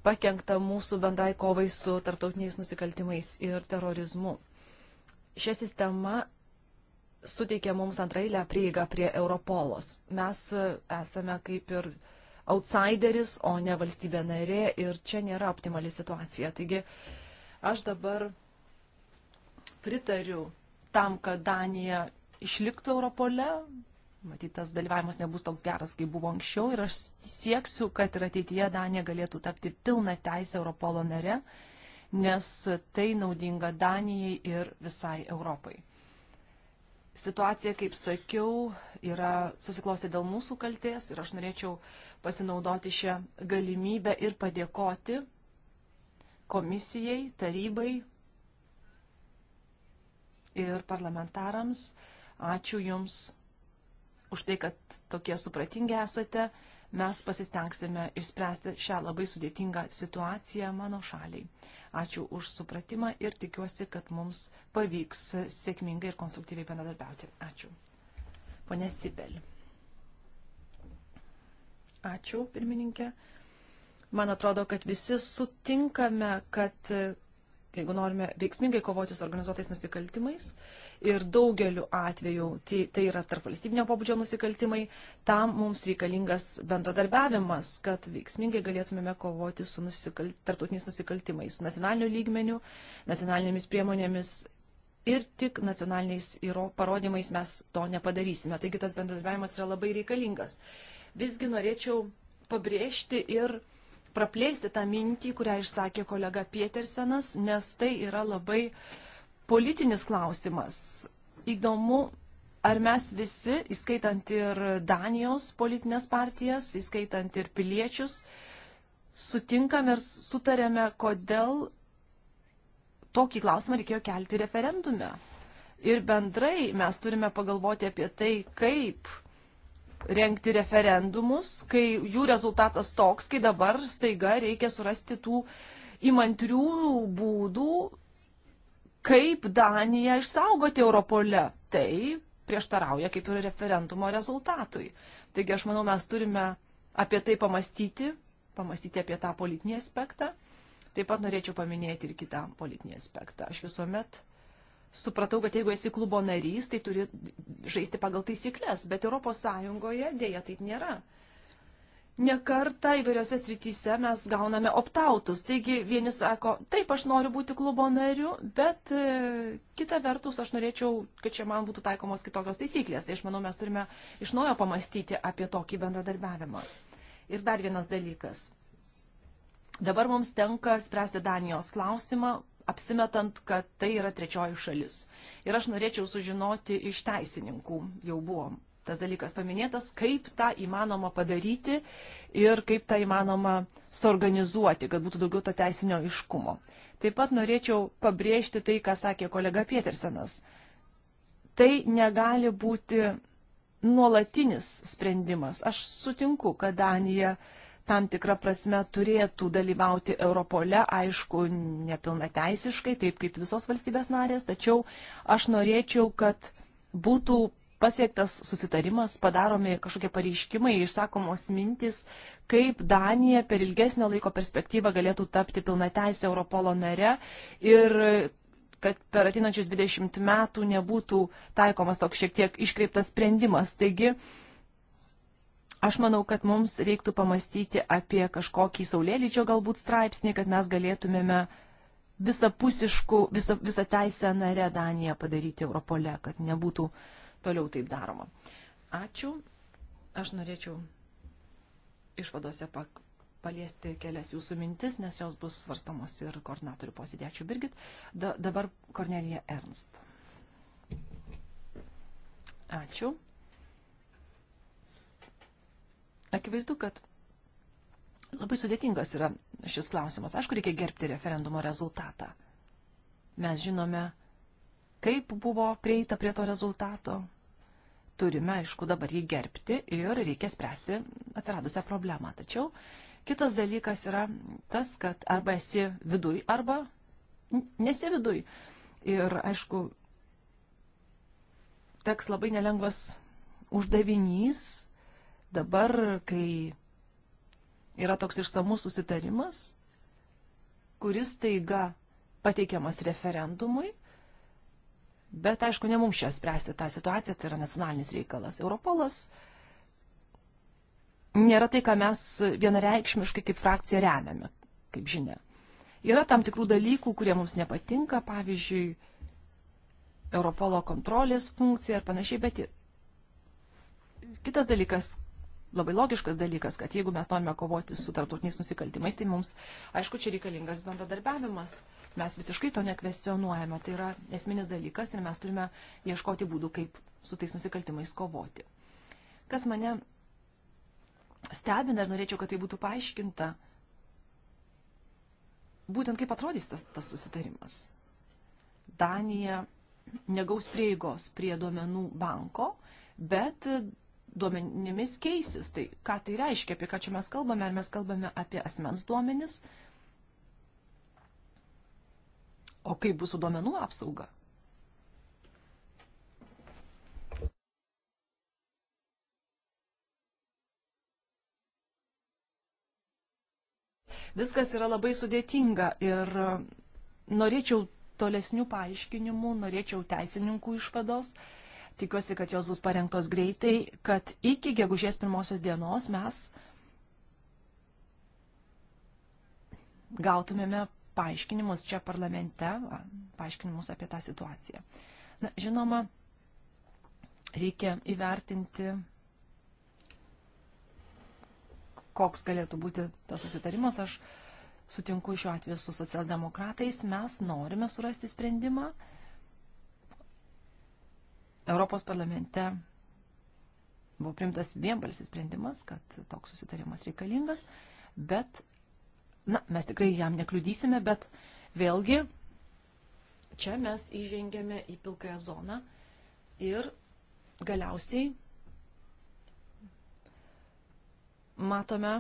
pakengta mūsų bendrai kovai su tarptautiniais nusikaltimais ir terorizmu. Šią sistemą suteikia mums antrailę prieigą prie Europolos. Mes e, esame kaip ir outsideris, o ne valstybė narė ir čia nėra optimali situacija. Taigi aš dabar pritariu tam, kad Danija išliktų Europole. Matyt, tas dalyvavimas nebus toks geras, kaip buvo anksčiau ir aš sieksiu, kad ir ateityje Danija galėtų tapti pilna teisė Europolo nare, nes tai naudinga Danijai ir visai Europai situacija, kaip sakiau, yra susiklosti dėl mūsų kalties ir aš norėčiau pasinaudoti šią galimybę ir padėkoti komisijai, tarybai ir parlamentarams. Ačiū Jums už tai, kad tokie supratingi esate. Mes pasistengsime išspręsti šią labai sudėtingą situaciją mano šaliai. Ačiū už supratimą ir tikiuosi, kad mums pavyks sėkmingai ir konstruktyviai bendradarbiauti. Ačiū. Pone Sibel. Ačiū, pirmininkė. Man atrodo, kad visi sutinkame, kad jeigu norime veiksmingai kovoti su organizuotais nusikaltimais ir daugeliu atveju tai, tai yra tarp valstybinio pobūdžio nusikaltimai, tam mums reikalingas bendradarbiavimas, kad veiksmingai galėtumėme kovoti su nusikal... tarptautiniais nusikaltimais nacionaliniu lygmeniu, nacionalinėmis priemonėmis. Ir tik nacionaliniais įro... parodymais mes to nepadarysime. Taigi tas bendradarbiavimas yra labai reikalingas. Visgi norėčiau pabrėžti ir praplėsti tą mintį, kurią išsakė kolega Pietersenas, nes tai yra labai politinis klausimas. Įdomu, ar mes visi, įskaitant ir Danijos politinės partijas, įskaitant ir piliečius, sutinkame ir sutarėme, kodėl tokį klausimą reikėjo kelti referendume. Ir bendrai mes turime pagalvoti apie tai, kaip rengti referendumus, kai jų rezultatas toks, kai dabar staiga reikia surasti tų įmantrių būdų, kaip Daniją išsaugoti Europole. Tai prieštarauja kaip ir referendumo rezultatui. Taigi aš manau, mes turime apie tai pamastyti, pamastyti apie tą politinį aspektą. Taip pat norėčiau paminėti ir kitą politinį aspektą. Aš visuomet supratau, kad jeigu esi klubo narys, tai turi žaisti pagal taisyklės, bet ES dėja taip nėra. Nekarta įvairiose srityse mes gauname optautus. Taigi vieni sako, taip, aš noriu būti klubo nariu, bet e, kita vertus aš norėčiau, kad čia man būtų taikomos kitokios taisyklės. Tai aš manau, mes turime iš naujo pamastyti apie tokį bendradarbiavimą. Ir dar vienas dalykas. Dabar mums tenka spręsti Danijos klausimą, apsimetant, kad tai yra trečioji šalis. Ir aš norėčiau sužinoti iš teisininkų, jau buvo tas dalykas paminėtas, kaip tą įmanoma padaryti ir kaip tą įmanoma suorganizuoti, kad būtų daugiau to teisinio iškumo. Taip pat norėčiau pabrėžti tai, ką sakė kolega Pietersenas. Tai negali būti nuolatinis sprendimas. Aš sutinku, kad Danija uh, tam tikrą prasme turėtų dalyvauti Europole, aišku, nepilnateisiškai, taip kaip visos valstybės narės, tačiau aš norėčiau, kad būtų pasiektas susitarimas, padaromi kažkokie pareiškimai, išsakomos mintis, kaip Danija per ilgesnio laiko perspektyvą galėtų tapti pilnateisė Europolo nare ir kad per ateinančius 20 metų nebūtų taikomas toks šiek tiek iškreiptas sprendimas. Taigi, uh, Aš manau, kad mums reiktų pamastyti apie kažkokį saulėlydžio galbūt straipsnį, kad mes galėtumėme visapusiškų, visą, visą teisę narę Daniją padaryti Europole, kad nebūtų toliau taip daroma. Ačiū. Aš norėčiau išvadose pak, paliesti kelias jūsų mintis, nes jos bus svarstamos ir koordinatorių posėdė. Ačiū, Birgit. Da, dabar Kornelija Ernst. Ačiū. Akivaizdu, kad labai sudėtingas yra šis klausimas. Aišku, reikia gerbti referendumo rezultatą. Mes žinome, kaip buvo prieita prie to rezultato. Turime, aišku, dabar jį gerbti ir reikia spręsti atsiradusią problemą. Tačiau kitas dalykas yra tas, kad arba esi viduj, arba nesi viduj. Ir, aišku, teks labai nelengvas uždavinys dabar, kai yra toks išsamus susitarimas, kuris taiga pateikiamas referendumui, bet aišku, ne mums čia spręsti tą situaciją, tai yra nacionalinis reikalas. Europolas nėra tai, ką mes vienareikšmiškai kaip frakcija remiame, kaip žinia. Yra tam tikrų dalykų, kurie mums nepatinka, pavyzdžiui, Europolo kontrolės funkcija ir panašiai, bet kitas dalykas, labai logiškas dalykas, kad jeigu mes norime kovoti su tarptautiniais nusikaltimais, tai mums, aišku, čia reikalingas bendradarbiavimas. Mes visiškai to nekvesionuojame. Tai yra esminis dalykas ir mes turime ieškoti būdų, kaip su tais nusikaltimais kovoti. Kas mane stebina ir norėčiau, kad tai būtų paaiškinta, būtent kaip atrodys tas, tas susitarimas. Danija negaus prieigos prie duomenų banko, bet duomenimis keisis. Tai ką tai reiškia, apie ką čia mes kalbame, ar mes kalbame apie asmens duomenis, o kaip bus su duomenų apsauga. Viskas yra labai sudėtinga ir e, norėčiau tolesnių paaiškinimų, norėčiau teisininkų išvados. Uh, Tikiuosi, kad jos bus parengtos greitai, kad iki gegužės pirmosios dienos mes gautumėme paaiškinimus čia parlamente, paaiškinimus apie tą situaciją. Na, žinoma, reikia įvertinti, koks galėtų būti tas susitarimas. Aš sutinku šiuo atveju su socialdemokratais, mes norime surasti sprendimą. Uh, Europos parlamente buvo primtas vienbalsis sprendimas, kad toks susitarimas reikalingas, bet, na, mes tikrai jam nekliudysime, bet vėlgi čia mes įžengėme į pilkąją zoną ir galiausiai matome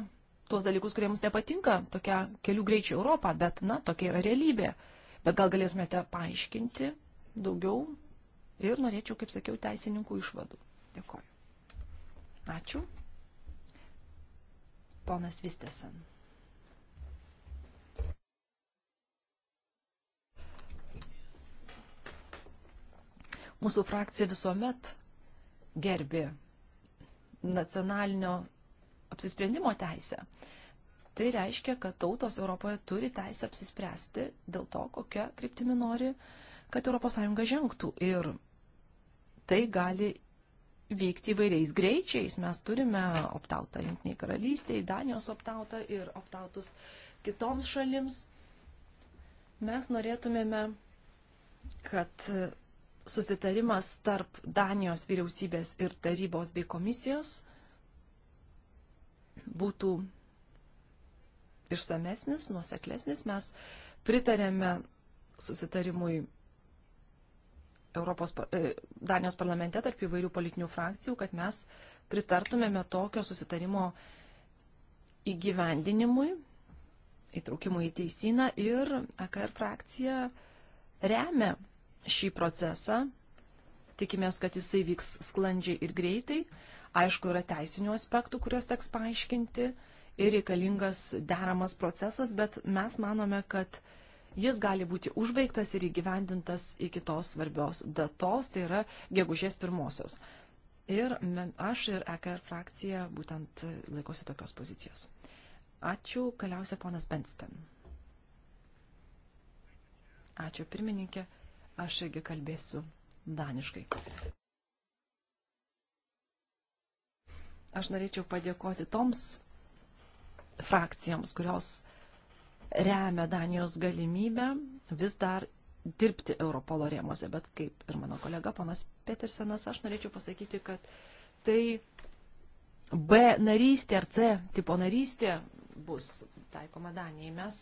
tuos dalykus, kurie mums nepatinka, tokia kelių greičių Europą, bet, na, tokia yra realybė. Bet gal galėtumėte paaiškinti daugiau ir norėčiau, kaip sakiau, teisininkų išvadų. Dėkoju. Ačiū. Ponas Vistesan. Mūsų frakcija visuomet gerbi nacionalinio apsisprendimo teisę. Tai reiškia, kad tautos Europoje turi teisę apsispręsti dėl to, kokią kryptimį nori, kad ES žengtų. Ir tai gali vykti įvairiais greičiais. Mes turime optautą Junktiniai karalystiai, Danijos optautą ir optautus kitoms šalims. Mes norėtumėme, kad susitarimas tarp Danijos vyriausybės ir tarybos bei komisijos būtų išsamesnis, nuseklesnis. Mes pritarėme susitarimui Europos, e, Danijos parlamente tarp įvairių politinių frakcijų, kad mes pritartumėme tokio susitarimo įgyvendinimui, įtraukimui į teisyną ir AKR frakcija remia šį procesą. Tikimės, kad jisai vyks sklandžiai ir greitai. Aišku, yra teisinių aspektų, kuriuos teks paaiškinti ir reikalingas deramas procesas, bet mes manome, kad Jis gali būti užbaigtas ir įgyvendintas iki tos svarbios datos, tai yra gegužės pirmosios. Ir aš ir EKR frakcija būtent laikosi tokios pozicijos. Ačiū, galiausia ponas Benston. Ačiū pirmininkė, aš irgi kalbėsiu daniškai. Aš norėčiau padėkoti toms frakcijoms, kurios remia Danijos galimybę vis dar dirbti Europolo rėmose, bet kaip ir mano kolega panas Petersenas, aš norėčiau pasakyti, kad tai B narystė ar C tipo narystė bus taikoma Danijai. Mes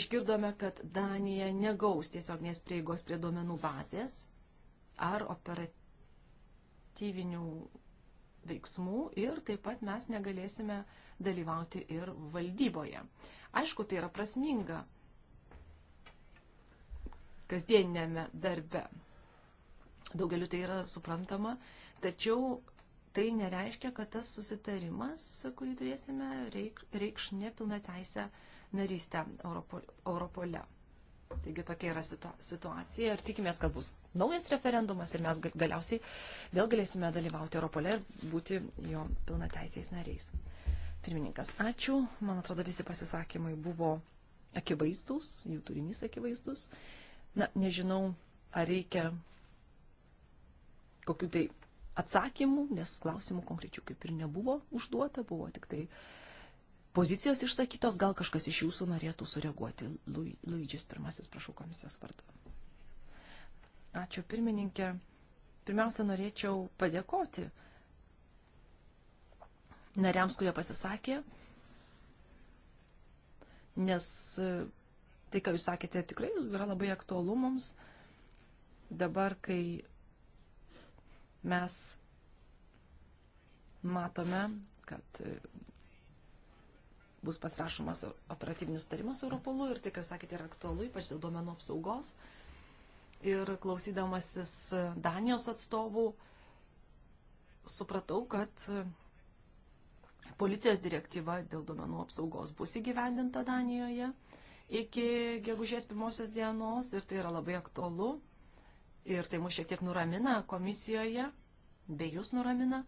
išgirdome, kad Danija negaus tiesioginės prieigos prie duomenų bazės ar operatyvinių veiksmų ir taip pat mes negalėsime dalyvauti ir valdyboje. Aišku, tai yra prasminga kasdieninėme darbe. Daugeliu tai yra suprantama, tačiau tai nereiškia, kad tas susitarimas, kurį turėsime, reikš nepilna teisę narystę Europole. Taigi tokia yra situacija ir tikimės, kad bus naujas referendumas ir mes galiausiai vėl galėsime dalyvauti Europole ir būti jo pilnateisiais nariais. Pirmininkas, ačiū. Man atrodo, visi pasisakymai buvo akivaizdus, jų turinys akivaizdus. Na, nežinau, ar reikia kokiu tai atsakymu, nes klausimų konkrečių kaip ir nebuvo užduota, buvo tik tai uh, pozicijos išsakytos, gal kažkas iš jūsų norėtų sureaguoti. Luidžius pirmasis, prašau, komisijos vardu. Ačiū, pirmininkė. Pirmiausia, norėčiau padėkoti nariams, kurie pasisakė, nes tai, ką jūs sakėte, tikrai yra labai aktualu mums. Dabar, kai mes matome, kad bus pasirašomas operatyvinis sutarimas su Europolu ir tai, kas sakėte, yra aktualu, ypač dėl duomenų apsaugos. Ir klausydamasis Danijos atstovų, supratau, kad policijos direktyva dėl duomenų apsaugos bus įgyvendinta Danijoje iki gegužės pirmosios dienos ir tai yra labai aktualu. Ir tai mus šiek tiek nuramina komisijoje, bei jūs nuramina.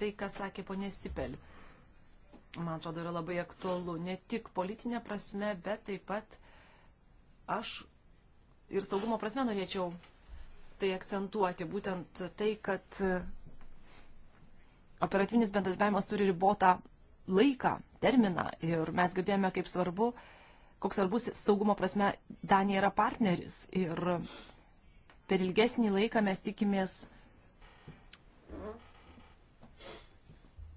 Tai, ką sakė ponė Sipel man atrodo, yra labai aktualu ne tik politinė prasme, bet taip pat aš ir saugumo prasme norėčiau tai akcentuoti, būtent tai, kad operatyvinis bendradarbiavimas turi ribotą laiką, terminą ir mes girdėjome, kaip svarbu, koks svarbus saugumo prasme Danija yra partneris ir per ilgesnį laiką mes tikimės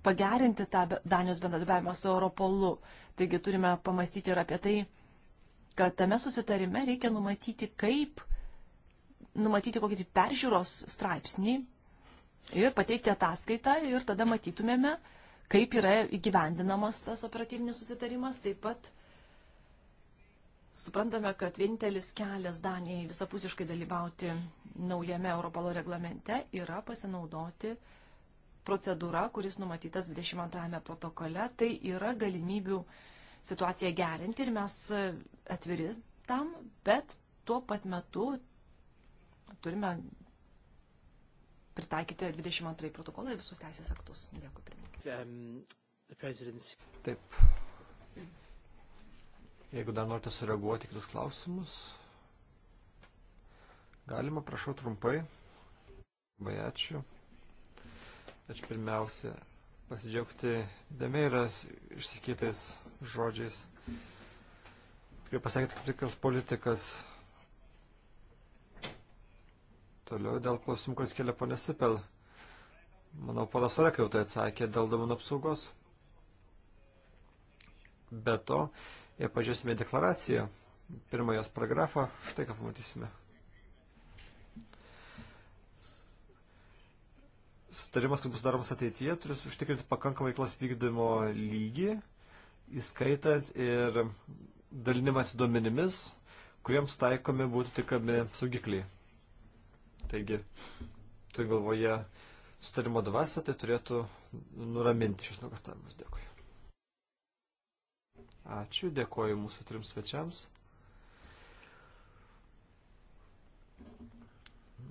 pagerinti tą Danijos bendradarbiavimą su Europolu. Taigi turime pamastyti ir apie tai, kad tame susitarime reikia numatyti, kaip numatyti kokį peržiūros straipsnį ir pateikti ataskaitą ir tada matytumėme, kaip yra įgyvendinamas tas operatyvinis susitarimas. Taip pat suprantame, kad vienintelis kelias Danijai visapusiškai dalyvauti naujame Europolo reglamente yra pasinaudoti uh, procedūra, kuris numatytas 22 protokole, tai yra galimybių situaciją gerinti ir mes e, atviri tam, bet tuo pat metu turime pritaikyti 22 protokolą ir visus teisės aktus. Dėkui, pirmininkai. Um, Taip. Jeigu dar norite sureaguoti kitus klausimus, galima, prašau, trumpai. Labai ačiū. Tačiau pirmiausia, pasidžiaugti Demeiras išsakytais žodžiais, kurie pasakė kaip tikras politikas. Toliau dėl klausimų, kuris kelia ponė Sipel. Manau, ponas Orek jau tai atsakė dėl duomenų apsaugos. Be to, jei pažiūrėsime deklaraciją, pirmą jos paragrafą, štai ką pamatysime. sutarimas, kad bus daromas ateityje, turės užtikrinti pakankamą veiklos vykdymo lygį, įskaitant ir dalinimas duomenimis, kuriems taikomi būtų tikami saugikliai. Taigi, turiu galvoje sutarimo dvasę, tai turėtų nuraminti šis nuogastavimus. Dėkui. Ačiū, dėkoju mūsų trims svečiams.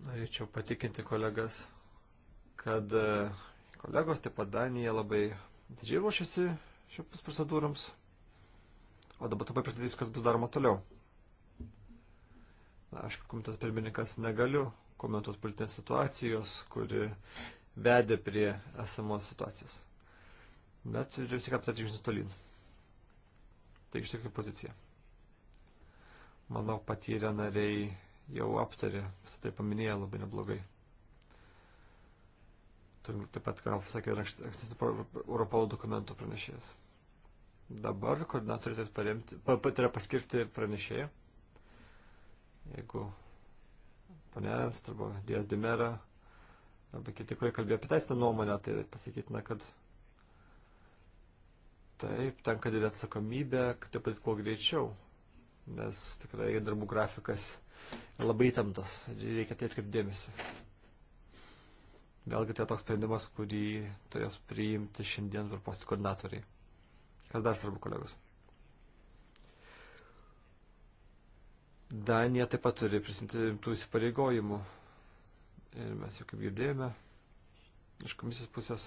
Norėčiau patikinti kolegas kad e, kolegos, taip pat Danija labai didžiai ruošiasi šioms procedūrams. O dabar trumpai pristatys, kas bus daroma toliau. Na, aš kaip komiteto pirmininkas negaliu komentuoti politinės situacijos, kuri vedė prie esamos situacijos. Bet ir vis tik aptarti žingsnis tolyn. Tai iš tikrųjų pozicija. Manau, patyrę nariai jau aptarė, visą tai paminėjo labai neblogai. Turim taip pat, ką sakė ankstesnių Europolo dokumentų pranešėjas. Dabar koordinatoriai turėtų paremti, pa, pa, tai yra paskirti pranešėją. Jeigu ponė arba Dijas Dimera arba kiti, kurie kalbėjo apie teisinę nuomonę, tai pasakytina, kad taip, tenka didelė atsakomybė, kad taip pat kuo greičiau, nes tikrai darbų grafikas labai įtemptas ir reikia tai atkreipdėmėsi. dėmesį. Vėlgi tai toks sprendimas, kurį turės priimti šiandien per postų koordinatoriai. Kas dar svarbu, kolegos? Danija taip pat turi prisimti rimtų įsipareigojimų. Ir mes jau kaip girdėjome iš komisijos pusės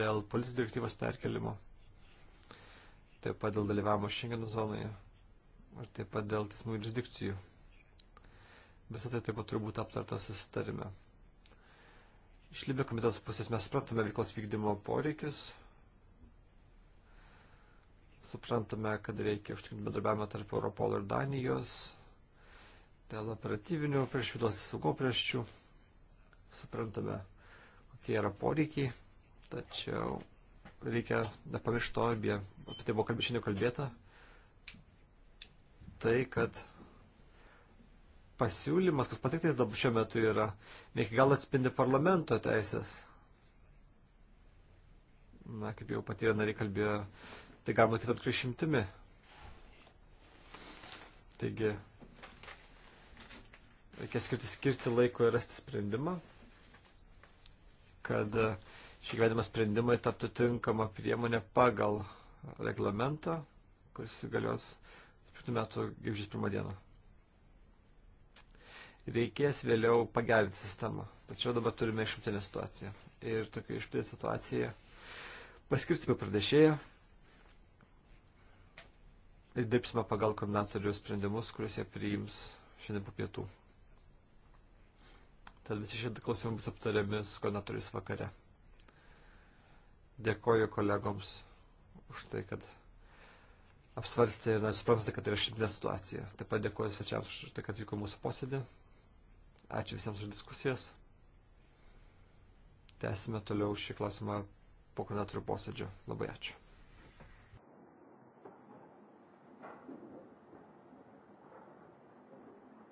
dėl policijos direktyvos perkelimo, taip pat dėl dalyvavimo Schengeno zonoje ir taip pat dėl teismų jurisdikcijų. Visą tai taip pat turi būti aptarta susitarime. Iš Libio komitetos pusės mes suprantame veiklos vykdymo poreikius, suprantame, kad reikia užtikrinti bendrabiavimą tarp Europolo ir Danijos, dėl operatyvinių priešų, dėl saugumo priešų, suprantame, kokie yra poreikiai, tačiau reikia nepamiršti to, apie tai buvo kalbė, šiandien kalbėta, tai, kad pasiūlymas, kas patiktais dabar šiuo metu yra, ne iki galo atspindi parlamento teisės. Na, kaip jau patyrę nariai kalbėjo, tai galima kitam tikrai šimtimi. Taigi, reikia skirti, skirti laiko ir rasti sprendimą, kad šį gyvenimą sprendimai taptų tinkama priemonė pagal reglamentą, kuris įgalios 7 metų gyvžės pirmą dieną reikės vėliau pagerinti sistemą. Tačiau dabar turime išimtinę situaciją. Ir tokia išimtinė situacija paskirsime pradėšėją ir dirbsime pagal koordinatorių sprendimus, kuriuos jie priims šiandien po pietų. Tad visi šie klausimai bus aptariami su koordinatoriais vakare. Dėkoju kolegoms už tai, kad apsvarstė ir suprantate, kad tai yra šimtinė situacija. Taip pat dėkoju svečiams už tai, kad vyko mūsų posėdė. Ačiū visiems už diskusijas. Tęsime toliau šį klausimą po koordinatorių posėdžio. Labai ačiū.